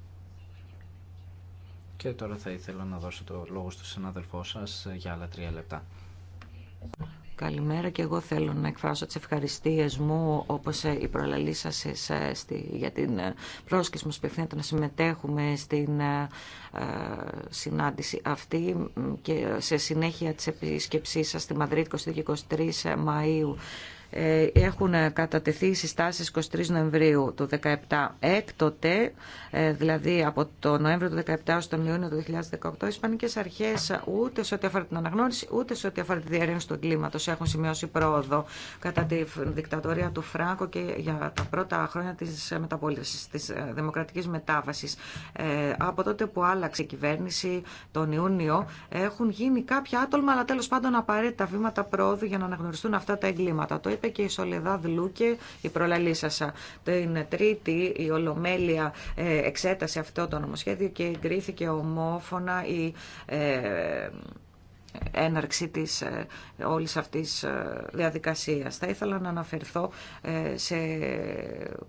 και τώρα θα ήθελα να δώσω το λόγο στον συνάδελφό σας για άλλα τρία λεπτά. Καλημέρα και εγώ θέλω να εκφράσω τις ευχαριστίες μου όπως η ε, προλαλή σας ε, για την ε, πρόσκληση μας που να συμμετέχουμε στην συνάντηση αυτή και σε συνέχεια της επισκεψής σας στη Μαδρίτη 22 23 Μαΐου ε, έχουν κατατεθεί συστάσεις 23 Νοεμβρίου του 2017. Έκτοτε, ε, δηλαδή από το Νοέμβριο του 2017 έως τον Ιούνιο του 2018, οι Ισπανικές αρχές ούτε σε ό,τι αφορά την αναγνώριση, ούτε σε ό,τι αφορά τη διαρρήνωση του κλίματος έχουν σημειώσει πρόοδο κατά τη δικτατορία του Φράγκο και για τα πρώτα χρόνια της μεταπόλησης, της ε, δημοκρατικής μετάβασης. από τότε που άλλαξε η κυβέρνηση τον Ιούνιο, έχουν γίνει κάποια άτολμα, αλλά τέλος πάντων απαραίτητα βήματα πρόοδου για να αναγνωριστούν αυτά τα εγκλήματα. Το και η Σολεδά Δλούκε, η προλαλήσασα. Την Τρίτη η Ολομέλεια ε, εξέτασε αυτό το νομοσχέδιο και εγκρίθηκε ομόφωνα η ε, έναρξη της ε, όλης αυτής ε, διαδικασίας. Θα ήθελα να αναφερθώ ε, σε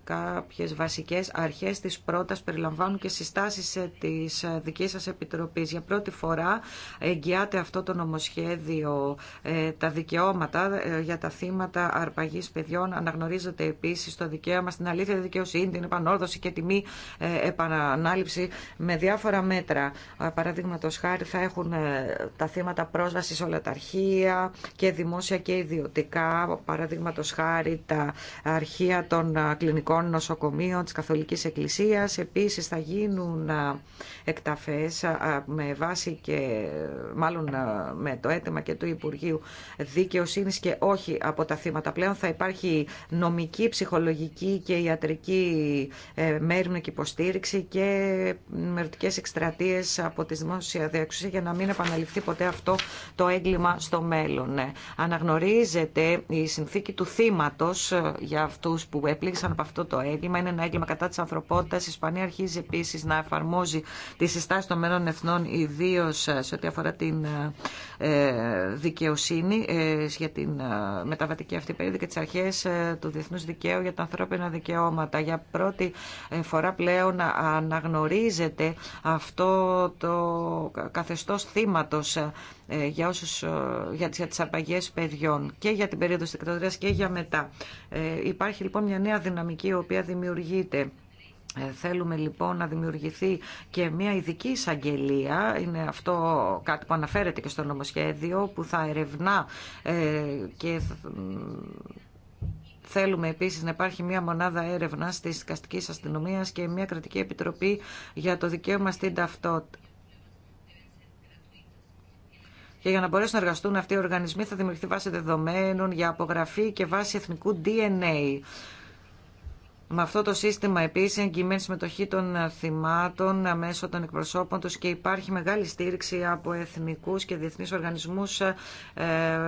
κάποιες βασικές αρχές της πρώτας περιλαμβάνουν και συστάσεις της δικής σας επιτροπής. Για πρώτη φορά εγγυάται αυτό το νομοσχέδιο τα δικαιώματα για τα θύματα αρπαγής παιδιών. Αναγνωρίζεται επίσης το δικαίωμα στην αλήθεια δικαιοσύνη, την επανόρδωση και τιμή επανάληψη με διάφορα μέτρα. Παραδείγματος χάρη θα έχουν τα θύματα πρόσβαση σε όλα τα αρχεία και δημόσια και ιδιωτικά, παραδείγματο χάρη τα αρχεία των κλινικών νοσοκομείων της Καθολικής Εκκλησίας. Επίσης θα γίνουν εκταφές με βάση και μάλλον με το αίτημα και του Υπουργείου Δικαιοσύνη και όχι από τα θύματα πλέον. Θα υπάρχει νομική, ψυχολογική και ιατρική ε, μέρημνα και υποστήριξη και μερτικές εκστρατείες από τις δημόσια για να μην επαναληφθεί ποτέ αυτό το έγκλημα στο μέλλον. Ναι. Αναγνωρίζεται η συνθήκη του θύματο ε, για αυτού που έπληξαν από αυτό το έγκλημα. Είναι ένα έγκλημα κατά τη ανθρωπότητα. Η Ισπανία αρχίζει επίση να εφαρμόζει τι συστάσει των Μένων Εθνών, ιδίω ε, σε ό,τι αφορά την ε, δικαιοσύνη για την μεταβατική αυτή περίοδο και τι αρχέ του διεθνού δικαίου για τα ανθρώπινα δικαιώματα. Για πρώτη φορά πλέον αναγνωρίζεται αυτό το καθεστώς θύματος ε, για, όσους, ε, για, τις απαγές παιδιών και για την περίοδο της δικτατορίας και για μετά. Ε, υπάρχει λοιπόν μια νέα δυναμική η οποία δημιουργείται Θέλουμε λοιπόν να δημιουργηθεί και μια ειδική εισαγγελία, είναι αυτό κάτι που αναφέρεται και στο νομοσχέδιο, που θα ερευνά και Θέλουμε επίσης να υπάρχει μια μονάδα έρευνας της δικαστικής αστυνομίας και μια κρατική επιτροπή για το δικαίωμα στην ταυτότητα. Και για να μπορέσουν να εργαστούν αυτοί οι οργανισμοί θα δημιουργηθεί βάση δεδομένων για απογραφή και βάση εθνικού DNA. Με αυτό το σύστημα επίσης εγγυημένη συμμετοχή των θυμάτων μέσω των εκπροσώπων του και υπάρχει μεγάλη στήριξη από εθνικούς και διεθνείς οργανισμούς ε,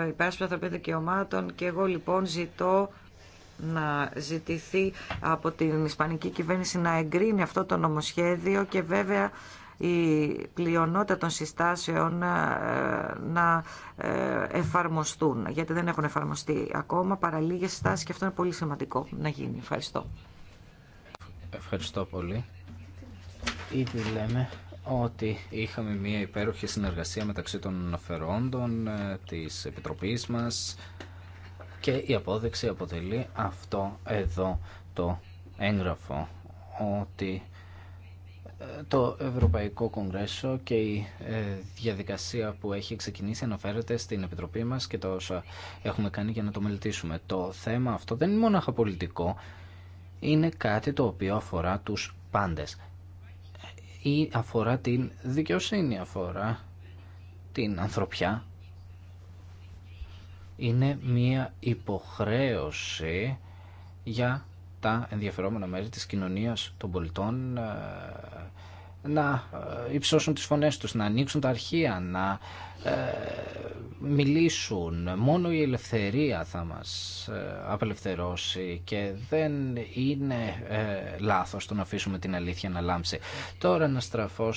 υπέρασπιση ανθρωπίνων δικαιωμάτων και εγώ λοιπόν ζητώ να ζητηθεί από την Ισπανική κυβέρνηση να εγκρίνει αυτό το νομοσχέδιο και βέβαια η πλειονότητα των συστάσεων ε, να ε, εφαρμοστούν, γιατί δεν έχουν εφαρμοστεί ακόμα παρά λίγε και αυτό είναι πολύ σημαντικό να γίνει. Ευχαριστώ. Ευχαριστώ πολύ. Ήδη λέμε ότι είχαμε μια υπέροχη συνεργασία μεταξύ των αναφερόντων ε, της Επιτροπής μας και η απόδειξη αποτελεί αυτό εδώ το έγγραφο ότι το Ευρωπαϊκό Κογκρέσο και η ε, διαδικασία που έχει ξεκινήσει αναφέρεται στην Επιτροπή μας και τα όσα έχουμε κάνει για να το μελετήσουμε. Το θέμα αυτό δεν είναι μόνο πολιτικό, είναι κάτι το οποίο αφορά τους πάντες ή αφορά την δικαιοσύνη, αφορά την ανθρωπιά. Είναι μία υποχρέωση για τα ενδιαφερόμενα μέρη της κοινωνίας των πολιτών ε, να ε, υψώσουν τις φωνές τους, να ανοίξουν τα αρχεία, να ε, μιλήσουν. Μόνο η ελευθερία θα μας απελευθερώσει και δεν είναι λάθος το να αφήσουμε την αλήθεια να λάμψει. Τώρα να στραφώ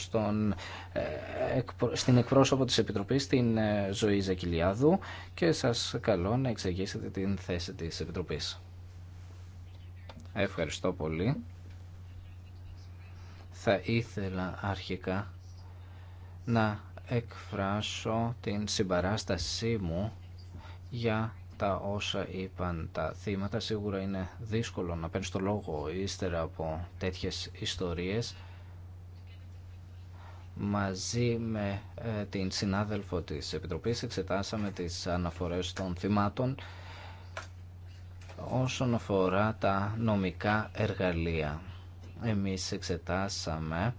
στην εκπρόσωπο της Επιτροπής, την Ζωή Ζακυλιάδου και σας καλώ να εξηγήσετε την θέση της Επιτροπής. Ευχαριστώ πολύ. Θα ήθελα αρχικά να εκφράσω την συμπαράστασή μου για τα όσα είπαν τα θύματα. Σίγουρα είναι δύσκολο να παίρνεις το λόγο ύστερα από τέτοιες ιστορίες. Μαζί με ε, την συνάδελφο της Επιτροπής εξετάσαμε τις αναφορές των θυμάτων όσον αφορά τα νομικά εργαλεία. Εμείς εξετάσαμε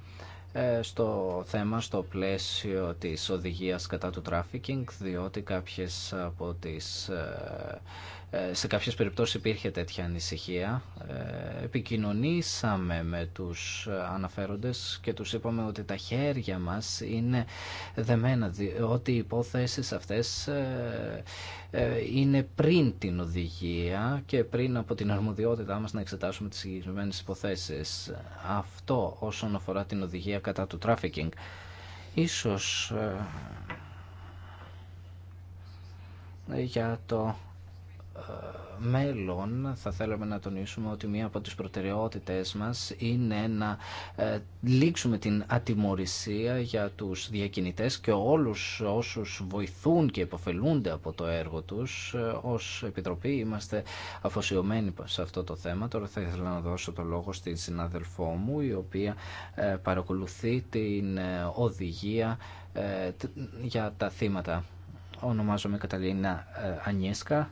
ε, στο θέμα στο πλαίσιο της οδηγίας κατά του τράφικινγκ διότι κάποιες από τις ε, ε, σε κάποιες περιπτώσεις υπήρχε τέτοια ανησυχία. Ε, επικοινωνήσαμε με τους ε, αναφέροντες και τους είπαμε ότι τα χέρια μας είναι δεμένα, ότι οι υπόθεσεις αυτές είναι πριν την οδηγία και πριν από την αρμοδιότητά μας να εξετάσουμε τις συγκεκριμένες υποθέσεις. Αυτό όσον αφορά την οδηγία κατά του τράφικινγκ. Ίσως για το ε, μέλλον θα θέλαμε να τονίσουμε ότι μία από τις προτεραιότητες μας είναι να ε, λήξουμε την ατιμορρησία για τους διακινητές και όλους όσους βοηθούν και υποφελούνται από το έργο τους. Ε, ως Επιτροπή είμαστε αφοσιωμένοι σε αυτό το θέμα. Τώρα θα ήθελα να δώσω το λόγο στην συνάδελφό μου η οποία παρακολουθεί την οδηγία για τα θύματα. Ονομάζομαι Καταλίνα Ανιέσκα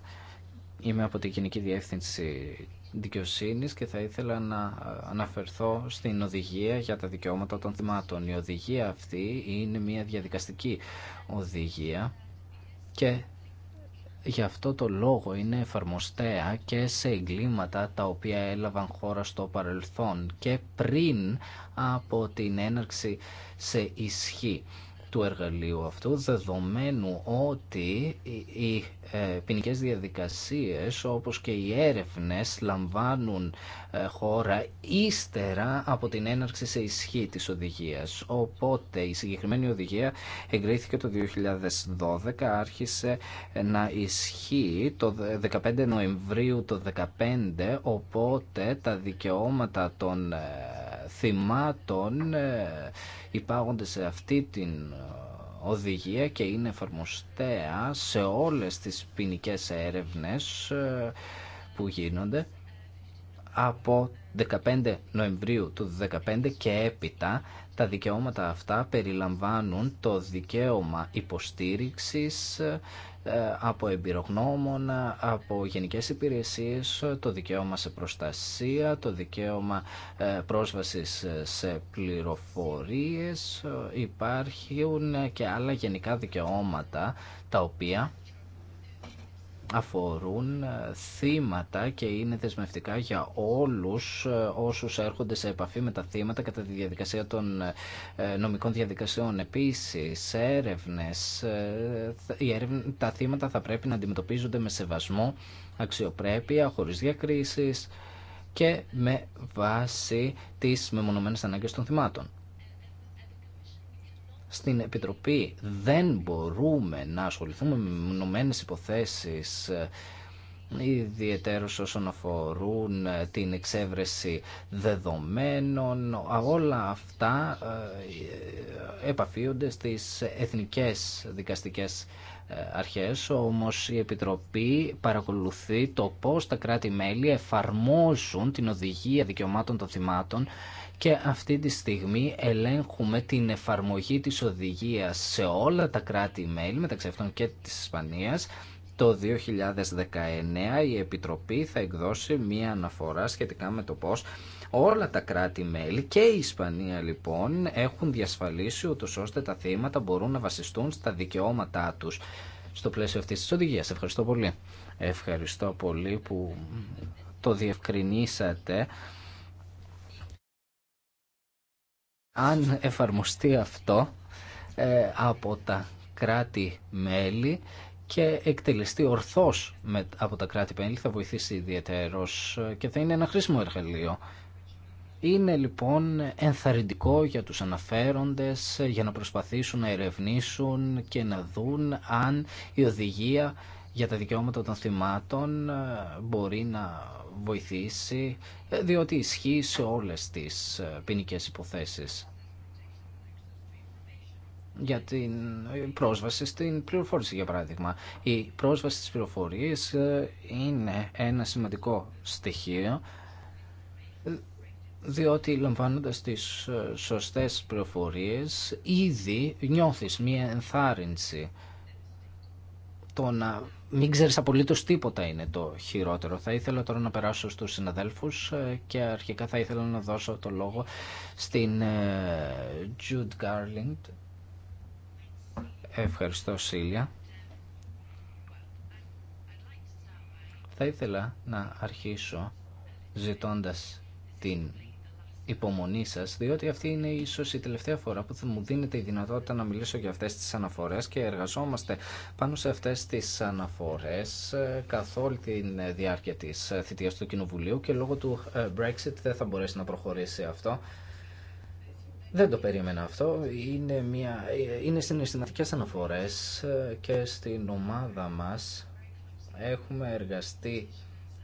Είμαι από την Κοινική Διεύθυνση δικαιοσύνη και θα ήθελα να αναφερθώ στην οδηγία για τα δικαιώματα των θυμάτων. Η οδηγία αυτή είναι μια διαδικαστική οδηγία και γι' αυτό το λόγο είναι εφαρμοστέα και σε εγκλήματα τα οποία έλαβαν χώρα στο παρελθόν και πριν από την έναρξη σε ισχύ του εργαλείου αυτού δεδομένου ότι οι ε, ποινικέ διαδικασίες όπως και οι έρευνες λαμβάνουν ε, χώρα ύστερα από την έναρξη σε ισχύ της οδηγίας. Οπότε η συγκεκριμένη οδηγία εγκρίθηκε το 2012, άρχισε ε, να ισχύει το 15 Νοεμβρίου το 2015, οπότε τα δικαιώματα των θυμάτων υπάγονται σε αυτή την ε, οδηγία και είναι εφαρμοστέα σε όλες τις ποινικέ έρευνες ε, που γίνονται από 15 Νοεμβρίου του 2015 και έπειτα τα δικαιώματα αυτά περιλαμβάνουν το δικαίωμα υποστήριξης ε, από εμπειρογνώμονα, από γενικές υπηρεσίες, το δικαίωμα σε προστασία, το δικαίωμα ε, πρόσβασης σε πληροφορίες. Ε, υπάρχουν και άλλα γενικά δικαιώματα τα οποία αφορούν ε, θύματα και είναι δεσμευτικά για όλους ε, όσους έρχονται σε επαφή με τα θύματα κατά τη διαδικασία των ε, νομικών διαδικασιών. Επίσης, έρευνες, τα θύματα θα πρέπει να αντιμετωπίζονται με σεβασμό, αξιοπρέπεια, χωρίς διακρίσεις και με βάση τις μεμονωμένες ανάγκες των θυμάτων στην Επιτροπή δεν μπορούμε να ασχοληθούμε με μεμονωμένες υποθέσεις ε, ιδιαίτερως όσον αφορούν ε, την εξέβρεση δεδομένων. Όλα αυτά ε, επαφίονται στις εθνικές δικαστικές αρχές, όμως η Επιτροπή παρακολουθεί το πώς τα κράτη-μέλη εφαρμόζουν την οδηγία δικαιωμάτων των θυμάτων και αυτή τη στιγμή ελέγχουμε την εφαρμογή της οδηγίας σε όλα τα κράτη-μέλη, μεταξύ αυτών και της Ισπανίας. Το 2019 η Επιτροπή θα εκδώσει μία αναφορά σχετικά με το πώς όλα τα κράτη-μέλη και η Ισπανία λοιπόν έχουν διασφαλίσει ότι ώστε τα θύματα μπορούν να βασιστούν στα δικαιώματά τους στο πλαίσιο αυτής της οδηγίας. Ευχαριστώ πολύ. Ευχαριστώ πολύ που το διευκρινίσατε. αν εφαρμοστεί αυτό ε, από τα κράτη-μέλη και εκτελεστεί ορθώς από τα κράτη-μέλη θα βοηθήσει ιδιαίτερος και θα είναι ένα χρήσιμο εργαλείο. Είναι λοιπόν ενθαρρυντικό για τους αναφέροντες ε, για να προσπαθήσουν να ερευνήσουν και να δουν αν η οδηγία για τα δικαιώματα των θυμάτων ε, μπορεί να βοηθήσει ε, διότι ισχύει σε όλες τις ε, ποινικέ υποθέσεις για την πρόσβαση στην πληροφόρηση για παράδειγμα. Η πρόσβαση στις πληροφορίες είναι ένα σημαντικό στοιχείο διότι λαμβάνοντας τις σωστές πληροφορίες ήδη νιώθεις μία ενθάρρυνση το να μην ξέρεις απολύτως τίποτα είναι το χειρότερο. Θα ήθελα τώρα να περάσω στους συναδέλφους ε, και αρχικά θα ήθελα να δώσω το λόγο στην ε, Jude Garland. Ευχαριστώ Σίλια. Θα ήθελα να αρχίσω ζητώντας την υπομονή σα, διότι αυτή είναι ίσως η τελευταία φορά που θα μου δίνετε η δυνατότητα να μιλήσω για αυτές τις αναφορές και εργαζόμαστε πάνω σε αυτές τις αναφορές ε, καθ' όλη τη διάρκεια τη ε, θητείας του Κοινοβουλίου και λόγω του ε, Brexit δεν θα μπορέσει να προχωρήσει αυτό. Δεν το περίμενα αυτό. Είναι, μια, είναι και στην ομάδα μα έχουμε εργαστεί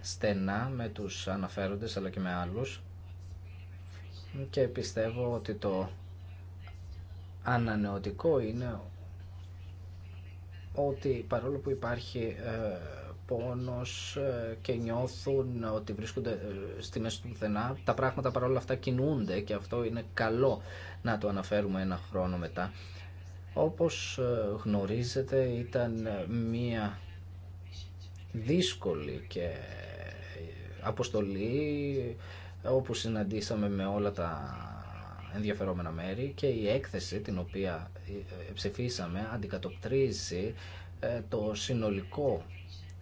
στενά με τους αναφέροντες αλλά και με άλλους και πιστεύω ότι το ανανεωτικό είναι ότι παρόλο που υπάρχει ε, πόνος ε, και νιώθουν ότι βρίσκονται ε, στη μέση του πουθενά, τα πράγματα παρόλα αυτά κινούνται και αυτό είναι καλό να το αναφέρουμε ένα χρόνο μετά. Όπως γνωρίζετε ήταν μία δύσκολη και αποστολή όπου συναντήσαμε με όλα τα ενδιαφερόμενα μέρη και η έκθεση την οποία ε, ε, ψηφίσαμε αντικατοπτρίζει ε, το συνολικό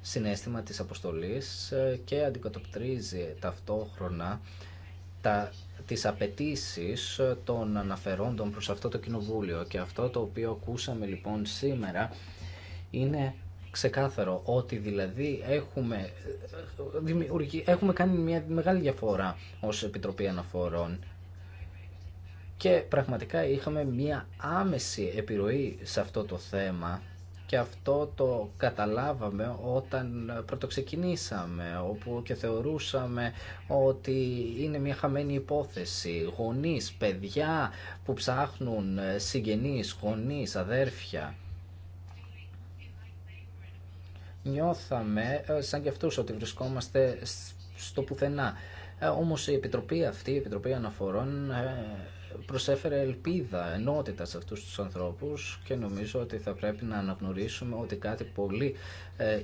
συνέστημα της αποστολής και αντικατοπτρίζει ταυτόχρονα τα, τις απαιτήσει των αναφερόντων προς αυτό το κοινοβούλιο και αυτό το οποίο ακούσαμε λοιπόν σήμερα είναι ξεκάθαρο ότι δηλαδή έχουμε, ε, έχουμε κάνει μια μεγάλη διαφορά ως Επιτροπή Αναφορών και πραγματικά είχαμε μια άμεση επιρροή σε αυτό το θέμα και αυτό το καταλάβαμε όταν πρωτοξεκινήσαμε όπου και θεωρούσαμε ότι είναι μια χαμένη υπόθεση γονείς, παιδιά που ψάχνουν συγγενείς, γονείς, αδέρφια νιώθαμε ε, σαν και αυτούς ότι βρισκόμαστε στο πουθενά. Ε, όμως η Επιτροπή αυτή, η Επιτροπή Αναφορών, ε, προσέφερε ελπίδα, ενότητα σε αυτούς τους ανθρώπους και νομίζω ότι θα πρέπει να αναγνωρίσουμε ότι κάτι πολύ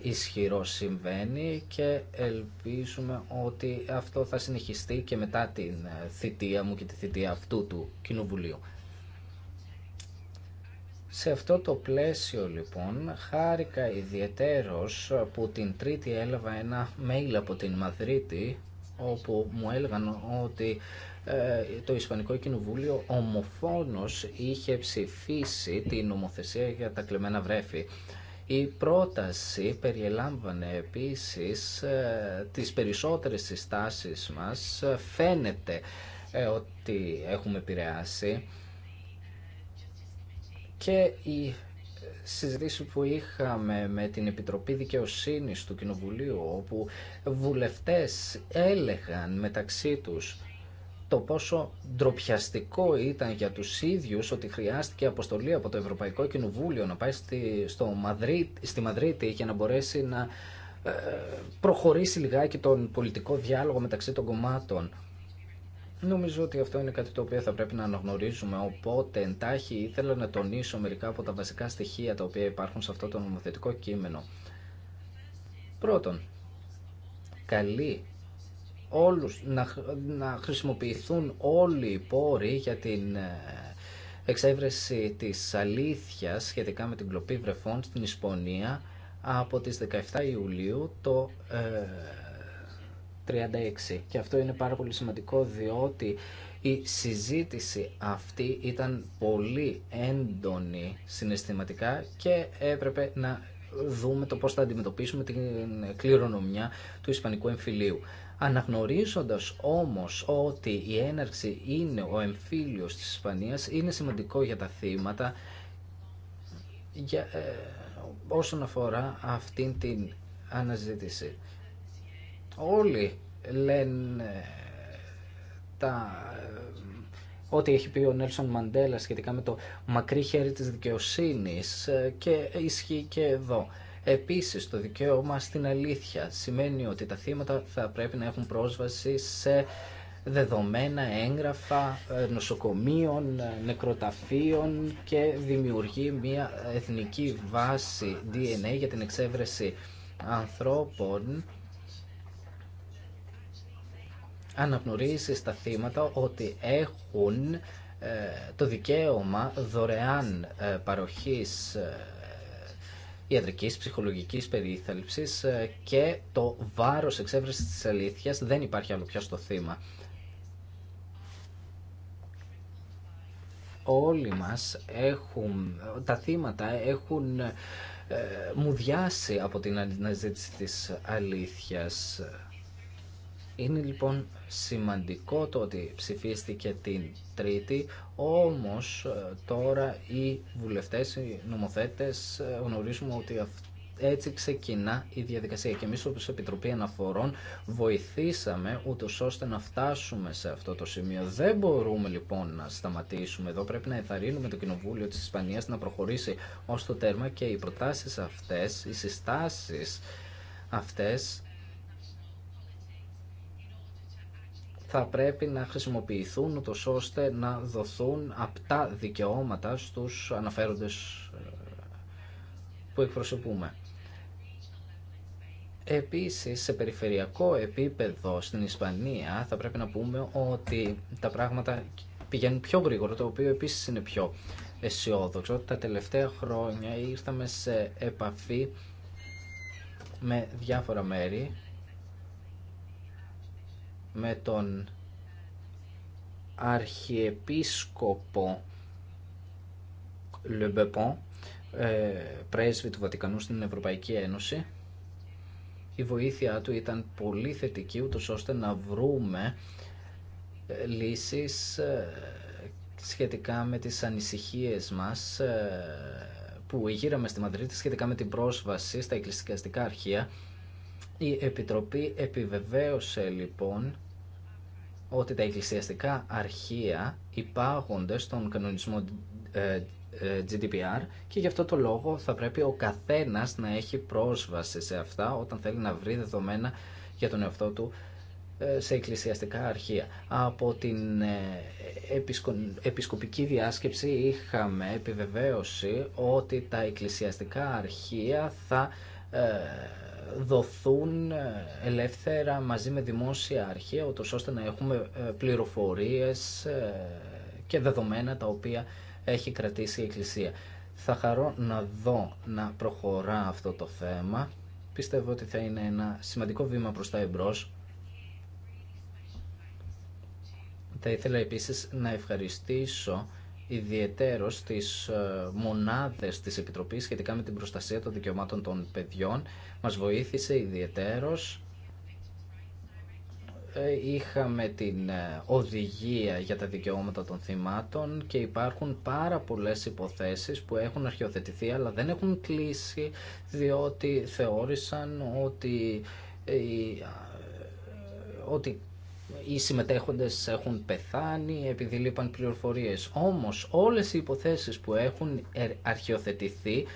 ισχυρό συμβαίνει και ελπίζουμε ότι αυτό θα συνεχιστεί και μετά την θητεία μου και τη θητεία αυτού του Κοινοβουλίου. Σε αυτό το πλαίσιο λοιπόν χάρηκα ιδιαιτέρως που την Τρίτη έλαβα ένα mail από την Μαδρίτη όπου μου έλεγαν ότι ε, το Ισπανικό Κοινοβούλιο ομοφόνος είχε ψηφίσει την νομοθεσία για τα κλεμμένα βρέφη. Η πρόταση περιελάμβανε επίσης ε, τις περισσότερες συστάσεις μας. Φαίνεται ε, ότι έχουμε επηρεάσει και η συζήτηση που είχαμε με την Επιτροπή Δικαιοσύνης του Κοινοβουλίου όπου βουλευτές έλεγαν μεταξύ τους το πόσο ντροπιαστικό ήταν για τους ίδιους ότι χρειάστηκε αποστολή από το Ευρωπαϊκό Κοινοβούλιο να πάει στη, στο Μαδρί, στη Μαδρίτη για να μπορέσει να ε, προχωρήσει λιγάκι τον πολιτικό διάλογο μεταξύ των κομμάτων Νομίζω ότι αυτό είναι κάτι το οποίο θα πρέπει να αναγνωρίζουμε, οπότε εντάχει ήθελα να τονίσω μερικά από τα βασικά στοιχεία τα οποία υπάρχουν σε αυτό το νομοθετικό κείμενο. Πρώτον, καλεί όλους, να, να χρησιμοποιηθούν όλοι οι πόροι για την ε, εξέβρεση της αλήθειας σχετικά με την κλοπή βρεφών στην Ισπανία από τις 17 Ιουλίου το ε, 36. Και αυτό είναι πάρα πολύ σημαντικό διότι η συζήτηση αυτή ήταν πολύ έντονη συναισθηματικά και έπρεπε να δούμε το πώς θα αντιμετωπίσουμε την κληρονομιά του Ισπανικού εμφυλίου. Αναγνωρίζοντας όμως ότι η έναρξη είναι ο εμφύλιος της Ισπανίας, είναι σημαντικό για τα θύματα για, ε, όσον αφορά αυτήν την αναζήτηση. Όλοι λένε ό,τι έχει πει ο Νέλσον Μαντέλα σχετικά με το μακρύ χέρι της δικαιοσύνης ε, και ισχύει και εδώ. Επίσης, το δικαίωμα στην αλήθεια σημαίνει ότι τα θύματα θα πρέπει να έχουν πρόσβαση σε δεδομένα, έγγραφα ε, νοσοκομείων, ε, νεκροταφείων και δημιουργεί μια εθνική βάση DNA για την εξέβρεση ανθρώπων Αναγνωρίζει στα θύματα ότι έχουν ε, το δικαίωμα δωρεάν ε, παροχής ε, ιατρικής, ψυχολογικής περίθαλψης και το βάρος εξέβρεσης της αλήθειας δεν υπάρχει άλλο πια στο θύμα. Όλοι μας έχουν, τα θύματα έχουν μουδιάσει από την αναζήτηση της αλήθειας. Είναι λοιπόν σημαντικό το ότι ψηφίστηκε την Τρίτη, όμως ε, τώρα οι βουλευτές, οι νομοθέτες ε, γνωρίζουμε ότι έτσι ξεκινά η διαδικασία και εμείς όπως Επιτροπή Αναφορών βοηθήσαμε ούτω ώστε να φτάσουμε σε αυτό το σημείο. Δεν μπορούμε λοιπόν να σταματήσουμε εδώ, πρέπει να εθαρρύνουμε το Κοινοβούλιο της Ισπανίας να προχωρήσει ως το τέρμα και οι προτάσεις αυτές, οι συστάσεις αυτές θα πρέπει να χρησιμοποιηθούν ούτως ώστε να δοθούν απτά δικαιώματα στους αναφέροντες ε, που εκπροσωπούμε. Επίσης, σε περιφερειακό επίπεδο στην Ισπανία θα πρέπει να πούμε ότι τα πράγματα πηγαίνουν πιο γρήγορα, το οποίο επίσης είναι πιο αισιόδοξο. Τα τελευταία χρόνια ήρθαμε σε επαφή με διάφορα μέρη με τον Αρχιεπίσκοπο Λεμπεπον, πρέσβη του Βατικανού στην Ευρωπαϊκή Ένωση. Η βοήθειά του ήταν πολύ θετική, ούτως ώστε να βρούμε ε, λύσεις ε, σχετικά με τις ανησυχίες μας ε, που γύραμε στη Μαδρίτη σχετικά με την πρόσβαση στα εκκλησιαστικά αρχεία η Επιτροπή επιβεβαίωσε λοιπόν ότι τα εκκλησιαστικά αρχεία υπάγονται στον κανονισμό ε, ε, GDPR και γι' αυτό το λόγο θα πρέπει ο καθένας να έχει πρόσβαση σε αυτά όταν θέλει να βρει δεδομένα για τον εαυτό του ε, σε εκκλησιαστικά αρχεία. Από την επισκοπική διάσκεψη είχαμε επιβεβαίωση ότι τα εκκλησιαστικά αρχεία θα δοθούν ε, ελεύθερα μαζί με δημόσια αρχεία, ώστε να έχουμε ε, πληροφορίες ε, και δεδομένα τα οποία έχει κρατήσει η Εκκλησία. Θα χαρώ να δω να προχωρά αυτό το θέμα. Πιστεύω ότι θα είναι ένα σημαντικό βήμα προς τα εμπρός. Θα ήθελα επίσης να ευχαριστήσω ιδιαιτέρως τις ε, μονάδες της Επιτροπής σχετικά με την προστασία των δικαιωμάτων των παιδιών. Μας βοήθησε ιδιαιτέρως. Ε, είχαμε την ε, οδηγία για τα δικαιώματα των θυμάτων και υπάρχουν πάρα πολλές υποθέσεις που έχουν αρχιοθετηθεί αλλά δεν έχουν κλείσει διότι θεώρησαν ότι ότι οι συμμετέχοντες έχουν πεθάνει επειδή λείπαν πληροφορίες. Όμως όλες οι υποθέσεις που έχουν αρχιοθετηθεί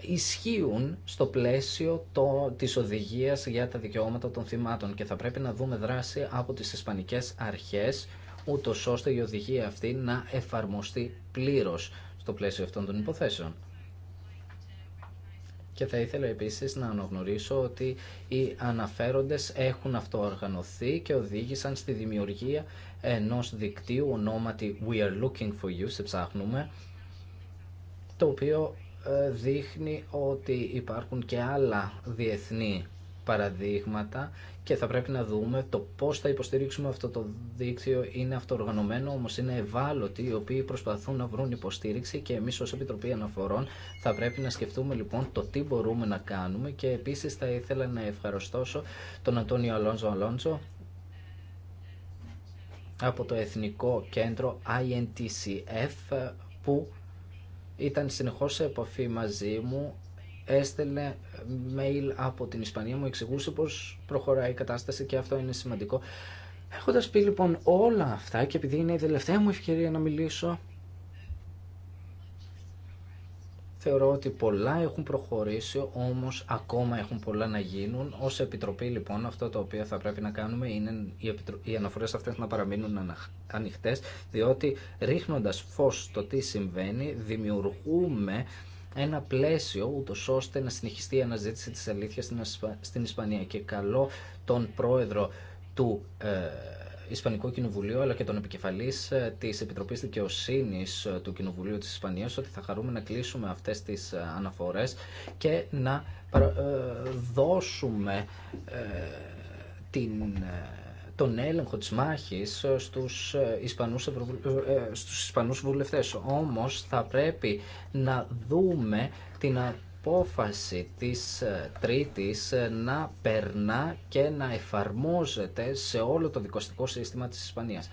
ισχύουν στο πλαίσιο το, της οδηγίας για τα δικαιώματα των θυμάτων και θα πρέπει να δούμε δράση από τις ισπανικές αρχές ούτω ώστε η οδηγία αυτή να εφαρμοστεί πλήρως στο πλαίσιο αυτών των υποθέσεων. Και θα ήθελα επίσης να αναγνωρίσω ότι οι αναφέροντες έχουν αυτοοργανωθεί και οδήγησαν στη δημιουργία ενός δικτύου ονόματι We are looking for you, σε ψάχνουμε, το οποίο ε, δείχνει ότι υπάρχουν και άλλα διεθνή παραδείγματα και θα πρέπει να δούμε το πώς θα υποστηρίξουμε αυτό το δίκτυο. Είναι αυτοοργανωμένο, όμως είναι ευάλωτοι, οι οποίοι προσπαθούν να βρουν υποστήριξη και εμείς ως Επιτροπή Αναφορών θα πρέπει να σκεφτούμε λοιπόν το τι μπορούμε να κάνουμε και επίσης θα ήθελα να ευχαριστώσω τον Αντώνιο Αλόνσο Αλόνσο από το Εθνικό Κέντρο INTCF που ήταν συνεχώς σε επαφή μαζί μου έστελνε mail από την Ισπανία, μου εξηγούσε πώς προχωράει η κατάσταση και αυτό είναι σημαντικό. Έχοντας πει λοιπόν όλα αυτά και επειδή είναι η τελευταία μου ευκαιρία να μιλήσω, θεωρώ ότι πολλά έχουν προχωρήσει, όμως ακόμα έχουν πολλά να γίνουν. Ως Επιτροπή λοιπόν αυτό το οποίο θα πρέπει να κάνουμε είναι οι αναφορές αυτές να παραμείνουν ανοιχτές, διότι ρίχνοντας φως στο τι συμβαίνει δημιουργούμε ένα πλαίσιο ούτω ώστε να συνεχιστεί η αναζήτηση της αλήθειας στην Ισπανία και καλό τον πρόεδρο του ε, Ισπανικού Κοινοβουλίου αλλά και τον επικεφαλής ε, της Επιτροπής Δικαιοσύνης ε, του Κοινοβουλίου της Ισπανίας ότι θα χαρούμε να κλείσουμε αυτές τις αναφορές και να δώσουμε ε, την τον έλεγχο της μάχης στους ε, Ισπανούς, ε, ε, στους Ισπανούς βουλευτές. Όμως θα πρέπει να δούμε την απόφαση της Τρίτης να περνά και να εφαρμόζεται σε όλο το δικοστικό σύστημα της Ισπανίας.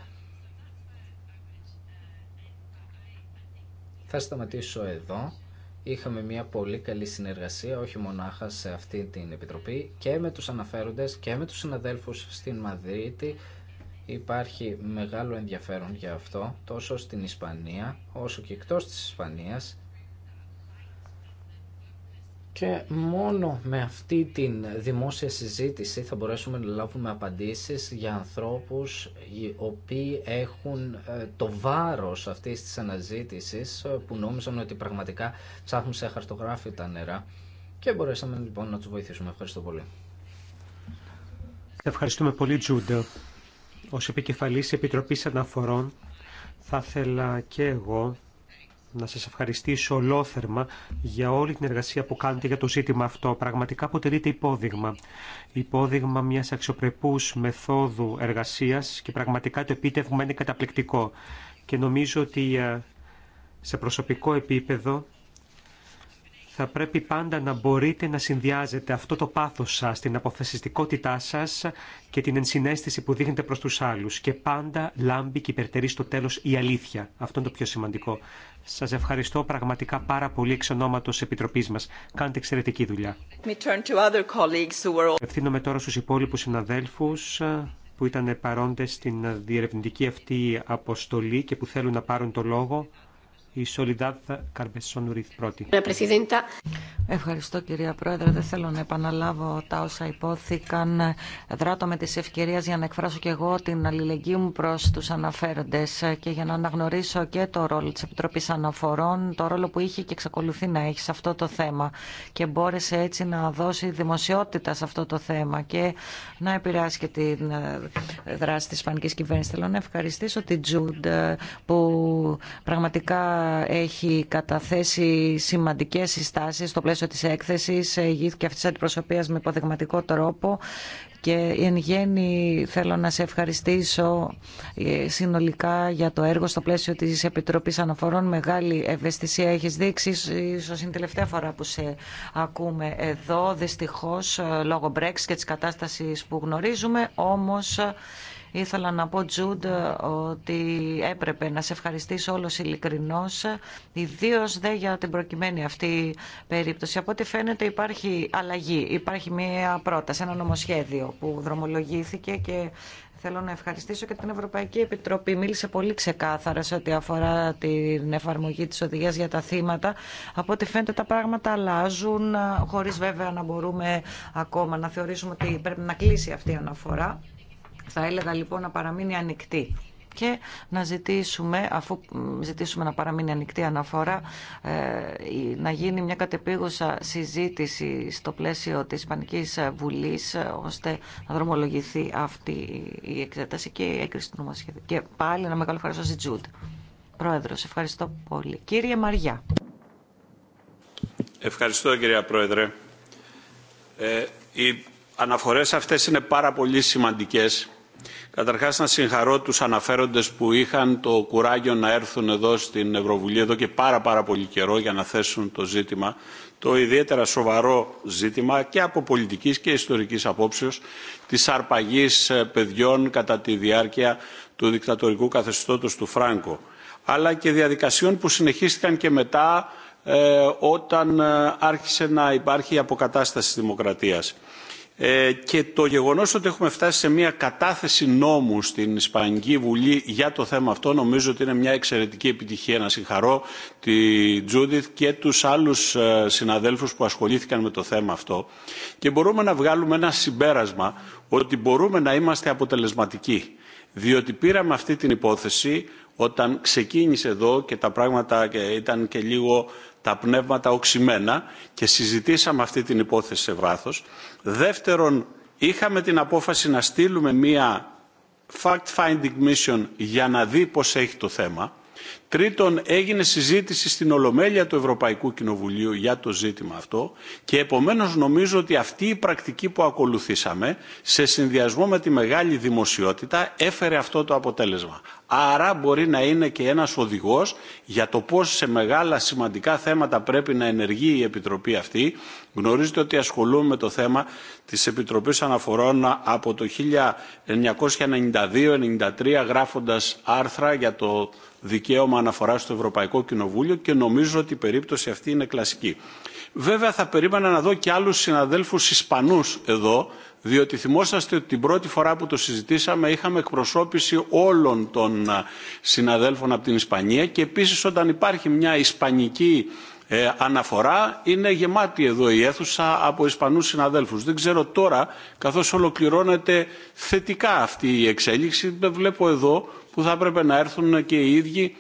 Θα σταματήσω εδώ είχαμε μια πολύ καλή συνεργασία όχι μονάχα σε αυτή την επιτροπή και με τους αναφέροντες και με τους συναδέλφους στην Μαδρίτη υπάρχει μεγάλο ενδιαφέρον για αυτό τόσο στην Ισπανία όσο και εκτός της Ισπανίας και μόνο με αυτή την δημόσια συζήτηση θα μπορέσουμε να λάβουμε απαντήσεις για ανθρώπους οι οποίοι έχουν ε, το βάρος αυτής της αναζήτησης ε, που νόμιζαν ότι πραγματικά ψάχνουν σε τα νερά και μπορέσαμε λοιπόν να τους βοηθήσουμε. Ευχαριστώ πολύ. Ευχαριστούμε πολύ Τζούντα. Ως επικεφαλής Επιτροπής Αναφορών θα ήθελα και εγώ να σας ευχαριστήσω ολόθερμα για όλη την εργασία που κάνετε για το ζήτημα αυτό. Πραγματικά αποτελείται υπόδειγμα. Υπόδειγμα μιας αξιοπρεπούς μεθόδου εργασίας και πραγματικά το επίτευγμα είναι καταπληκτικό. Και νομίζω ότι ε, σε προσωπικό επίπεδο θα πρέπει πάντα να μπορείτε να συνδυάζετε αυτό το πάθος σας, την αποφασιστικότητά σας και την ενσυναίσθηση που δείχνετε προς τους άλλους. Και πάντα λάμπει και υπερτερεί στο τέλος η αλήθεια. Αυτό είναι το πιο σημαντικό. Σας ευχαριστώ πραγματικά πάρα πολύ εξ ονόματος Επιτροπής μας. Κάντε εξαιρετική δουλειά. Ευθύνομαι τώρα στους υπόλοιπους συναδέλφους που ήταν παρόντες στην διερευνητική αυτή αποστολή και που θέλουν να πάρουν το λόγο. Η Καρμπεσόν Ρίθ πρώτη. Ευχαριστώ κυρία Πρόεδρε. Δεν θέλω να επαναλάβω τα όσα υπόθηκαν. Δράτω με τις ευκαιρίες για να εκφράσω και εγώ την αλληλεγγύη μου προς τους αναφέροντες και για να αναγνωρίσω και το ρόλο της Επιτροπής Αναφορών, το ρόλο που είχε και εξακολουθεί να έχει σε αυτό το θέμα και μπόρεσε έτσι να δώσει δημοσιότητα σε αυτό το θέμα και να επηρεάσει και τη ε, δράση της Ισπανικής Κυβέρνησης. Θέλω να ευχαριστήσω την Τζούντ ε, που πραγματικά έχει καταθέσει σημαντικές συστάσεις στο πλαίσιο της έκθεσης, και αυτή τη αντιπροσωπεία με υποδειγματικό τρόπο και εν γέννη θέλω να σε ευχαριστήσω ε, συνολικά για το έργο στο πλαίσιο της Επιτροπής Αναφορών. Μεγάλη ευαισθησία έχεις δείξει, ίσως είναι η τελευταία φορά που σε ακούμε εδώ, δυστυχώς ε, λόγω Brexit και της κατάστασης που γνωρίζουμε, όμως Ήθελα να πω, Τζουντ, ότι έπρεπε να σε ευχαριστήσω όλο ειλικρινώ, ιδίω δε για την προκειμένη αυτή περίπτωση. Από ό,τι φαίνεται υπάρχει αλλαγή. Υπάρχει μία πρόταση, ένα νομοσχέδιο που δρομολογήθηκε και θέλω να ευχαριστήσω και την Ευρωπαϊκή Επιτροπή. Μίλησε πολύ ξεκάθαρα σε ό,τι αφορά την εφαρμογή τη οδηγία για τα θύματα. Από ό,τι φαίνεται τα πράγματα αλλάζουν, χωρί βέβαια να μπορούμε ακόμα να θεωρήσουμε ότι πρέπει να κλείσει αυτή η αναφορά. Θα έλεγα λοιπόν να παραμείνει ανοιχτή και να ζητήσουμε, αφού ζητήσουμε να παραμείνει ανοιχτή αναφορά, ε, να γίνει μια κατεπίγουσα συζήτηση στο πλαίσιο της Ισπανικής Βουλής, ε, ώστε να δρομολογηθεί αυτή η εξέταση και η έκριση του νομοσχεδίου. Και πάλι ένα μεγάλο ευχαριστώ στη Πρόεδρος, ευχαριστώ πολύ. Κύριε Μαριά. Ευχαριστώ κυρία Πρόεδρε. Ε, οι αναφορές αυτές είναι πάρα πολύ σημαντικές Καταρχάς να συγχαρώ τους αναφέροντες που είχαν το κουράγιο να έρθουν εδώ στην Ευρωβουλή εδώ και πάρα πάρα πολύ καιρό για να θέσουν το ζήτημα, το ιδιαίτερα σοβαρό ζήτημα και από πολιτικής και ιστορικής απόψεως της αρπαγής ε, παιδιών κατά τη διάρκεια του δικτατορικού καθεστώτος του Φράγκο αλλά και διαδικασιών που συνεχίστηκαν και μετά ε, όταν ε, άρχισε να υπάρχει αποκατάσταση της δημοκρατίας. Ε, και το γεγονός ότι έχουμε φτάσει σε μια κατάθεση νόμου στην Ισπανική Βουλή για το θέμα αυτό νομίζω ότι είναι μια εξαιρετική επιτυχία. Να συγχαρώ τη Τζούντιθ και τους άλλους ε, συναδέλφους που ασχολήθηκαν με το θέμα αυτό και μπορούμε να βγάλουμε ένα συμπέρασμα ότι μπορούμε να είμαστε αποτελεσματικοί διότι πήραμε αυτή την υπόθεση όταν ξεκίνησε εδώ και τα πράγματα ήταν και λίγο τα πνεύματα οξυμένα και συζητήσαμε αυτή την υπόθεση σε βάθος. Δεύτερον, είχαμε την απόφαση να στείλουμε μία fact-finding mission για να δει πώς έχει το θέμα Τρίτον, έγινε συζήτηση στην Ολομέλεια του Ευρωπαϊκού Κοινοβουλίου για το ζήτημα αυτό και επομένως νομίζω ότι αυτή η πρακτική που ακολουθήσαμε σε συνδυασμό με τη μεγάλη δημοσιότητα έφερε αυτό το αποτέλεσμα. Άρα μπορεί να είναι και ένας οδηγός για το πώς σε μεγάλα σημαντικά θέματα πρέπει να ενεργεί η Επιτροπή αυτή. Γνωρίζετε ότι ασχολούμαι με το θέμα της Επιτροπής Αναφορών από το 1992-93 γράφοντας άρθρα για το δικαίωμα αναφοράς στο Ευρωπαϊκό Κοινοβούλιο και νομίζω ότι η περίπτωση αυτή είναι κλασική. Βέβαια θα περίμενα να δω και άλλους συναδέλφους Ισπανούς εδώ, διότι θυμόσαστε ότι την πρώτη φορά που το συζητήσαμε είχαμε εκπροσώπηση όλων των συναδέλφων από την Ισπανία και επίσης όταν υπάρχει μια ισπανική ε, αναφορά είναι γεμάτη εδώ η αίθουσα από Ισπανούς συναδέλφους. Δεν ξέρω τώρα, καθώς ολοκληρώνεται θετικά αυτή η εξέλιξη, δεν βλέπω εδώ που θα έπρεπε να έρθουν και οι ίδιοι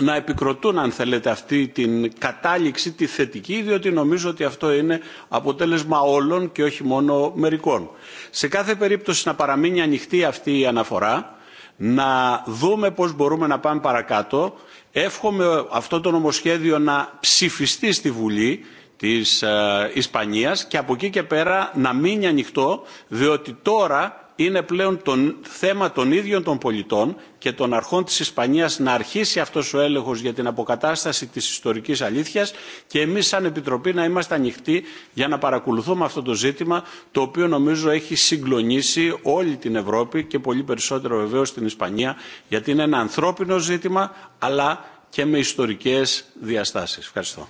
να επικροτούν αν θέλετε αυτή την κατάληξη τη θετική διότι νομίζω ότι αυτό είναι αποτέλεσμα όλων και όχι μόνο μερικών. Σε κάθε περίπτωση να παραμείνει ανοιχτή αυτή η αναφορά, να δούμε πώς μπορούμε να πάμε παρακάτω. Εύχομαι αυτό το νομοσχέδιο να ψηφιστεί στη Βουλή της ε, Ισπανίας και από εκεί και πέρα να μείνει ανοιχτό διότι τώρα είναι πλέον το θέμα των ίδιων των πολιτών και των αρχών της Ισπανίας να αρχίσει αυτός ο έλεγχος για την αποκατάσταση της ιστορικής αλήθειας και εμείς σαν Επιτροπή να είμαστε ανοιχτοί για να παρακολουθούμε αυτό το ζήτημα το οποίο νομίζω έχει συγκλονίσει όλη την Ευρώπη και πολύ περισσότερο βεβαίως την Ισπανία γιατί είναι ένα ανθρώπινο ζήτημα αλλά και με ιστορικές διαστάσεις. Ευχαριστώ.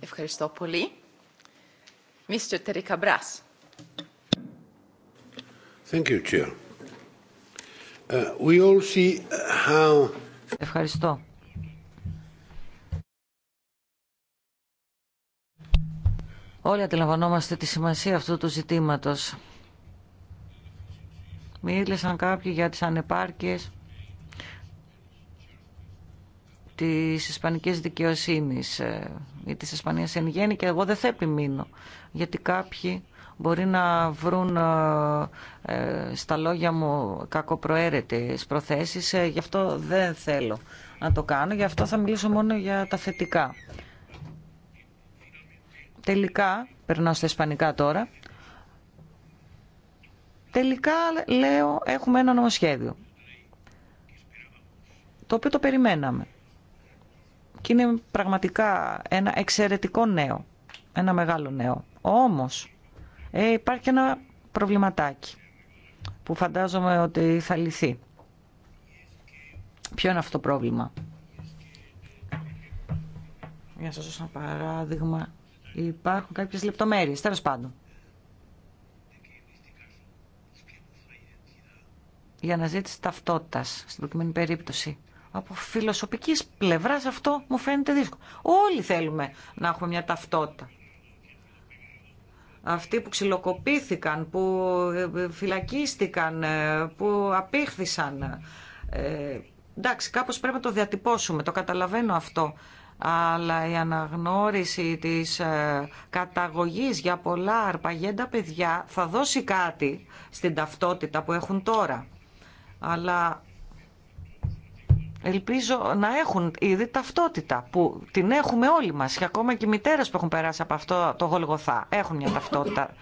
Ευχαριστώ πολύ. Uh, uh, Ευχαριστώ. Όλοι αντιλαμβανόμαστε τη σημασία αυτού του ζητήματος. Μίλησαν κάποιοι για τις ανεπάρκειες της ισπανικής δικαιοσύνης ε, ή της Ισπανίας εν γέννη και εγώ δεν θα επιμείνω γιατί κάποιοι μπορεί να βρουν ε, ε, στα λόγια μου κακοπροαίρετες προθέσεις γι' αυτό δεν θέλω να το κάνω γι' αυτό θα μιλήσω μόνο για τα θετικά τελικά περνάω στα ισπανικά τώρα τελικά λέω έχουμε ένα νομοσχέδιο το οποίο το περιμέναμε και είναι πραγματικά ένα εξαιρετικό νέο, ένα μεγάλο νέο. Όμως ε, υπάρχει ένα προβληματάκι που φαντάζομαι ότι θα λυθεί. Ποιο είναι αυτό το πρόβλημα. Για να σας δώσω ένα παράδειγμα. Υπάρχουν κάποιες λεπτομέρειες, τέλος πάντων. Η αναζήτηση ταυτότητας στην προκειμένη περίπτωση από φιλοσοφικής πλευράς αυτό μου φαίνεται δύσκολο. Όλοι θέλουμε να έχουμε μια ταυτότητα. Αυτοί που ξυλοκοπήθηκαν, που ε, ε, φυλακίστηκαν, ε, που απήχθησαν. Ε, εντάξει, κάπως πρέπει να το διατυπώσουμε, το καταλαβαίνω αυτό. Αλλά η αναγνώριση της καταγωγής για πολλά αρπαγέντα παιδιά θα δώσει κάτι στην ταυτότητα που έχουν τώρα. Αλλά Ελπίζω να έχουν ήδη ταυτότητα που την έχουμε όλοι μας και ακόμα και οι μητέρες που έχουν περάσει από αυτό το γολγοθά έχουν μια ταυτότητα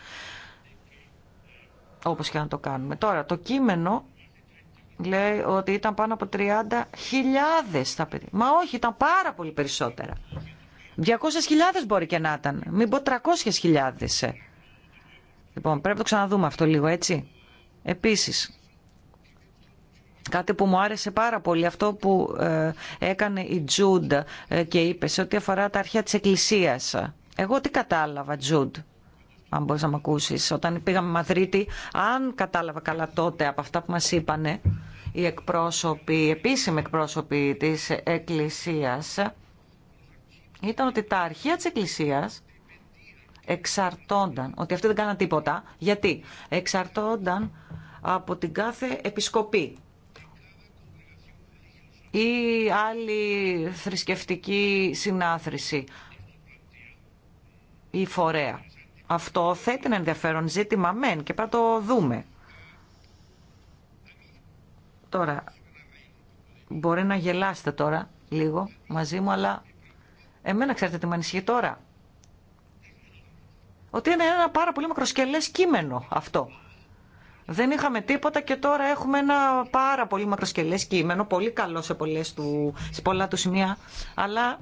όπως και να το κάνουμε. Τώρα το κείμενο λέει ότι ήταν πάνω από 30.000 τα παιδιά. Μα όχι, ήταν πάρα πολύ περισσότερα. 200.000 μπορεί και να ήταν, μην πω 300.000. Ε. Λοιπόν, πρέπει να το ξαναδούμε αυτό λίγο, έτσι. Επίσης, Κάτι που μου άρεσε πάρα πολύ, αυτό που ε, έκανε η Τζούντ ε, και είπε σε ό,τι αφορά τα αρχαία της Εκκλησίας. Εγώ τι κατάλαβα, Τζούντ, αν μπορείς να με ακούσεις, όταν πήγαμε Μαδρίτη, αν κατάλαβα καλά τότε από αυτά που μας είπανε οι εκπρόσωποι, οι επίσημοι εκπρόσωποι της Εκκλησίας, ήταν ότι τα αρχεία της Εκκλησίας εξαρτώνταν, ότι αυτοί δεν κάναν τίποτα, γιατί εξαρτώνταν από την κάθε επισκοπή ή άλλη θρησκευτική συνάθρηση ή φορέα. Αυτό θέτει ένα ενδιαφέρον ζήτημα μεν και πρέπει να το δούμε. Τώρα, μπορεί να γελάσετε τώρα λίγο μαζί μου, αλλά εμένα ξέρετε τι με ανησυχεί τώρα. Ότι είναι ένα πάρα πολύ μακροσκελές κείμενο αυτό. Δεν είχαμε τίποτα και τώρα έχουμε ένα πάρα πολύ μακροσκελές κείμενο, πολύ καλό σε, πολλές του, σε πολλά του σημεία, αλλά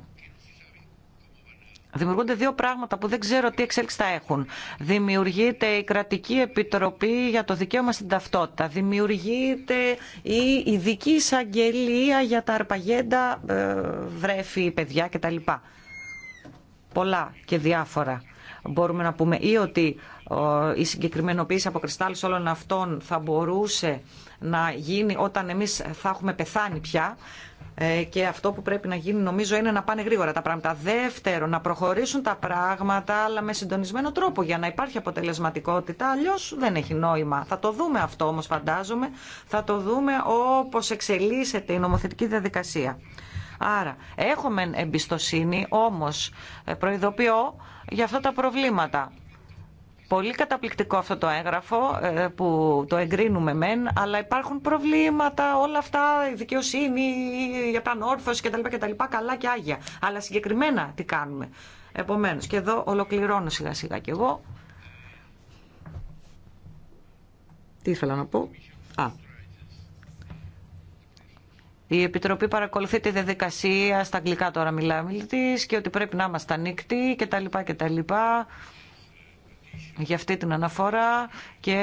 Δημιουργούνται δύο πράγματα που δεν ξέρω τι εξέλιξη θα έχουν. Δημιουργείται η κρατική επιτροπή για το δικαίωμα στην ταυτότητα. Δημιουργείται η ειδική εισαγγελία για τα αρπαγέντα ε, βρέφη, παιδιά κτλ. Πολλά και διάφορα μπορούμε να πούμε. Ή ότι η συγκεκριμενοποίηση από κρυστάλλους όλων αυτών θα μπορούσε να γίνει όταν εμείς θα έχουμε πεθάνει πια ε, και αυτό που πρέπει να γίνει νομίζω είναι να πάνε γρήγορα τα πράγματα. Δεύτερο, να προχωρήσουν τα πράγματα αλλά με συντονισμένο τρόπο για να υπάρχει αποτελεσματικότητα. Αλλιώ δεν έχει νόημα. Θα το δούμε αυτό όμω φαντάζομαι. Θα το δούμε όπω εξελίσσεται η νομοθετική διαδικασία. Άρα, έχουμε εμπιστοσύνη, όμως ε, προειδοποιώ για αυτά τα προβλήματα. Πολύ καταπληκτικό αυτό το έγγραφο ε, που το εγκρίνουμε μεν, αλλά υπάρχουν προβλήματα, όλα αυτά, η δικαιοσύνη, η επανόρθωση κτλ, κτλ. Καλά και άγια. Αλλά συγκεκριμένα τι κάνουμε. Επομένως, και εδώ ολοκληρώνω σιγά σιγά κι εγώ. Τι ήθελα να πω. Α. Η Επιτροπή παρακολουθεί τη διαδικασία, στα αγγλικά τώρα μιλάμε, και ότι πρέπει να είμαστε ανοίκτοι κτλ. κτλ για αυτή την αναφορά και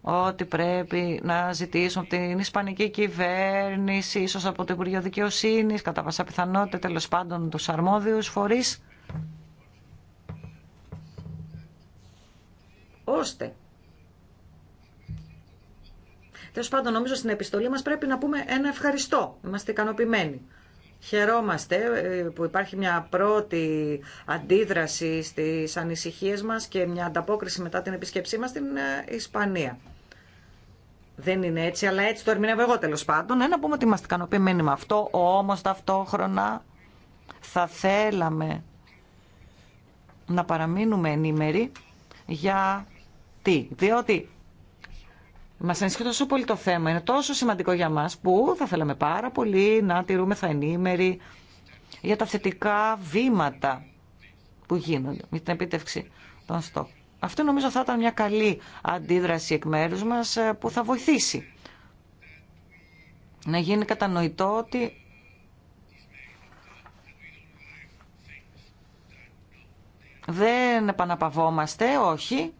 ότι πρέπει να ζητήσουμε από την Ισπανική κυβέρνηση, ίσως από το Υπουργείο Δικαιοσύνης, κατά βασά πιθανότητα τέλο πάντων του αρμόδιους φορείς, ώστε Τέλο πάντων, νομίζω στην επιστολή μα πρέπει να πούμε ένα ευχαριστώ. Είμαστε ικανοποιημένοι. Χαιρόμαστε ε, που υπάρχει μια πρώτη αντίδραση στις ανησυχίες μας και μια ανταπόκριση μετά την επισκέψή μας στην ε, Ισπανία. Δεν είναι έτσι, αλλά έτσι το ερμηνεύω εγώ τέλος πάντων. Ένα ε, πούμε ότι είμαστε ικανοποιημένοι με αυτό, όμως ταυτόχρονα θα θέλαμε να παραμείνουμε ενήμεροι τι; διότι Μα ενισχύει τόσο πολύ το θέμα. Είναι τόσο σημαντικό για μα που θα θέλαμε πάρα πολύ να θα ενήμεροι για τα θετικά βήματα που γίνονται με την επίτευξη των στόχων. Αυτό νομίζω θα ήταν μια καλή αντίδραση εκ μέρους μας ε, που θα βοηθήσει να γίνει κατανοητό ότι δεν επαναπαυόμαστε, όχι,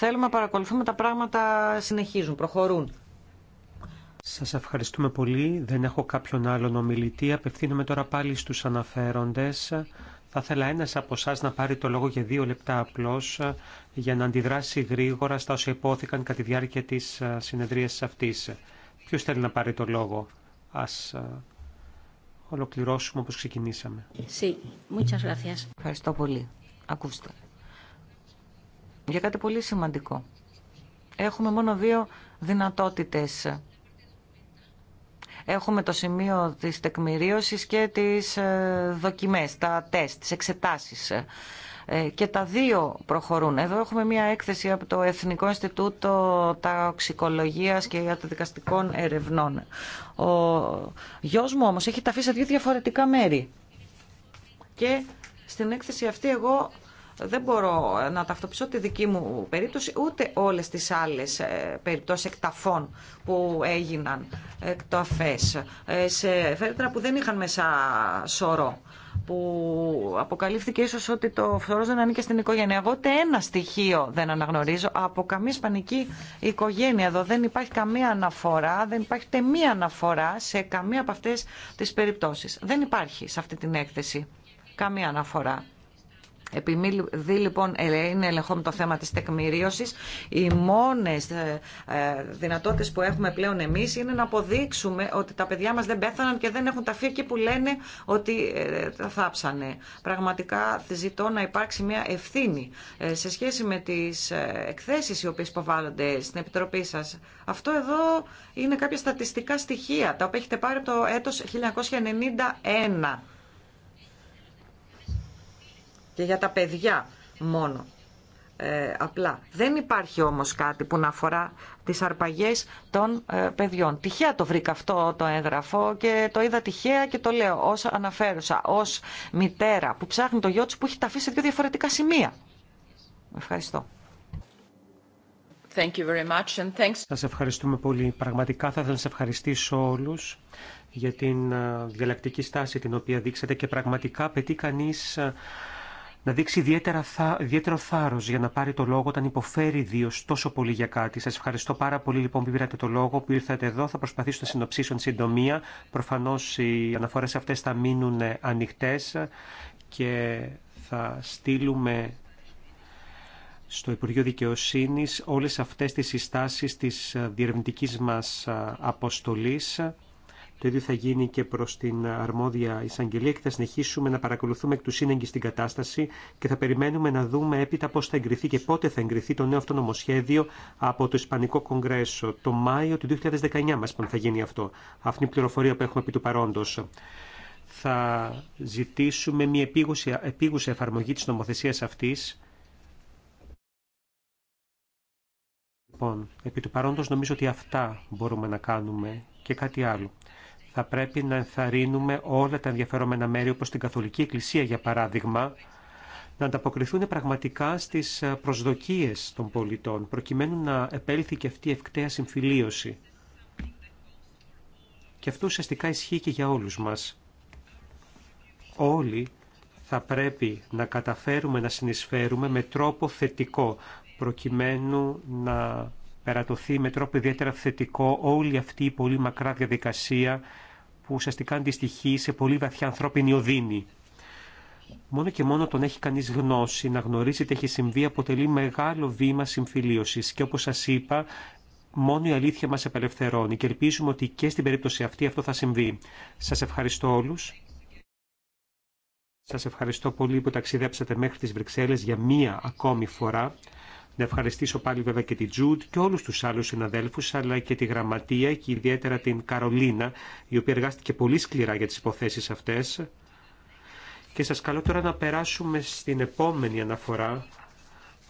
Θέλουμε να παρακολουθούμε τα πράγματα συνεχίζουν, προχωρούν. Σας ευχαριστούμε πολύ. Δεν έχω κάποιον άλλον ομιλητή. Απευθύνομαι τώρα πάλι στους αναφέροντες. Θα ήθελα ένα από εσά να πάρει το λόγο για δύο λεπτά απλώς για να αντιδράσει γρήγορα στα όσα υπόθηκαν κατά τη διάρκεια της ε, συνεδρίας αυτής. ποιο θέλει να πάρει το λόγο. Ας ε, ολοκληρώσουμε όπως ξεκινήσαμε. Sí, Ευχαριστώ πολύ. Ακούστε για κάτι πολύ σημαντικό. Έχουμε μόνο δύο δυνατότητες. Έχουμε το σημείο της τεκμηρίωσης και τις ε, δοκιμές, τα τεστ, τις εξετάσεις. Ε, και τα δύο προχωρούν. Εδώ έχουμε μια έκθεση από το Εθνικό Ινστιτούτο Ταξικολογίας και δικαστικών Ερευνών. Ο γιος μου όμως έχει ταφεί σε δύο διαφορετικά μέρη. Και στην έκθεση αυτή εγώ δεν μπορώ να ταυτοποιήσω τη δική μου περίπτωση ούτε όλες τις άλλες ε, περιπτώσεις εκταφών που έγιναν εκταφές ε, σε φέρτερα που δεν είχαν μέσα σωρό που αποκαλύφθηκε ίσως ότι το φθορός δεν ανήκε στην οικογένεια. Εγώ ούτε ένα στοιχείο δεν αναγνωρίζω από καμία σπανική οικογένεια εδώ. Δεν υπάρχει καμία αναφορά, δεν υπάρχει ούτε μία αναφορά σε καμία από αυτές τις περιπτώσεις. Δεν υπάρχει σε αυτή την έκθεση καμία αναφορά. Επειδή λοιπόν ε, είναι ελεγχόμενο το θέμα της τεκμηρίωσης, οι μόνες ε, ε, δυνατότητες που έχουμε πλέον εμείς είναι να αποδείξουμε ότι τα παιδιά μας δεν πέθαναν και δεν έχουν ταφεί εκεί που λένε ότι τα θάψανε. Πραγματικά ζητώ να υπάρξει μια ευθύνη σε σχέση με τις εκθέσεις οι οποίες υποβάλλονται στην Επιτροπή σας. Αυτό εδώ είναι κάποια στατιστικά στοιχεία τα οποία έχετε πάρει από το έτος 1991 και για τα παιδιά μόνο. Ε, απλά. Δεν υπάρχει όμως κάτι που να αφορά τις αρπαγές των ε, παιδιών. Τυχαία το βρήκα αυτό το έγγραφο και το είδα τυχαία και το λέω όσα αναφέρουσα, ως μητέρα που ψάχνει το γιο της που έχει ταφεί σε δύο διαφορετικά σημεία. Ευχαριστώ. Thank you very much Σας ευχαριστούμε πολύ. Πραγματικά θα ήθελα να σας ευχαριστήσω όλους για την ε, διαλλακτική στάση την οποία δείξατε και πραγματικά πετύχει κανείς ε, να δείξει ιδιαίτερα θα, ιδιαίτερο θάρρο για να πάρει το λόγο όταν υποφέρει ιδίω τόσο πολύ για κάτι. Σας ευχαριστώ πάρα πολύ λοιπόν που πήρατε το λόγο, που ήρθατε εδώ. Θα προσπαθήσω να συνοψίσω εν συντομία. Προφανώ οι αναφορέ αυτές θα μείνουν ανοιχτέ, και θα στείλουμε στο Υπουργείο Δικαιοσύνης όλες αυτές τις συστάσεις της διερευνητικής μας αποστολής το ίδιο θα γίνει και προ την αρμόδια εισαγγελία και θα συνεχίσουμε να παρακολουθούμε εκ του σύνεγγυ στην κατάσταση και θα περιμένουμε να δούμε έπειτα πώ θα εγκριθεί και πότε θα εγκριθεί το νέο αυτό νομοσχέδιο από το Ισπανικό Κογκρέσο. Το Μάιο του 2019 μα είπαν θα γίνει αυτό. Αυτή η πληροφορία που έχουμε επί του παρόντο. Θα ζητήσουμε μια επίγουσα, επίγουσα εφαρμογή τη νομοθεσία αυτή. Λοιπόν, επί του παρόντος νομίζω ότι αυτά μπορούμε να κάνουμε και κάτι άλλο θα πρέπει να ενθαρρύνουμε όλα τα ενδιαφερόμενα μέρη, όπως την Καθολική Εκκλησία για παράδειγμα, να ανταποκριθούν πραγματικά στις προσδοκίες των πολιτών, προκειμένου να επέλθει και αυτή η ευκταία συμφιλίωση. Και αυτό ουσιαστικά ισχύει και για όλους μας. Όλοι θα πρέπει να καταφέρουμε να συνεισφέρουμε με τρόπο θετικό, προκειμένου να περατωθεί με τρόπο ιδιαίτερα θετικό όλη αυτή η πολύ μακρά διαδικασία που ουσιαστικά αντιστοιχεί σε πολύ βαθιά ανθρώπινη οδύνη. Μόνο και μόνο τον έχει κανείς γνώση, να γνωρίζει τι έχει συμβεί, αποτελεί μεγάλο βήμα συμφιλίωσης. Και όπως σας είπα, μόνο η αλήθεια μας απελευθερώνει και ελπίζουμε ότι και στην περίπτωση αυτή αυτό θα συμβεί. Σας ευχαριστώ όλους. Σας ευχαριστώ πολύ που ταξιδέψατε μέχρι τις Βρυξέλλες για μία ακόμη φορά. Να ευχαριστήσω πάλι βέβαια και την Τζουτ και όλους τους άλλους συναδέλφους, αλλά και τη Γραμματεία και ιδιαίτερα την Καρολίνα, η οποία εργάστηκε πολύ σκληρά για τις υποθέσεις αυτές. Και σας καλώ τώρα να περάσουμε στην επόμενη αναφορά,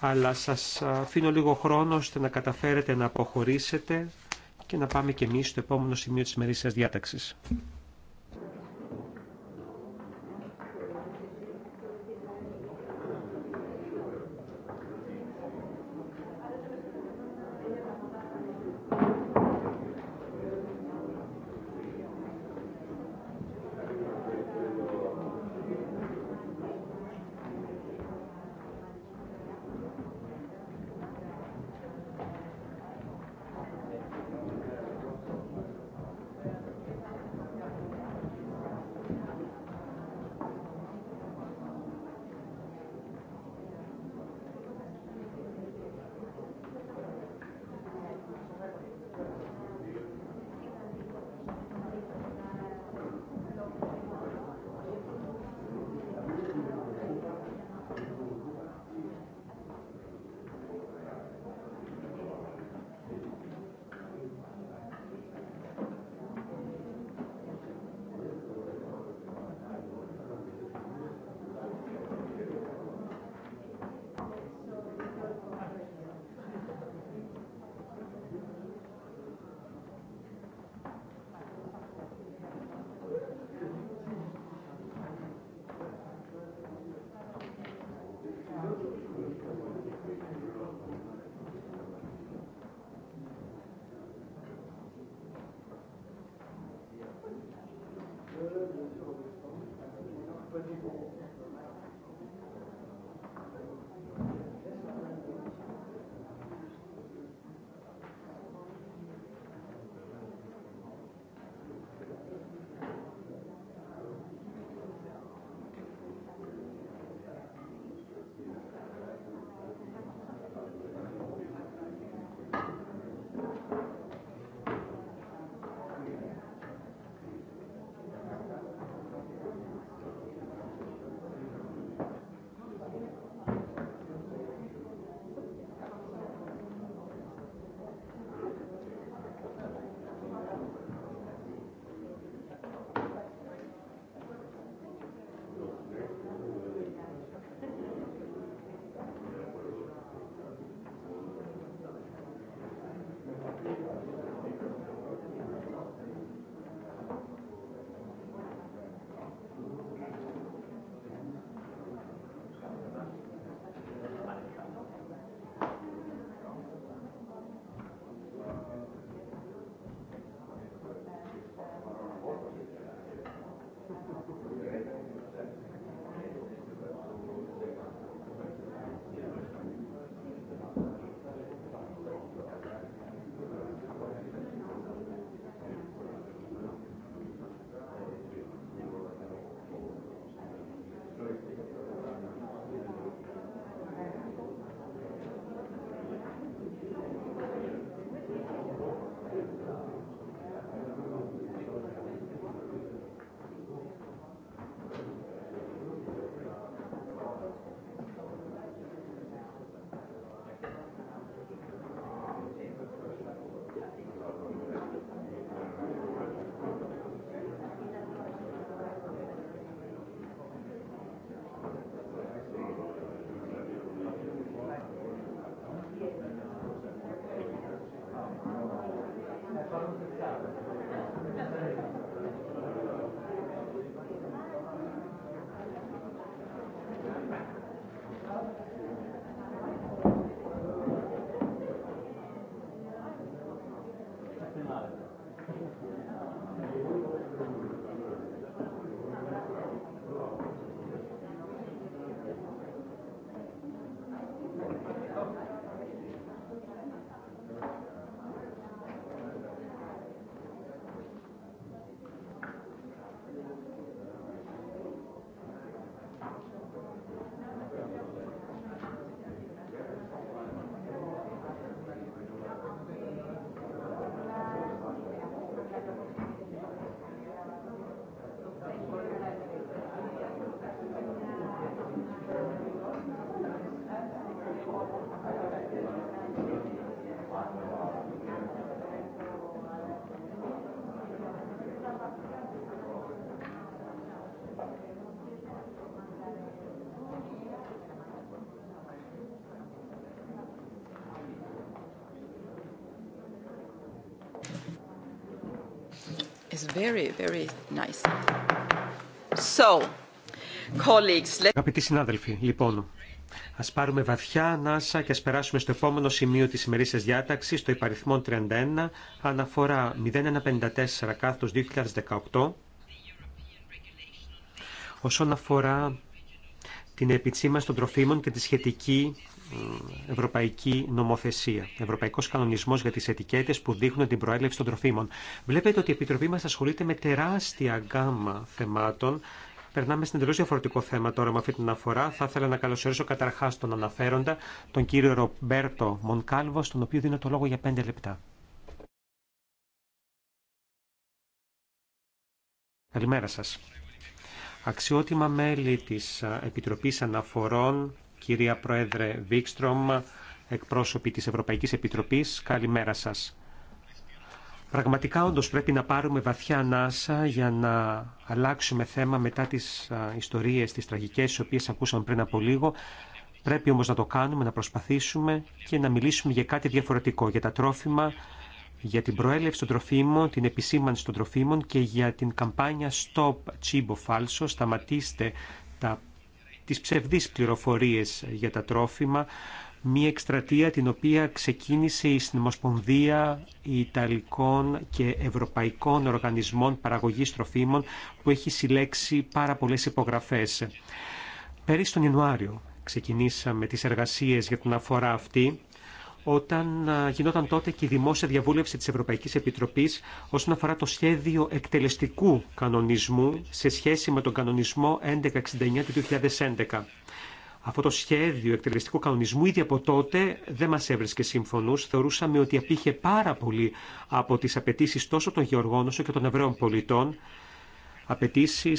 αλλά σας αφήνω λίγο χρόνο ώστε να καταφέρετε να αποχωρήσετε και να πάμε και εμείς στο επόμενο σημείο της μερίσιας διάταξης. is Αγαπητοί συνάδελφοι, λοιπόν, ας πάρουμε βαθιά ανάσα και ας περάσουμε στο επόμενο σημείο της ημερήσιας διάταξη το υπαριθμό 31, αναφορά 0154 κάθετο 2018, όσον αφορά την επιτσίμαση των τροφίμων και τη σχετική ευρωπαϊκή νομοθεσία, ευρωπαϊκό κανονισμό για τι ετικέτε που δείχνουν την προέλευση των τροφίμων. Βλέπετε ότι η Επιτροπή μα ασχολείται με τεράστια γκάμα θεμάτων. Περνάμε στην εντελώ διαφορετικό θέμα τώρα με αυτή την αναφορά. Θα ήθελα να καλωσορίσω καταρχά τον αναφέροντα, τον κύριο Ρομπέρτο Μονκάλβο, στον οποίο δίνω το λόγο για πέντε λεπτά. Καλημέρα σας. Αξιότιμα μέλη της Επιτροπής Αναφορών Κυρία Πρόεδρε Βίκστρομ, εκπρόσωποι της Ευρωπαϊκής Επιτροπής, καλημέρα σας. Πραγματικά όντως πρέπει να πάρουμε βαθιά ανάσα για να αλλάξουμε θέμα μετά τις ιστορίες, τις τραγικές, τις οποίες ακούσαμε πριν από λίγο. Πρέπει όμως να το κάνουμε, να προσπαθήσουμε και να μιλήσουμε για κάτι διαφορετικό, για τα τρόφιμα, για την προέλευση των τροφίμων, την επισήμανση των τροφίμων και για την καμπάνια Stop Chibo Falso, σταματήστε τα τις ψευδείς πληροφορίες για τα τρόφιμα, μια εκστρατεία την οποία ξεκίνησε η Συνομοσπονδία Ιταλικών και Ευρωπαϊκών Οργανισμών Παραγωγής Τροφίμων που έχει συλλέξει πάρα πολλές υπογραφές. Πέρυσι τον Ιανουάριο ξεκινήσαμε τις εργασίες για την αφορά αυτή όταν γινόταν τότε και η δημόσια διαβούλευση της Ευρωπαϊκής Επιτροπής όσον αφορά το σχέδιο εκτελεστικού κανονισμού σε σχέση με τον κανονισμό 1169 του 2011. Αυτό το σχέδιο εκτελεστικού κανονισμού ήδη από τότε δεν μας έβρισκε σύμφωνους. Θεωρούσαμε ότι απήχε πάρα πολύ από τις απαιτήσει τόσο των γεωργών όσο και των Εβραίων πολιτών. Απαιτήσει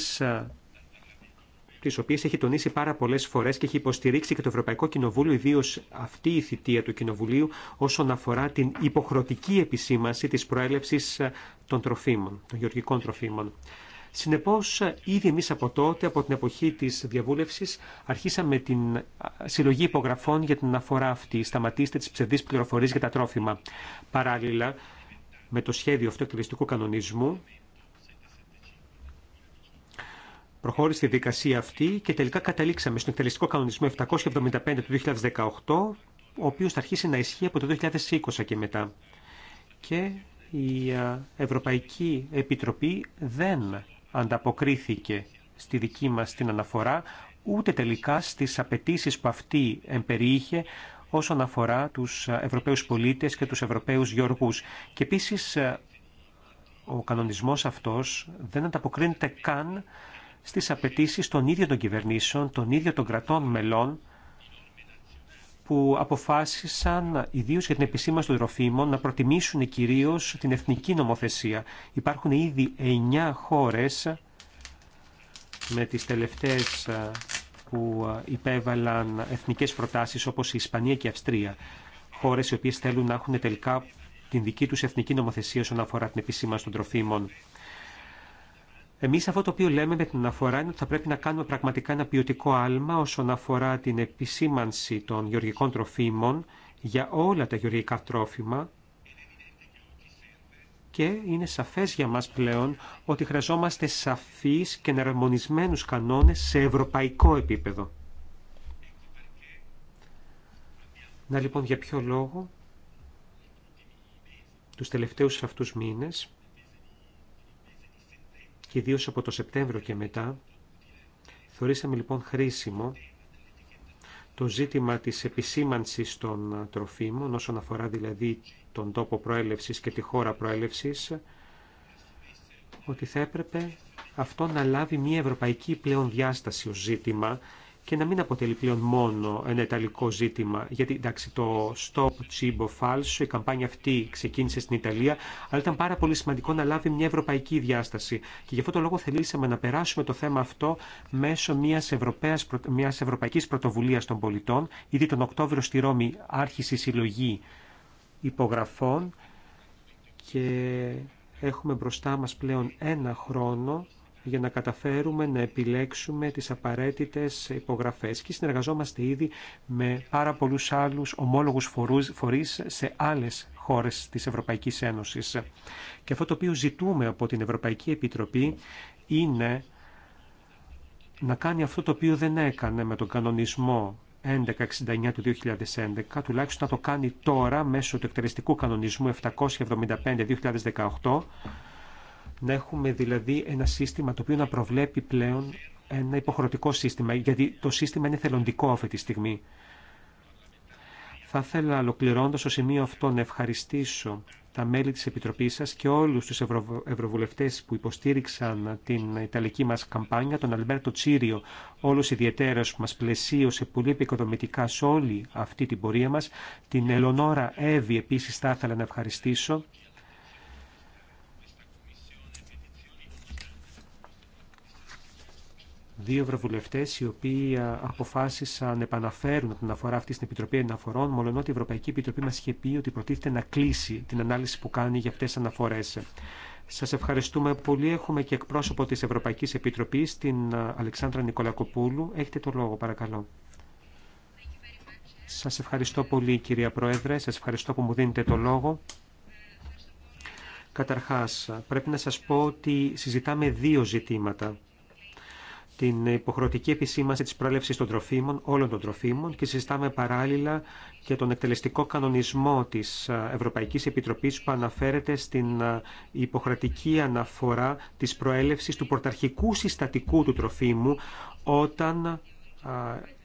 τι οποίε έχει τονίσει πάρα πολλέ φορέ και έχει υποστηρίξει και το Ευρωπαϊκό Κοινοβούλιο, ιδίω αυτή η θητεία του Κοινοβουλίου, όσον αφορά την υποχρεωτική επισήμανση τη πρόέλευση των τροφίμων, των γεωργικών τροφίμων. Συνεπώ, ήδη εμεί από τότε, από την εποχή τη διαβούλευση, αρχίσαμε την συλλογή υπογραφών για την αφορά αυτή. Σταματήστε τις ψευδείς πληροφορίε για τα τρόφιμα. Παράλληλα, με το σχέδιο αυτοεκλογιστικού κανονισμού, προχώρησε η δικασία αυτή και τελικά καταλήξαμε στον εκτελεστικό κανονισμό 775 του 2018, ο οποίος θα αρχίσει να ισχύει από το 2020 και μετά. Και η Ευρωπαϊκή Επιτροπή δεν ανταποκρίθηκε στη δική μας την αναφορά, ούτε τελικά στις απαιτήσει που αυτή εμπεριείχε όσον αφορά τους Ευρωπαίους πολίτες και τους Ευρωπαίους γεωργούς. Και επίσης ο κανονισμός αυτός δεν ανταποκρίνεται καν στις απαιτήσει των ίδιων των κυβερνήσεων, των ίδιων των κρατών μελών, που αποφάσισαν, ιδίω για την επισήμανση των τροφίμων, να προτιμήσουν κυρίω την εθνική νομοθεσία. Υπάρχουν ήδη 9 χώρε με τις τελευταίες ε, που ε, υπέβαλαν εθνικές προτάσεις όπως η Ισπανία και η Αυστρία. Χώρες οι οποίες θέλουν να έχουν τελικά την δική τους εθνική νομοθεσία όσον αφορά την επισήμανση των τροφίμων. Εμείς αυτό το οποίο λέμε με την αναφορά είναι ότι θα πρέπει να κάνουμε πραγματικά ένα ποιοτικό άλμα όσον αφορά την επισήμανση των γεωργικών τροφίμων για όλα τα γεωργικά τρόφιμα και είναι σαφές για μας πλέον ότι χρειαζόμαστε σαφείς και εναρμονισμένους κανόνες σε ευρωπαϊκό επίπεδο. Να λοιπόν για ποιο λόγο τους τελευταίους αυτούς μήνες και ιδίω από το Σεπτέμβριο και μετά, θεωρήσαμε λοιπόν χρήσιμο το ζήτημα της επισήμανσης των τροφίμων όσον αφορά δηλαδή τον τόπο προέλευσης και τη χώρα προέλευσης ότι θα έπρεπε αυτό να λάβει μια ευρωπαϊκή πλέον διάσταση ως ζήτημα και να μην αποτελεί πλέον μόνο ένα ιταλικό ζήτημα. Γιατί εντάξει, το Stop Cibo Falso, η καμπάνια αυτή ξεκίνησε στην Ιταλία, αλλά ήταν πάρα πολύ σημαντικό να λάβει μια ευρωπαϊκή διάσταση. Και γι' αυτό το λόγο θελήσαμε να περάσουμε το θέμα αυτό μέσω μια μιας ευρωπαϊκή πρωτοβουλία των πολιτών. Ήδη τον Οκτώβριο στη Ρώμη άρχισε η συλλογή υπογραφών και έχουμε μπροστά μας πλέον ένα χρόνο για να καταφέρουμε να επιλέξουμε τις απαραίτητες υπογραφές και συνεργαζόμαστε ήδη με πάρα πολλούς άλλους ομόλογους φορείς σε άλλες χώρες της Ευρωπαϊκής Ένωσης. Και αυτό το οποίο ζητούμε από την Ευρωπαϊκή Επιτροπή είναι να κάνει αυτό το οποίο δεν έκανε με τον κανονισμό 1169 του 2011, τουλάχιστον να το κάνει τώρα μέσω του εκτελεστικού κανονισμού 775-2018, να έχουμε δηλαδή ένα σύστημα το οποίο να προβλέπει πλέον ένα υποχρεωτικό σύστημα, γιατί το σύστημα είναι θελοντικό αυτή τη στιγμή. Θα ήθελα ολοκληρώνοντα το σημείο αυτό να ευχαριστήσω τα μέλη της Επιτροπής σας και όλους τους Ευρω... ευρωβουλευτές που υποστήριξαν την Ιταλική μας καμπάνια, τον Αλμπέρτο Τσίριο, όλους ιδιαίτερα που μας πλαισίωσε πολύ επικοδομητικά σε όλη αυτή την πορεία μας, την Ελονόρα Εύη επίσης θα ήθελα να ευχαριστήσω, δύο ευρωβουλευτέ οι οποίοι αποφάσισαν να επαναφέρουν την αφορά αυτή στην Επιτροπή μόλον ότι η Ευρωπαϊκή Επιτροπή μα είχε πει ότι προτίθεται να κλείσει την ανάλυση που κάνει για αυτέ τι αναφορέ. Σα ευχαριστούμε πολύ. Έχουμε και εκπρόσωπο τη Ευρωπαϊκή Επιτροπή, την Αλεξάνδρα Νικολακοπούλου. Έχετε το λόγο, παρακαλώ. Σα ευχαριστώ πολύ, κυρία Πρόεδρε. Σα ευχαριστώ που μου δίνετε το λόγο. Καταρχάς, πρέπει να σας πω ότι συζητάμε δύο ζητήματα την υποχρεωτική επισήμαση της πρόλευσης των τροφίμων, όλων των τροφίμων και συζητάμε παράλληλα και τον εκτελεστικό κανονισμό της Ευρωπαϊκής Επιτροπής που αναφέρεται στην υποχρεωτική αναφορά της προέλευσης του πρωταρχικού συστατικού του τροφίμου όταν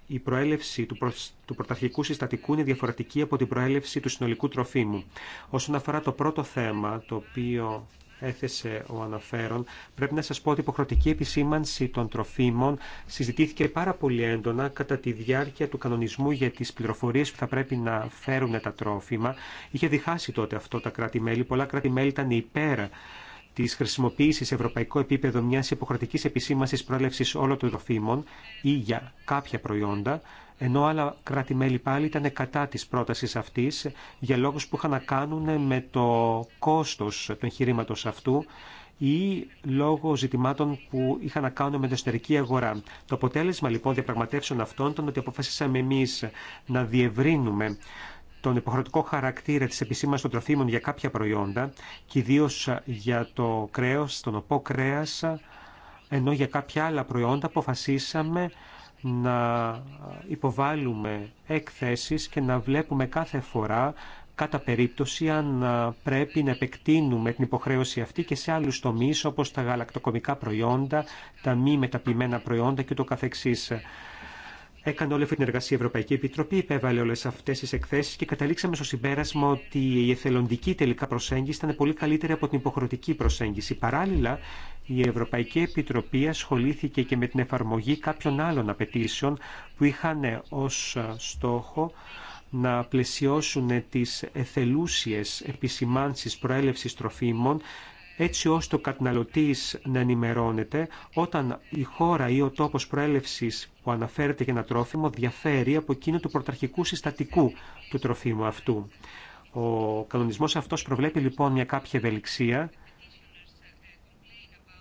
η προέλευση του, του πρωταρχικού συστατικού είναι διαφορετική από την προέλευση του συνολικού τροφίμου. Όσον αφορά το πρώτο θέμα, το οποίο έθεσε ο αναφέρον, πρέπει να σας πω ότι η υποχρεωτική επισήμανση των τροφίμων συζητήθηκε πάρα πολύ έντονα κατά τη διάρκεια του κανονισμού για τις πληροφορίες που θα πρέπει να φέρουν τα τρόφιμα. Είχε διχάσει τότε αυτό τα κράτη-μέλη. Πολλά κράτη-μέλη ήταν υπέρ τη χρησιμοποίηση σε ευρωπαϊκό επίπεδο μια υποχρεωτική επισήμανση πρόλευση όλων των τροφίμων ή για κάποια προϊόντα, ενώ άλλα κράτη-μέλη πάλι ήταν κατά της πρότασης αυτής για λόγους που είχαν να κάνουν με το κόστος του εγχειρήματο αυτού ή λόγω ζητημάτων που είχαν να κάνουν με την εσωτερική αγορά. Το αποτέλεσμα λοιπόν διαπραγματεύσεων αυτών ήταν ότι αποφασίσαμε εμείς να διευρύνουμε τον υποχρεωτικό χαρακτήρα της επισήμανσης των τροφίμων για κάποια προϊόντα και ιδίω για το κρέος, τον οπό κρέας, ενώ για κάποια άλλα προϊόντα αποφασίσαμε να υποβάλουμε εκθέσεις και να βλέπουμε κάθε φορά κατά περίπτωση αν πρέπει να επεκτείνουμε την υποχρέωση αυτή και σε άλλους τομείς όπως τα γαλακτοκομικά προϊόντα, τα μη μεταποιημένα προϊόντα και το καθεξής έκανε όλη αυτή την εργασία η Ευρωπαϊκή Επιτροπή, υπέβαλε όλε αυτέ τι εκθέσει και καταλήξαμε στο συμπέρασμα ότι η εθελοντική τελικά προσέγγιση ήταν πολύ καλύτερη από την υποχρεωτική προσέγγιση. Παράλληλα, η Ευρωπαϊκή Επιτροπή ασχολήθηκε και με την εφαρμογή κάποιων άλλων απαιτήσεων που είχαν ω στόχο να πλαισιώσουν τις εθελούσιες επισημάνσεις προέλευσης τροφίμων έτσι ώστε ο καταναλωτής να ενημερώνεται όταν η χώρα ή ο τόπος προέλευσης που αναφέρεται για ένα τρόφιμο διαφέρει από εκείνο του πρωταρχικού συστατικού του τροφίμου αυτού. Ο κανονισμός αυτός προβλέπει λοιπόν μια κάποια ευελιξία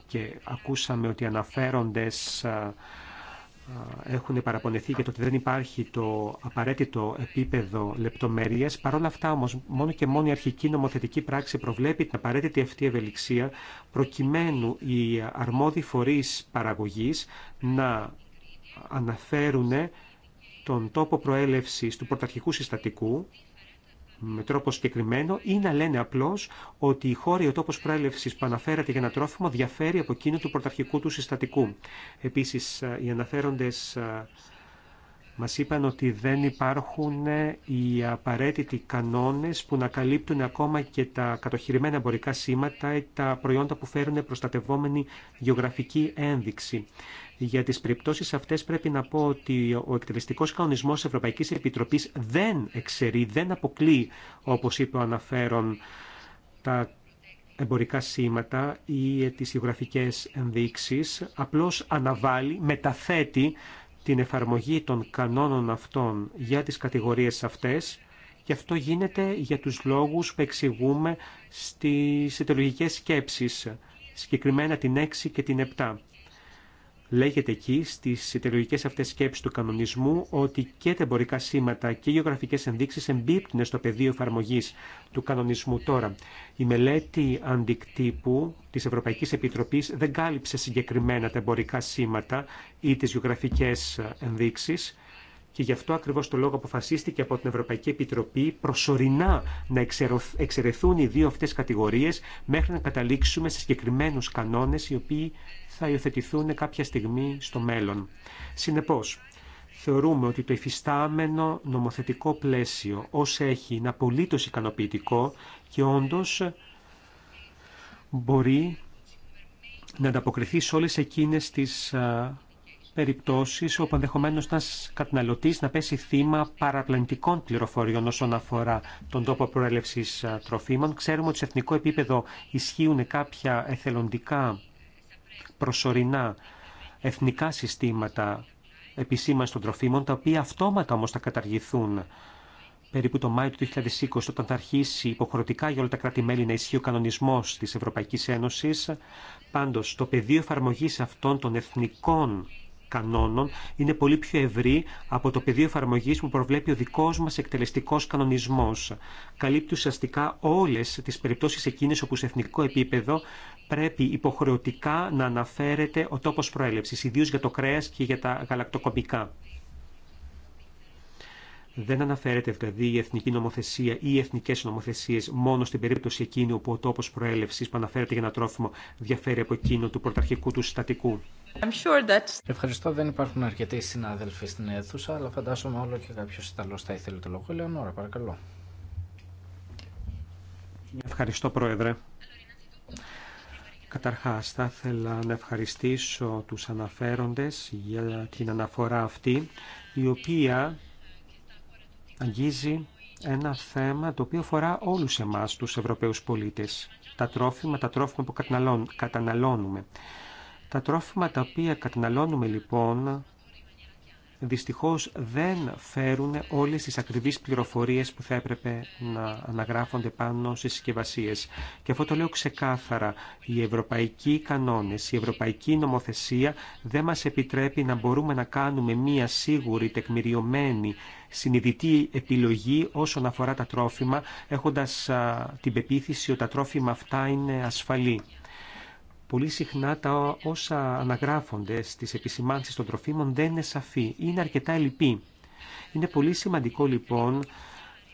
και ακούσαμε ότι αναφέροντες έχουν παραπονεθεί για το ότι δεν υπάρχει το απαραίτητο επίπεδο λεπτομέρεια. Παρ' όλα αυτά, όμω, μόνο και μόνο η αρχική νομοθετική πράξη προβλέπει την απαραίτητη αυτή ευελιξία, προκειμένου οι αρμόδιοι φορεί παραγωγή να αναφέρουν τον τόπο προέλευση του πρωταρχικού συστατικού με τρόπο συγκεκριμένο ή να λένε απλώ ότι η χώρα ή ο τόπο προέλευση που αναφέρεται για ένα τρόφιμο διαφέρει από εκείνο του πρωταρχικού του συστατικού. Επίση, ε, οι αναφέροντε ε, μας είπαν ότι δεν υπάρχουν ε, οι απαραίτητοι κανόνες που να καλύπτουν ακόμα και τα κατοχυρημένα εμπορικά σήματα ή τα προϊόντα που φέρουν προστατευόμενη γεωγραφική ένδειξη. Για τις περιπτώσεις αυτές πρέπει να πω ότι ο εκτελεστικός κανονισμός της Ευρωπαϊκής Επιτροπής δεν εξαιρεί, δεν αποκλεί, όπως είπε ο αναφέρον, τα εμπορικά σήματα ή τις γεωγραφικές ενδείξεις, απλώς αναβάλει, μεταθέτει την εφαρμογή των κανόνων αυτών για τις κατηγορίες αυτές και αυτό γίνεται για τους λόγους που εξηγούμε στις ιδεολογικές σκέψεις, συγκεκριμένα την 6 και την 7. Λέγεται εκεί στι ιδεολογικές αυτές σκέψεις του κανονισμού ότι και τα εμπορικά σήματα και οι γεωγραφικέ ενδείξει εμπίπτουν στο πεδίο εφαρμογή του κανονισμού τώρα. Η μελέτη αντικτύπου τη Ευρωπαϊκή Επιτροπή δεν κάλυψε συγκεκριμένα τα εμπορικά σήματα ή τι γεωγραφικέ ενδείξει και γι' αυτό ακριβώ το λόγο αποφασίστηκε από την Ευρωπαϊκή Επιτροπή προσωρινά να εξαιρεθούν οι δύο αυτέ κατηγορίε μέχρι να καταλήξουμε σε συγκεκριμένου κανόνε οι οποίοι θα υιοθετηθούν κάποια στιγμή στο μέλλον. Συνεπώς, θεωρούμε ότι το υφιστάμενο νομοθετικό πλαίσιο ως έχει είναι απολύτω ικανοποιητικό και όντως μπορεί να ανταποκριθεί σε όλες εκείνες τις περιπτώσεις όπου ενδεχομένω ένα καταναλωτή να πέσει θύμα παραπλανητικών πληροφοριών όσον αφορά τον τόπο προέλευση τροφίμων. Ξέρουμε ότι σε εθνικό επίπεδο ισχύουν κάποια εθελοντικά προσωρινά εθνικά συστήματα επισήμανση των τροφίμων, τα οποία αυτόματα όμως θα καταργηθούν περίπου το Μάιο του 2020, όταν θα αρχίσει υποχρεωτικά για όλα τα κράτη-μέλη να ισχύει ο κανονισμός της Ευρωπαϊκής Ένωσης. Πάντως, το πεδίο εφαρμογή αυτών των εθνικών κανόνων είναι πολύ πιο ευρύ από το πεδίο εφαρμογή που προβλέπει ο δικό μα εκτελεστικό κανονισμό. Καλύπτει ουσιαστικά όλε τι περιπτώσει εκείνε όπου σε εθνικό επίπεδο πρέπει υποχρεωτικά να αναφέρεται ο τόπο προέλευση, ιδίω για το κρέα και για τα γαλακτοκομικά. Δεν αναφέρεται δηλαδή η εθνική νομοθεσία ή οι εθνικέ νομοθεσίε μόνο στην περίπτωση εκείνη όπου ο τόπο προέλευση που αναφέρεται για ένα τρόφιμο διαφέρει από εκείνο του πρωταρχικού του συστατικού. Ευχαριστώ. Δεν υπάρχουν αρκετοί συνάδελφοι στην αίθουσα, αλλά φαντάζομαι όλο και κάποιο Ιταλό θα ήθελε το λόγο. Ελεονόρα, παρακαλώ. Ευχαριστώ, Πρόεδρε. Καταρχάς, θα ήθελα να ευχαριστήσω τους αναφέροντες για την αναφορά αυτή, η οποία αγγίζει ένα θέμα το οποίο αφορά όλους εμάς τους Ευρωπαίους πολίτες. Τα τρόφιμα, τα τρόφιμα που καταναλώνουμε. Τα τρόφιμα τα οποία καταναλώνουμε λοιπόν δυστυχώς δεν φέρουν όλες τις ακριβείς πληροφορίες που θα έπρεπε να αναγράφονται πάνω στις συσκευασίε. Και αυτό το λέω ξεκάθαρα. Οι ευρωπαϊκοί κανόνες, η ευρωπαϊκή νομοθεσία δεν μας επιτρέπει να μπορούμε να κάνουμε μία σίγουρη, τεκμηριωμένη, συνειδητή επιλογή όσον αφορά τα τρόφιμα, έχοντας την πεποίθηση ότι τα τρόφιμα αυτά είναι ασφαλή πολύ συχνά τα όσα αναγράφονται στις επισημάνσεις των τροφίμων δεν είναι σαφή, είναι αρκετά ελλειπή. Είναι πολύ σημαντικό λοιπόν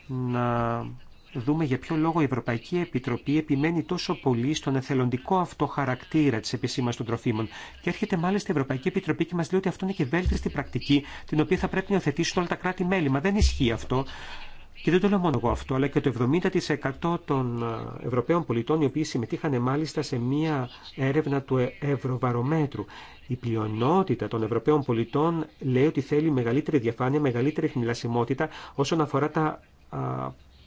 να δούμε για ποιο λόγο η Ευρωπαϊκή Επιτροπή επιμένει τόσο πολύ στον εθελοντικό αυτό χαρακτήρα τη επισήμανση των τροφίμων. Και έρχεται μάλιστα η Ευρωπαϊκή Επιτροπή και μα λέει ότι αυτό είναι και βέλτιστη πρακτική, την οποία θα πρέπει να υιοθετήσουν όλα τα κράτη-μέλη. Μα δεν ισχύει αυτό. Και δεν το λέω μόνο εγώ αυτό, αλλά και το 70% των ε, Ευρωπαίων πολιτών οι οποίοι συμμετείχαν μάλιστα σε μία έρευνα του ε, Ευρωβαρομέτρου. Η πλειονότητα των Ευρωπαίων πολιτών λέει ότι θέλει μεγαλύτερη διαφάνεια, μεγαλύτερη χνηλασιμότητα όσον αφορά τα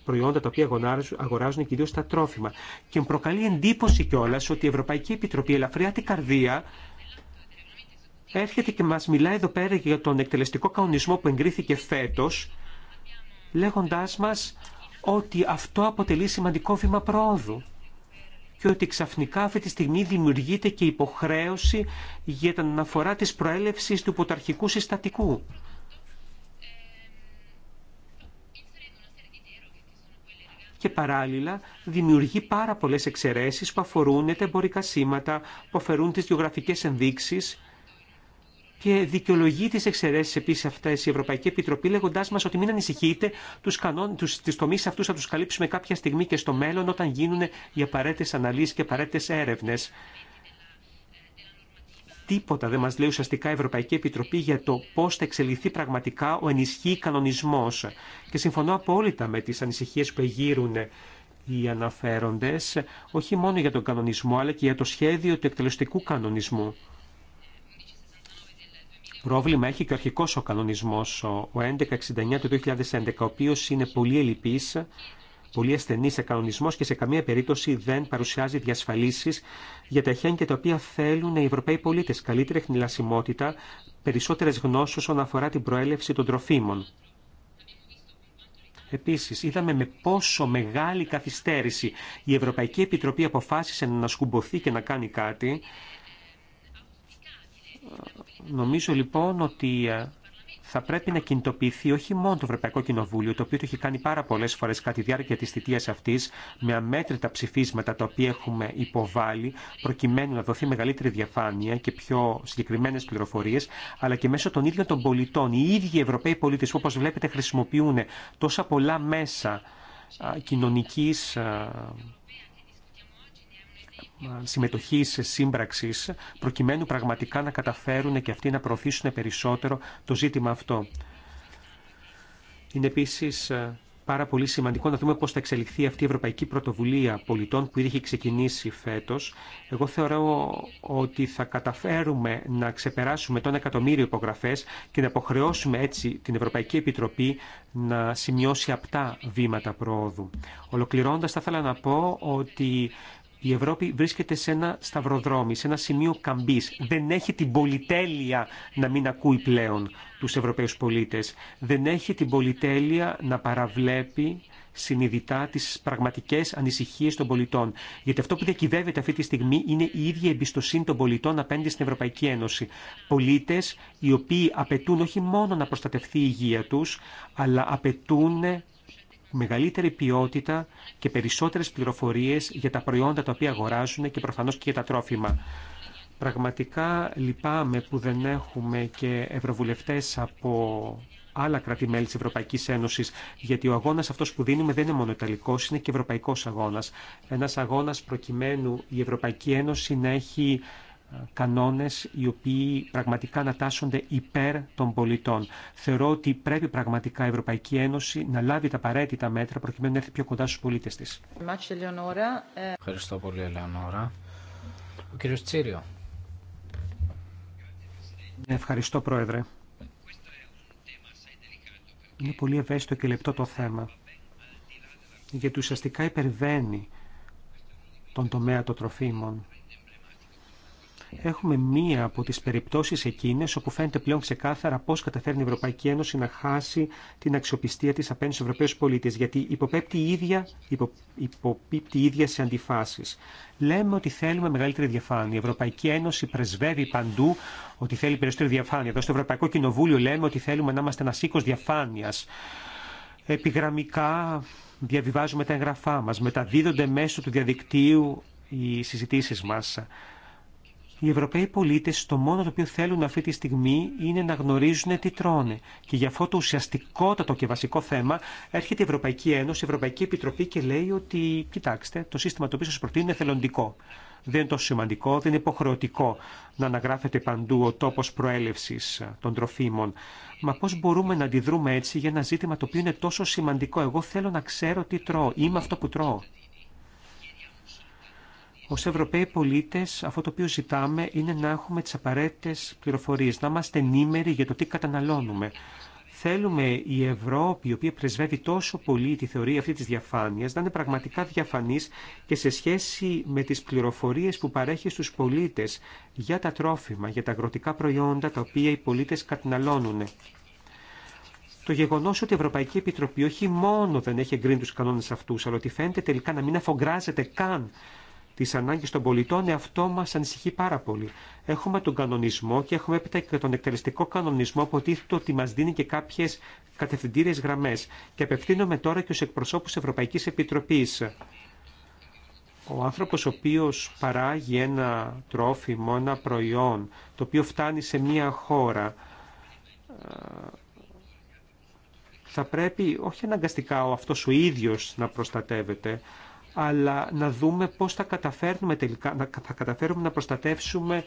προϊόντα τα οποία αγοράζουν κυρίω τα τρόφιμα. Και προκαλεί εντύπωση κιόλα ότι η Ευρωπαϊκή Επιτροπή Ελαφριά την Καρδία έρχεται και μας μιλάει εδώ πέρα για τον εκτελεστικό κανονισμό που εγκρίθηκε φέτος λέγοντάς μας ότι αυτό αποτελεί σημαντικό βήμα προόδου και ότι ξαφνικά αυτή τη στιγμή δημιουργείται και υποχρέωση για την αναφορά της προέλευσης του ποταρχικού συστατικού. και παράλληλα δημιουργεί πάρα πολλές εξαιρέσεις που αφορούν τα εμπορικά σήματα, που αφαιρούν τις γεωγραφικές ενδείξεις και δικαιολογεί τι εξαιρέσει επίση αυτέ η Ευρωπαϊκή Επιτροπή, λέγοντά μα ότι μην ανησυχείτε, τι τομεί αυτού θα του καλύψουμε κάποια στιγμή και στο μέλλον, όταν γίνουν οι απαραίτητε αναλύσει και απαραίτητε έρευνε. Τίποτα δεν μα λέει ουσιαστικά η Ευρωπαϊκή Επιτροπή για το πώ θα εξελιχθεί πραγματικά ο ενισχύει κανονισμό. Και συμφωνώ απόλυτα με τι ανησυχίε που εγείρουν οι αναφέροντε, όχι μόνο για τον κανονισμό, αλλά και για το σχέδιο του εκτελεστικού κανονισμού. Πρόβλημα έχει και ο αρχικός ο κανονισμός, ο 1169 του 2011, ο οποίος είναι πολύ ελλειπής, πολύ ασθενή σε κανονισμό και σε καμία περίπτωση δεν παρουσιάζει διασφαλίσει για τα χένια τα οποία θέλουν οι Ευρωπαίοι πολίτε. Καλύτερη εχνηλασιμότητα, περισσότερε γνώσει όσον αφορά την προέλευση των τροφίμων. Επίσης, είδαμε με πόσο μεγάλη καθυστέρηση η Ευρωπαϊκή Επιτροπή αποφάσισε να σκουμποθεί και να κάνει κάτι Νομίζω λοιπόν ότι ε, θα πρέπει να κινητοποιηθεί όχι μόνο το Ευρωπαϊκό Κοινοβούλιο, το οποίο το έχει κάνει πάρα πολλέ φορέ κατά τη διάρκεια τη θητεία αυτή, με αμέτρητα ψηφίσματα τα οποία έχουμε υποβάλει, προκειμένου να δοθεί μεγαλύτερη διαφάνεια και πιο συγκεκριμένε πληροφορίε, αλλά και μέσω των ίδιων των πολιτών. Οι ίδιοι Ευρωπαίοι πολίτε, όπω βλέπετε, χρησιμοποιούν τόσα πολλά μέσα κοινωνική συμμετοχή σε σύμπραξη, προκειμένου πραγματικά να καταφέρουν και αυτοί να προωθήσουν περισσότερο το ζήτημα αυτό. Είναι επίση ε, πάρα πολύ σημαντικό να δούμε πώ θα εξελιχθεί αυτή η Ευρωπαϊκή Πρωτοβουλία Πολιτών που ήδη έχει ξεκινήσει φέτο. Εγώ θεωρώ ότι θα καταφέρουμε να ξεπεράσουμε τον εκατομμύριο υπογραφέ και να αποχρεώσουμε έτσι την Ευρωπαϊκή Επιτροπή να σημειώσει απτά βήματα προόδου. Ολοκληρώνοντα, θα ήθελα να πω ότι η Ευρώπη βρίσκεται σε ένα σταυροδρόμι, σε ένα σημείο καμπής. Δεν έχει την πολυτέλεια να μην ακούει πλέον τους Ευρωπαίους πολίτες. Δεν έχει την πολυτέλεια να παραβλέπει συνειδητά τι πραγματικέ ανησυχίε των πολιτών. Γιατί αυτό που διακυβεύεται αυτή τη στιγμή είναι η ίδια εμπιστοσύνη των πολιτών απέναντι στην Ευρωπαϊκή Ένωση. Πολίτε οι οποίοι απαιτούν όχι μόνο να προστατευτεί η υγεία του, αλλά απαιτούν μεγαλύτερη ποιότητα και περισσότερες πληροφορίες για τα προϊόντα τα οποία αγοράζουν και προφανώς και για τα τρόφιμα. Πραγματικά λυπάμαι που δεν έχουμε και ευρωβουλευτές από άλλα κράτη-μέλη της Ευρωπαϊκής Ένωσης, γιατί ο αγώνας αυτός που δίνουμε δεν είναι μόνο ιταλικός, είναι και ευρωπαϊκός αγώνας. Ένας αγώνας προκειμένου η Ευρωπαϊκή Ένωση να έχει κανόνες οι οποίοι πραγματικά ανατάσσονται υπέρ των πολιτών. Θεωρώ ότι πρέπει πραγματικά η Ευρωπαϊκή Ένωση να λάβει τα απαραίτητα μέτρα προκειμένου να έρθει πιο κοντά στους πολίτες της. Ε, Ευχαριστώ πολύ, Ελεονόρα. Ο κύριος Τσίριο. Ευχαριστώ, Πρόεδρε. Είναι πολύ ευαίσθητο και λεπτό το θέμα, γιατί ουσιαστικά υπερβαίνει τον τομέα των τροφίμων έχουμε μία από τις περιπτώσεις εκείνες όπου φαίνεται πλέον ξεκάθαρα πώς καταφέρνει η Ευρωπαϊκή Ένωση να χάσει την αξιοπιστία της απέναντι στους Ευρωπαίους πολίτες, γιατί υποπέπτει η ίδια, υπο, υποπίπτει η ίδια σε αντιφάσεις. Λέμε ότι θέλουμε μεγαλύτερη διαφάνεια. Η Ευρωπαϊκή Ένωση πρεσβεύει παντού ότι θέλει περισσότερη διαφάνεια. Εδώ στο Ευρωπαϊκό Κοινοβούλιο λέμε ότι θέλουμε να είμαστε ένα οίκο διαφάνεια. Επιγραμμικά διαβιβάζουμε τα εγγραφά μας, μεταδίδονται μέσω του διαδικτύου οι συζητήσεις μας οι Ευρωπαίοι πολίτε το μόνο το οποίο θέλουν αυτή τη στιγμή είναι να γνωρίζουν τι τρώνε. Και για αυτό το ουσιαστικότατο και βασικό θέμα έρχεται η Ευρωπαϊκή Ένωση, η Ευρωπαϊκή Επιτροπή και λέει ότι κοιτάξτε το σύστημα το οποίο σας προτείνει είναι θελοντικό. Δεν είναι τόσο σημαντικό, δεν είναι υποχρεωτικό να αναγράφεται παντού ο τόπο προέλευση των τροφίμων. Μα πώ μπορούμε να αντιδρούμε έτσι για ένα ζήτημα το οποίο είναι τόσο σημαντικό. Εγώ θέλω να ξέρω τι τρώω, είμαι αυτό που τρώω. Ως Ευρωπαίοι πολίτες αυτό το οποίο ζητάμε είναι να έχουμε τι απαραίτητες πληροφορίε, να είμαστε ενήμεροι για το τι καταναλώνουμε. Θέλουμε η Ευρώπη, η οποία πρεσβεύει τόσο πολύ τη θεωρία αυτή τη διαφάνεια, να είναι πραγματικά διαφανή και σε σχέση με τι πληροφορίε που παρέχει στου πολίτε για τα τρόφιμα, για τα αγροτικά προϊόντα τα οποία οι πολίτε καταναλώνουν. Το γεγονό ότι η Ευρωπαϊκή Επιτροπή όχι μόνο δεν έχει εγκρίνει του κανόνε αυτού, αλλά ότι φαίνεται τελικά να μην αφογκράζεται καν τις ανάγκες των πολιτών, αυτό μας ανησυχεί πάρα πολύ. Έχουμε τον κανονισμό και έχουμε έπειτα και τον εκτελεστικό κανονισμό που τίθεται ότι μας δίνει και κάποιες κατευθυντήριες γραμμές. Και απευθύνομαι τώρα και ως εκπροσώπους Ευρωπαϊκής Επιτροπής. Ο άνθρωπος ο οποίος παράγει ένα τρόφιμο, ένα προϊόν, το οποίο φτάνει σε μία χώρα, ε, θα πρέπει όχι αναγκαστικά ο αυτός ο ίδιος να προστατεύεται, αλλά να δούμε πώς θα καταφέρουμε να, θα καταφέρουμε να προστατεύσουμε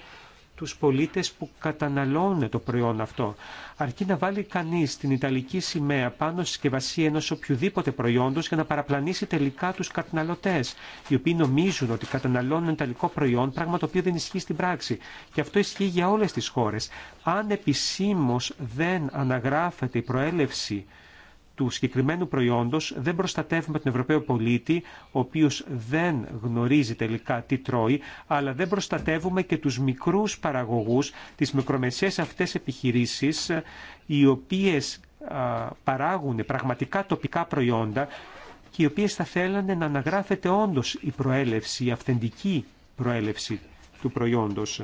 τους πολίτες που καταναλώνουν το προϊόν αυτό. Αρκεί να βάλει κανείς την Ιταλική σημαία πάνω στη συσκευασία ενός οποιοδήποτε προϊόντος για να παραπλανήσει τελικά τους καταναλωτές, οι οποίοι νομίζουν ότι καταναλώνουν Ιταλικό προϊόν, πράγμα το οποίο δεν ισχύει στην πράξη. Και αυτό ισχύει για όλες τις χώρες. Αν επισήμως δεν αναγράφεται η προέλευση του συγκεκριμένου προϊόντος δεν προστατεύουμε τον Ευρωπαίο πολίτη, ο οποίο δεν γνωρίζει τελικά τι τρώει, αλλά δεν προστατεύουμε και τους μικρούς παραγωγούς, τις μικρομεσαίες αυτές επιχειρήσεις, οι οποίες παράγουν πραγματικά τοπικά προϊόντα και οι οποίες θα θέλανε να αναγράφεται όντως η προέλευση, η αυθεντική προέλευση του προϊόντος.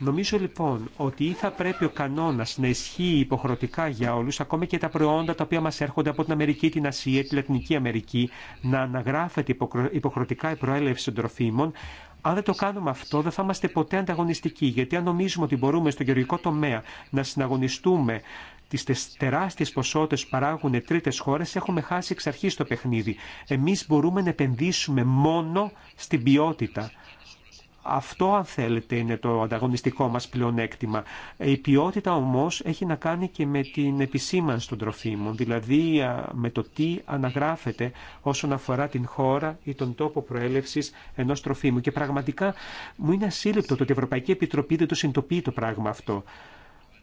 Νομίζω λοιπόν ότι ή θα πρέπει ο κανόνα να ισχύει υποχρεωτικά για όλου, ακόμα και τα προϊόντα τα οποία μα έρχονται από την Αμερική, την Ασία, τη Λατινική Αμερική, να αναγράφεται υποχρεωτικά η προέλευση των τροφίμων. Αν δεν το κάνουμε αυτό, δεν θα είμαστε ποτέ ανταγωνιστικοί. Γιατί αν νομίζουμε ότι μπορούμε στο γεωργικό τομέα να συναγωνιστούμε τι τεράστιε ποσότητε που παράγουν τρίτες χώρε, έχουμε χάσει εξ αρχή το παιχνίδι. Εμεί μπορούμε να επενδύσουμε μόνο στην ποιότητα. Αυτό αν θέλετε είναι το ανταγωνιστικό μας πλεονέκτημα. Η ποιότητα όμως έχει να κάνει και με την επισήμανση των τροφίμων, δηλαδή με το τι αναγράφεται όσον αφορά την χώρα ή τον τόπο προέλευσης ενός τροφίμου. Και πραγματικά μου είναι ασύλληπτο το ότι η Ευρωπαϊκή Επιτροπή δεν το συνειδητοποιεί το πράγμα αυτό.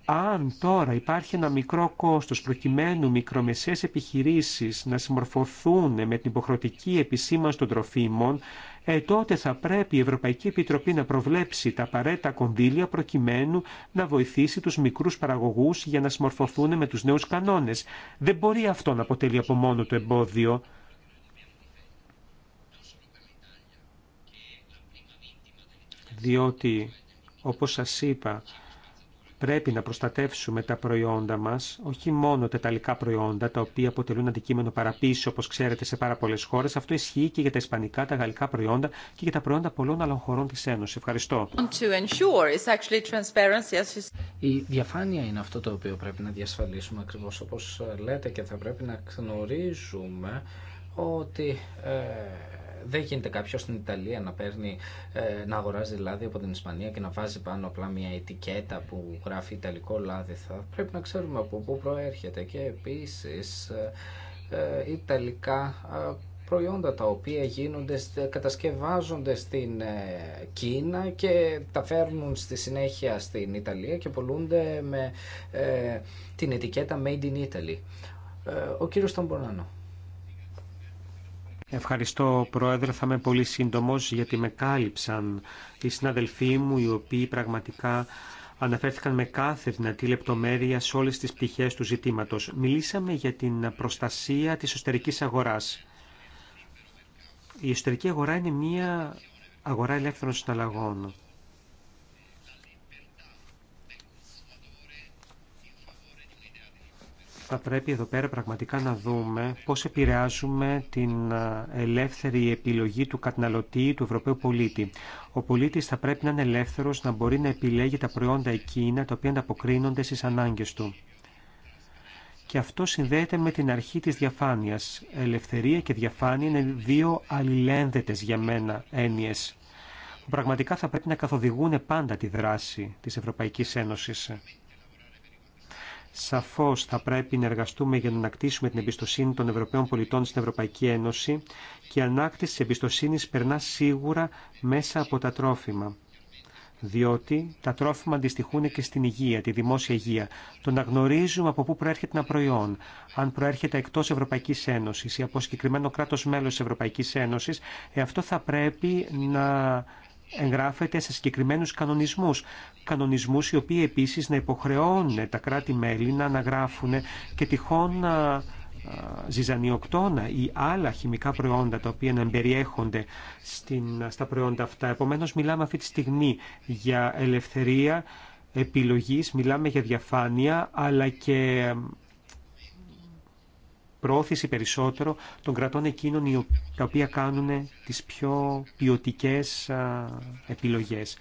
Αν τώρα υπάρχει ένα μικρό κόστος προκειμένου μικρομεσαίες επιχειρήσεις να συμμορφωθούν με την υποχρεωτική επισήμανση των τροφίμων, ε, τότε θα πρέπει η Ευρωπαϊκή Επιτροπή να προβλέψει τα απαραίτητα κονδύλια προκειμένου να βοηθήσει τους μικρούς παραγωγούς για να συμμορφωθούν με τους νέους κανόνες. Δεν μπορεί αυτό να αποτελεί από μόνο το εμπόδιο. Διότι, όπως σας είπα, Πρέπει να προστατεύσουμε τα προϊόντα μας, όχι μόνο τα ιταλικά προϊόντα, τα οποία αποτελούν αντικείμενο παραποίηση, όπως ξέρετε, σε πάρα πολλέ χώρες. Αυτό ισχύει και για τα ισπανικά, τα γαλλικά προϊόντα και για τα προϊόντα πολλών άλλων χωρών τη Ένωση. Ευχαριστώ. Η διαφάνεια είναι αυτό το οποίο πρέπει να διασφαλίσουμε ακριβώ, όπω λέτε και θα πρέπει να γνωρίζουμε ότι ε, δεν γίνεται κάποιο στην Ιταλία να παίρνει, ε, να αγοράζει λάδι από την Ισπανία και να βάζει πάνω απλά μια ετικέτα που γράφει Ιταλικό λάδι. Θα πρέπει να ξέρουμε από πού προέρχεται και επίσης ε, ε, Ιταλικά προϊόντα τα οποία γίνονται, κατασκευάζονται στην Κίνα και τα φέρνουν στη συνέχεια στην Ιταλία και πολλούνται με την ετικέτα Made in Italy. Ε, ο κύριος Ταμπονάνο. Ευχαριστώ, Πρόεδρε. Θα είμαι πολύ σύντομος γιατί με κάλυψαν οι συναδελφοί μου οι οποίοι πραγματικά αναφέρθηκαν με κάθε δυνατή λεπτομέρεια σε όλες τις πτυχές του ζητήματος. Μιλήσαμε για την προστασία της εσωτερική αγοράς. Η εσωτερική αγορά είναι μια αγορά ελεύθερων συναλλαγών. θα πρέπει εδώ πέρα πραγματικά να δούμε πώς επηρεάζουμε την ελεύθερη επιλογή του καταναλωτή, του Ευρωπαίου πολίτη. Ο πολίτης θα πρέπει να είναι ελεύθερος να μπορεί να επιλέγει τα προϊόντα εκείνα τα οποία ανταποκρίνονται στις ανάγκες του. Και αυτό συνδέεται με την αρχή της διαφάνειας. Ελευθερία και διαφάνεια είναι δύο αλληλένδετες για μένα έννοιες πραγματικά θα πρέπει να καθοδηγούν πάντα τη δράση της Ευρωπαϊκής Ένωσης. Σαφώς θα πρέπει να εργαστούμε για να ανακτήσουμε την εμπιστοσύνη των Ευρωπαίων πολιτών στην Ευρωπαϊκή Ένωση και η ανάκτηση της εμπιστοσύνης περνά σίγουρα μέσα από τα τρόφιμα. Διότι τα τρόφιμα αντιστοιχούν και στην υγεία, τη δημόσια υγεία. Το να γνωρίζουμε από πού προέρχεται ένα προϊόν, αν προέρχεται εκτό Ευρωπαϊκή Ένωση ή από συγκεκριμένο κράτο μέλο τη Ευρωπαϊκή Ένωση, ε, αυτό θα πρέπει να εγγράφεται σε συγκεκριμένους κανονισμούς. Κανονισμούς οι οποίοι επίσης να υποχρεώνουν τα κράτη-μέλη να αναγράφουν και τυχόν ζυζανιοκτώνα ή άλλα χημικά προϊόντα τα οποία να περιέχονται στην, στα προϊόντα αυτά. Επομένως μιλάμε αυτή τη στιγμή για ελευθερία επιλογής, μιλάμε για διαφάνεια αλλά και προώθηση περισσότερο των κρατών εκείνων τα οποία κάνουν τις πιο ποιοτικέ επιλογές.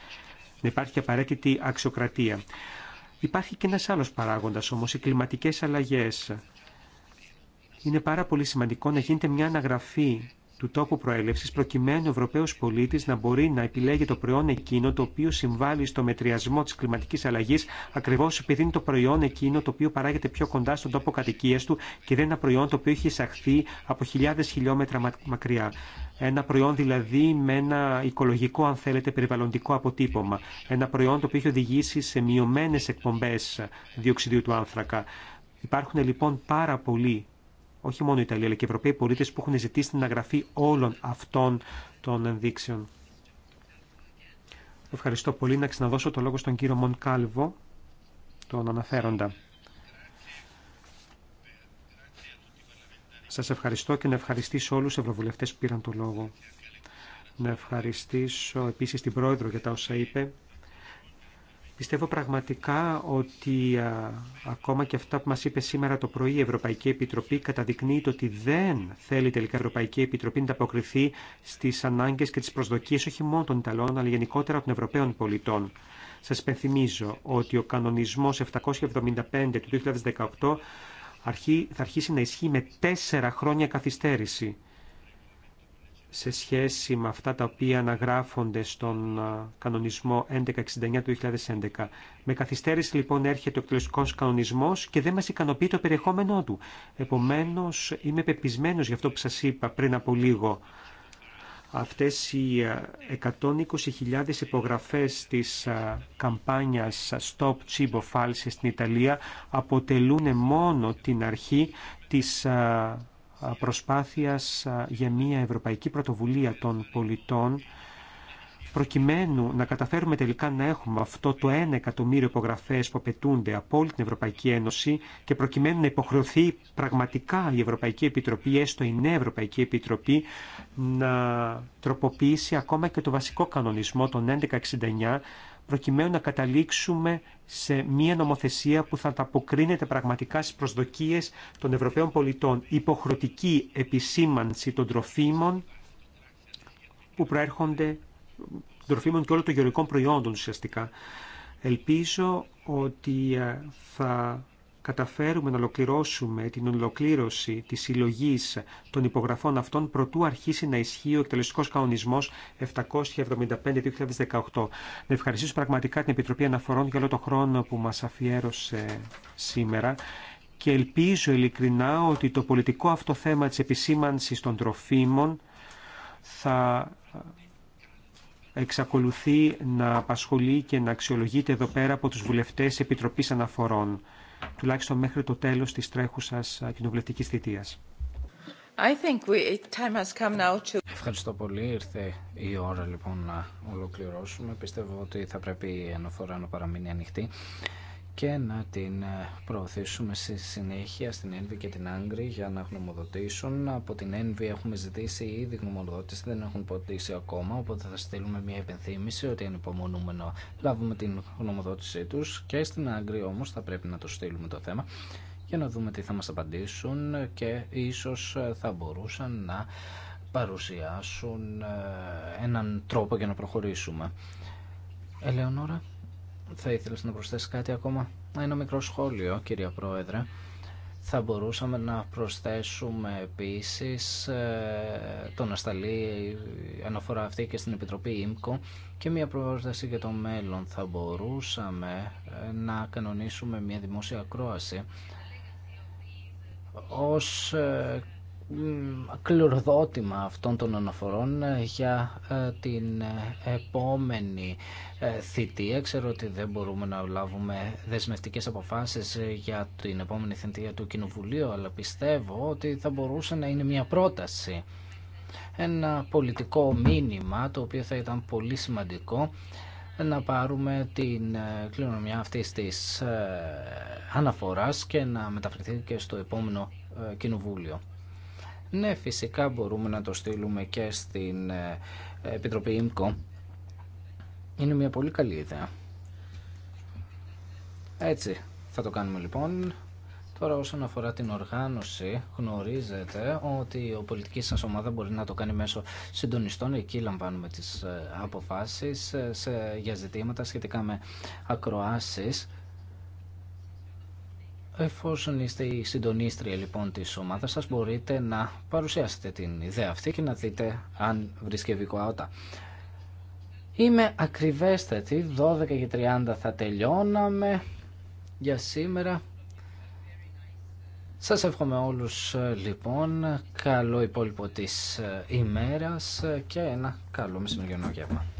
Να υπάρχει απαραίτητη αξιοκρατία. Υπάρχει και ένας άλλος παράγοντας όμως, οι κλιματικές αλλαγές. Είναι πάρα πολύ σημαντικό να γίνεται μια αναγραφή του τόπου προέλευσης προκειμένου ο Ευρωπαίος πολίτη να μπορεί να επιλέγει το προϊόν εκείνο το οποίο συμβάλλει στο μετριασμό της κλιματικής αλλαγής ακριβώς επειδή είναι το προϊόν εκείνο το οποίο παράγεται πιο κοντά στον τόπο κατοικίας του και δεν είναι ένα προϊόν το οποίο έχει εισαχθεί από χιλιάδες χιλιόμετρα μακριά. Ένα προϊόν δηλαδή με ένα οικολογικό, αν θέλετε, περιβαλλοντικό αποτύπωμα. Ένα προϊόν το οποίο έχει οδηγήσει σε μειωμένε εκπομπέ διοξιδίου του άνθρακα. Υπάρχουν λοιπόν πάρα πολλοί όχι μόνο οι Ιταλοί αλλά και οι Ευρωπαίοι πολίτες που έχουν ζητήσει την αγραφή όλων αυτών των ενδείξεων. Ευχαριστώ πολύ. Να ξαναδώσω το λόγο στον κύριο Μονκάλβο, τον αναφέροντα. Σας ευχαριστώ και να ευχαριστήσω όλους τους ευρωβουλευτές που πήραν το λόγο. Να ευχαριστήσω επίσης την Πρόεδρο για τα όσα είπε. Πιστεύω πραγματικά ότι ακόμα και αυτά που μας είπε σήμερα το πρωί η Ευρωπαϊκή Επιτροπή καταδεικνύει το ότι δεν θέλει τελικά η Ευρωπαϊκή Επιτροπή να αποκριθεί στις ανάγκες και τις προσδοκίες όχι μόνο των Ιταλών αλλά γενικότερα των Ευρωπαίων πολιτών. Σας πενθυμίζω ότι ο κανονισμός 775 του 2018 θα αρχίσει να ισχύει με τέσσερα χρόνια καθυστέρηση σε σχέση με αυτά τα οποία αναγράφονται στον κανονισμό 1169 του 2011. Με καθυστέρηση λοιπόν έρχεται ο εκτελεστικός κανονισμός και δεν μα ικανοποιεί το περιεχόμενό του. Επομένως είμαι πεπισμένο για αυτό που σα είπα πριν από λίγο. Αυτές οι 120.000 υπογραφέ της καμπάνιας Stop Cibo Falsi στην Ιταλία αποτελούν μόνο την αρχή της προσπάθειας για μια ευρωπαϊκή πρωτοβουλία των πολιτών προκειμένου να καταφέρουμε τελικά να έχουμε αυτό το 1 εκατομμύριο υπογραφέ που απαιτούνται από όλη την Ευρωπαϊκή Ένωση και προκειμένου να υποχρεωθεί πραγματικά η Ευρωπαϊκή Επιτροπή, έστω η Νέα Ευρωπαϊκή Επιτροπή, να τροποποιήσει ακόμα και το βασικό κανονισμό, των 1169, προκειμένου να καταλήξουμε σε μια νομοθεσία που θα ανταποκρίνεται πραγματικά στις προσδοκίες των Ευρωπαίων πολιτών. Υποχρεωτική επισήμανση των τροφίμων που προέρχονται, τροφίμων και όλων των γεωργικών προϊόντων ουσιαστικά. Ελπίζω ότι ε, θα καταφέρουμε να ολοκληρώσουμε την ολοκλήρωση της συλλογή των υπογραφών αυτών προτού αρχίσει να ισχύει ο εκτελεστικός κανονισμός 775-2018. Να ευχαριστήσω πραγματικά την Επιτροπή Αναφορών για όλο τον χρόνο που μας αφιέρωσε σήμερα και ελπίζω ειλικρινά ότι το πολιτικό αυτό θέμα της επισήμανσης των τροφίμων θα εξακολουθεί να απασχολεί και να αξιολογείται εδώ πέρα από τους βουλευτές Επιτροπής Αναφορών τουλάχιστον μέχρι το τέλος της τρέχουσας κοινοβουλευτικής θητείας. Ευχαριστώ πολύ. Ήρθε η ώρα λοιπόν να ολοκληρώσουμε. Πιστεύω ότι θα πρέπει η αναφορά να παραμείνει ανοιχτή και να την ε, προωθήσουμε στη συνέχεια στην Envy και την Άγκρη για να γνωμοδοτήσουν. Από την Envy έχουμε ζητήσει ήδη γνωμοδότηση, δεν έχουν ποτίσει ακόμα, οπότε θα στείλουμε μια υπενθύμηση ότι ανυπομονούμε να λάβουμε την γνωμοδότησή τους και στην Άγκρη όμως θα πρέπει να το στείλουμε το θέμα για να δούμε τι θα μας απαντήσουν και ίσως ε, θα μπορούσαν να παρουσιάσουν ε, έναν τρόπο για να προχωρήσουμε. Ελεονόρα. Θα ήθελες να προσθέσεις κάτι ακόμα. Ένα μικρό σχόλιο, κύριε Πρόεδρε. Θα μπορούσαμε να προσθέσουμε επίσης ε, τον ασταλή αναφορά αυτή και στην Επιτροπή ΙΜΚΟ και μια πρόταση για το μέλλον. Θα μπορούσαμε ε, να κανονίσουμε μια δημόσια ακρόαση ως ε, κληροδότημα αυτών των αναφορών ε, για ε, την ε, επόμενη θητεία. Ξέρω ότι δεν μπορούμε να λάβουμε δεσμευτικές αποφάσεις για την επόμενη θητεία του Κοινοβουλίου, αλλά πιστεύω ότι θα μπορούσε να είναι μια πρόταση, ένα πολιτικό μήνυμα, το οποίο θα ήταν πολύ σημαντικό να πάρουμε την κληρονομιά αυτή της αναφοράς και να μεταφερθεί και στο επόμενο Κοινοβούλιο. Ναι, φυσικά μπορούμε να το στείλουμε και στην ε, Επιτροπή ΙΜΚΟ. Είναι μια πολύ καλή ιδέα. Έτσι θα το κάνουμε λοιπόν. Τώρα όσον αφορά την οργάνωση, γνωρίζετε ότι ο πολιτική σας ομάδα μπορεί να το κάνει μέσω συντονιστών. Εκεί λαμβάνουμε τις ε, αποφάσεις ε, σε, για ζητήματα σχετικά με ακροάσεις Εφόσον είστε η συντονίστρια λοιπόν της ομάδας σας μπορείτε να παρουσιάσετε την ιδέα αυτή και να δείτε αν βρίσκει αότα. Είμαι ακριβέστατη, 12 και 30 θα τελειώναμε για σήμερα. Σας εύχομαι όλους λοιπόν καλό υπόλοιπο της ημέρας και ένα καλό μεσημεριανό γεύμα.